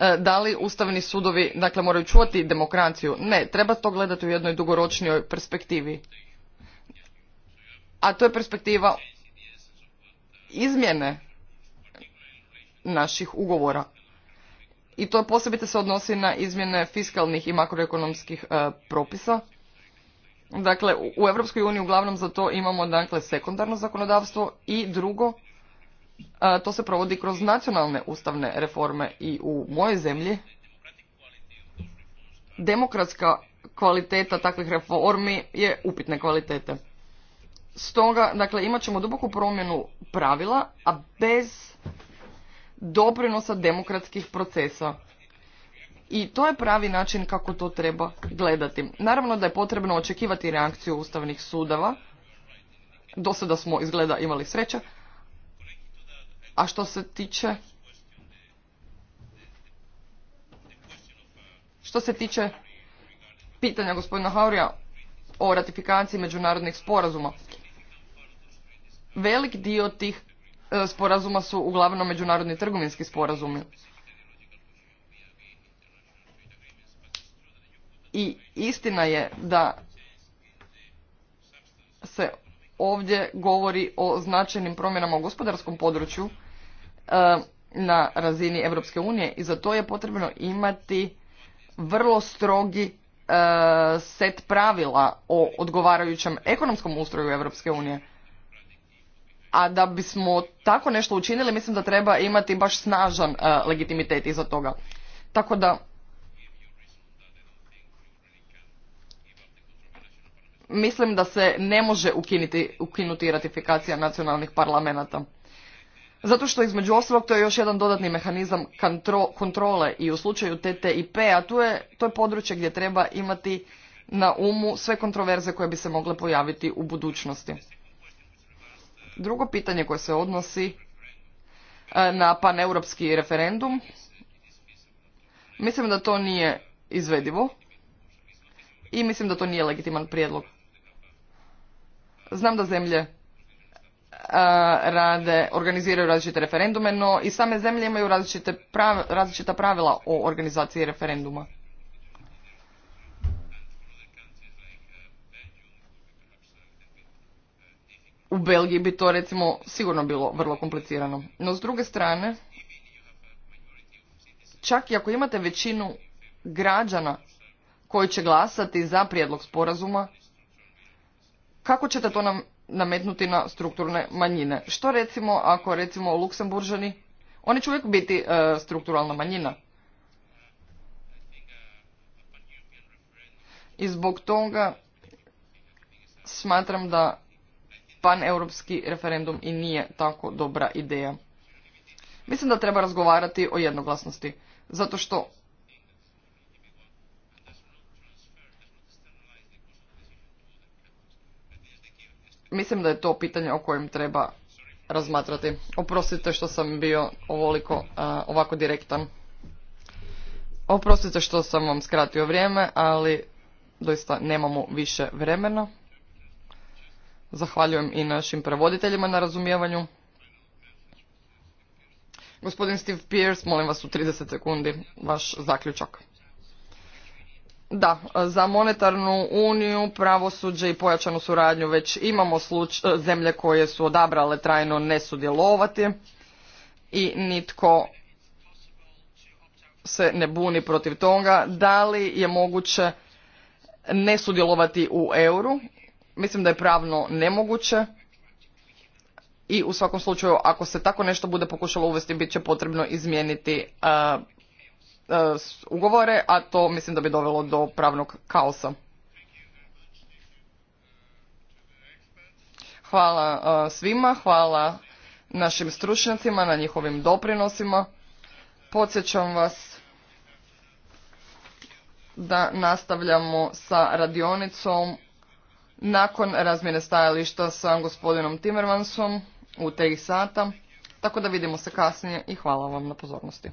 e, da li ustavni sudovi dakle moraju čuvati demokraciju ne treba to gledati u jednoj dugoročnijoj perspektivi a to je perspektiva izmjene naših ugovora. I to posebite se odnosi na izmjene fiskalnih i makroekonomskih e, propisa. Dakle, u Europskoj uniji uglavnom za to imamo dakle, sekundarno zakonodavstvo i drugo, e, to se provodi kroz nacionalne ustavne reforme i u mojoj zemlji demokratska kvaliteta takvih reformi je upitne kvalitete. Stoga, dakle, imat ćemo duboku promjenu pravila, a bez doprinosa demokratskih procesa. I to je pravi način kako to treba gledati. Naravno da je potrebno očekivati reakciju ustavnih sudava. Do sada smo izgleda imali sreće. A što se tiče... Što se tiče pitanja gospodina Haurija o ratifikaciji međunarodnih sporazuma, velik dio tih e, sporazuma su uglavnom međunarodni trgovinski sporazumi. I istina je da se ovdje govori o značajnim promjenama u gospodarskom području e, na razini Europske unije i za to je potrebno imati vrlo strogi e, set pravila o odgovarajućem ekonomskom ustroju Europske unije a da bismo tako nešto učinili mislim da treba imati baš snažan e, legitimitet iza toga. Tako da mislim da se ne može ukinuti, ukinuti ratifikacija nacionalnih parlamenata. Zato što između ostalog to je još jedan dodatni mehanizam kontrole i u slučaju TTIP-a tu je, to je područje gdje treba imati na umu sve kontroverze koje bi se mogle pojaviti u budućnosti. Drugo pitanje koje se odnosi e, na paneuropski referendum. Mislim da to nije izvedivo i mislim da to nije legitiman prijedlog. Znam da zemlje e, rade, organiziraju različite referendume, no i same zemlje imaju različite različita pravila o organizaciji referenduma. U Belgiji bi to recimo sigurno bilo vrlo komplicirano. No s druge strane, čak i ako imate većinu građana koji će glasati za prijedlog sporazuma, kako ćete to nam nametnuti na strukturne manjine? Što recimo ako recimo Luksemburžani, oni će uvijek biti e, strukturalna manjina. I zbog toga smatram da paneuropski referendum i nije tako dobra ideja. Mislim da treba razgovarati o jednoglasnosti, zato što mislim da je to pitanje o kojem treba razmatrati. Oprostite što sam bio ovoliko ovako direktan. Oprostite što sam vam skratio vrijeme, ali doista nemamo više vremena. Zahvaljujem i našim prevoditeljima na razumijevanju. Gospodin Steve Pierce, molim vas u 30 sekundi vaš zaključak. Da, za monetarnu uniju, pravosuđe i pojačanu suradnju već imamo zemlje koje su odabrale trajno ne sudjelovati i nitko se ne buni protiv toga. Da li je moguće ne sudjelovati u euru mislim da je pravno nemoguće i u svakom slučaju ako se tako nešto bude pokušalo uvesti bit će potrebno izmijeniti e, e, ugovore, a to mislim da bi dovelo do pravnog kaosa. Hvala e, svima, hvala našim stručnjacima na njihovim doprinosima. Podsjećam vas da nastavljamo sa radionicom nakon razmjene stajališta sa gospodinom Timmermansom u tri sata, tako da vidimo se kasnije i hvala vam na pozornosti.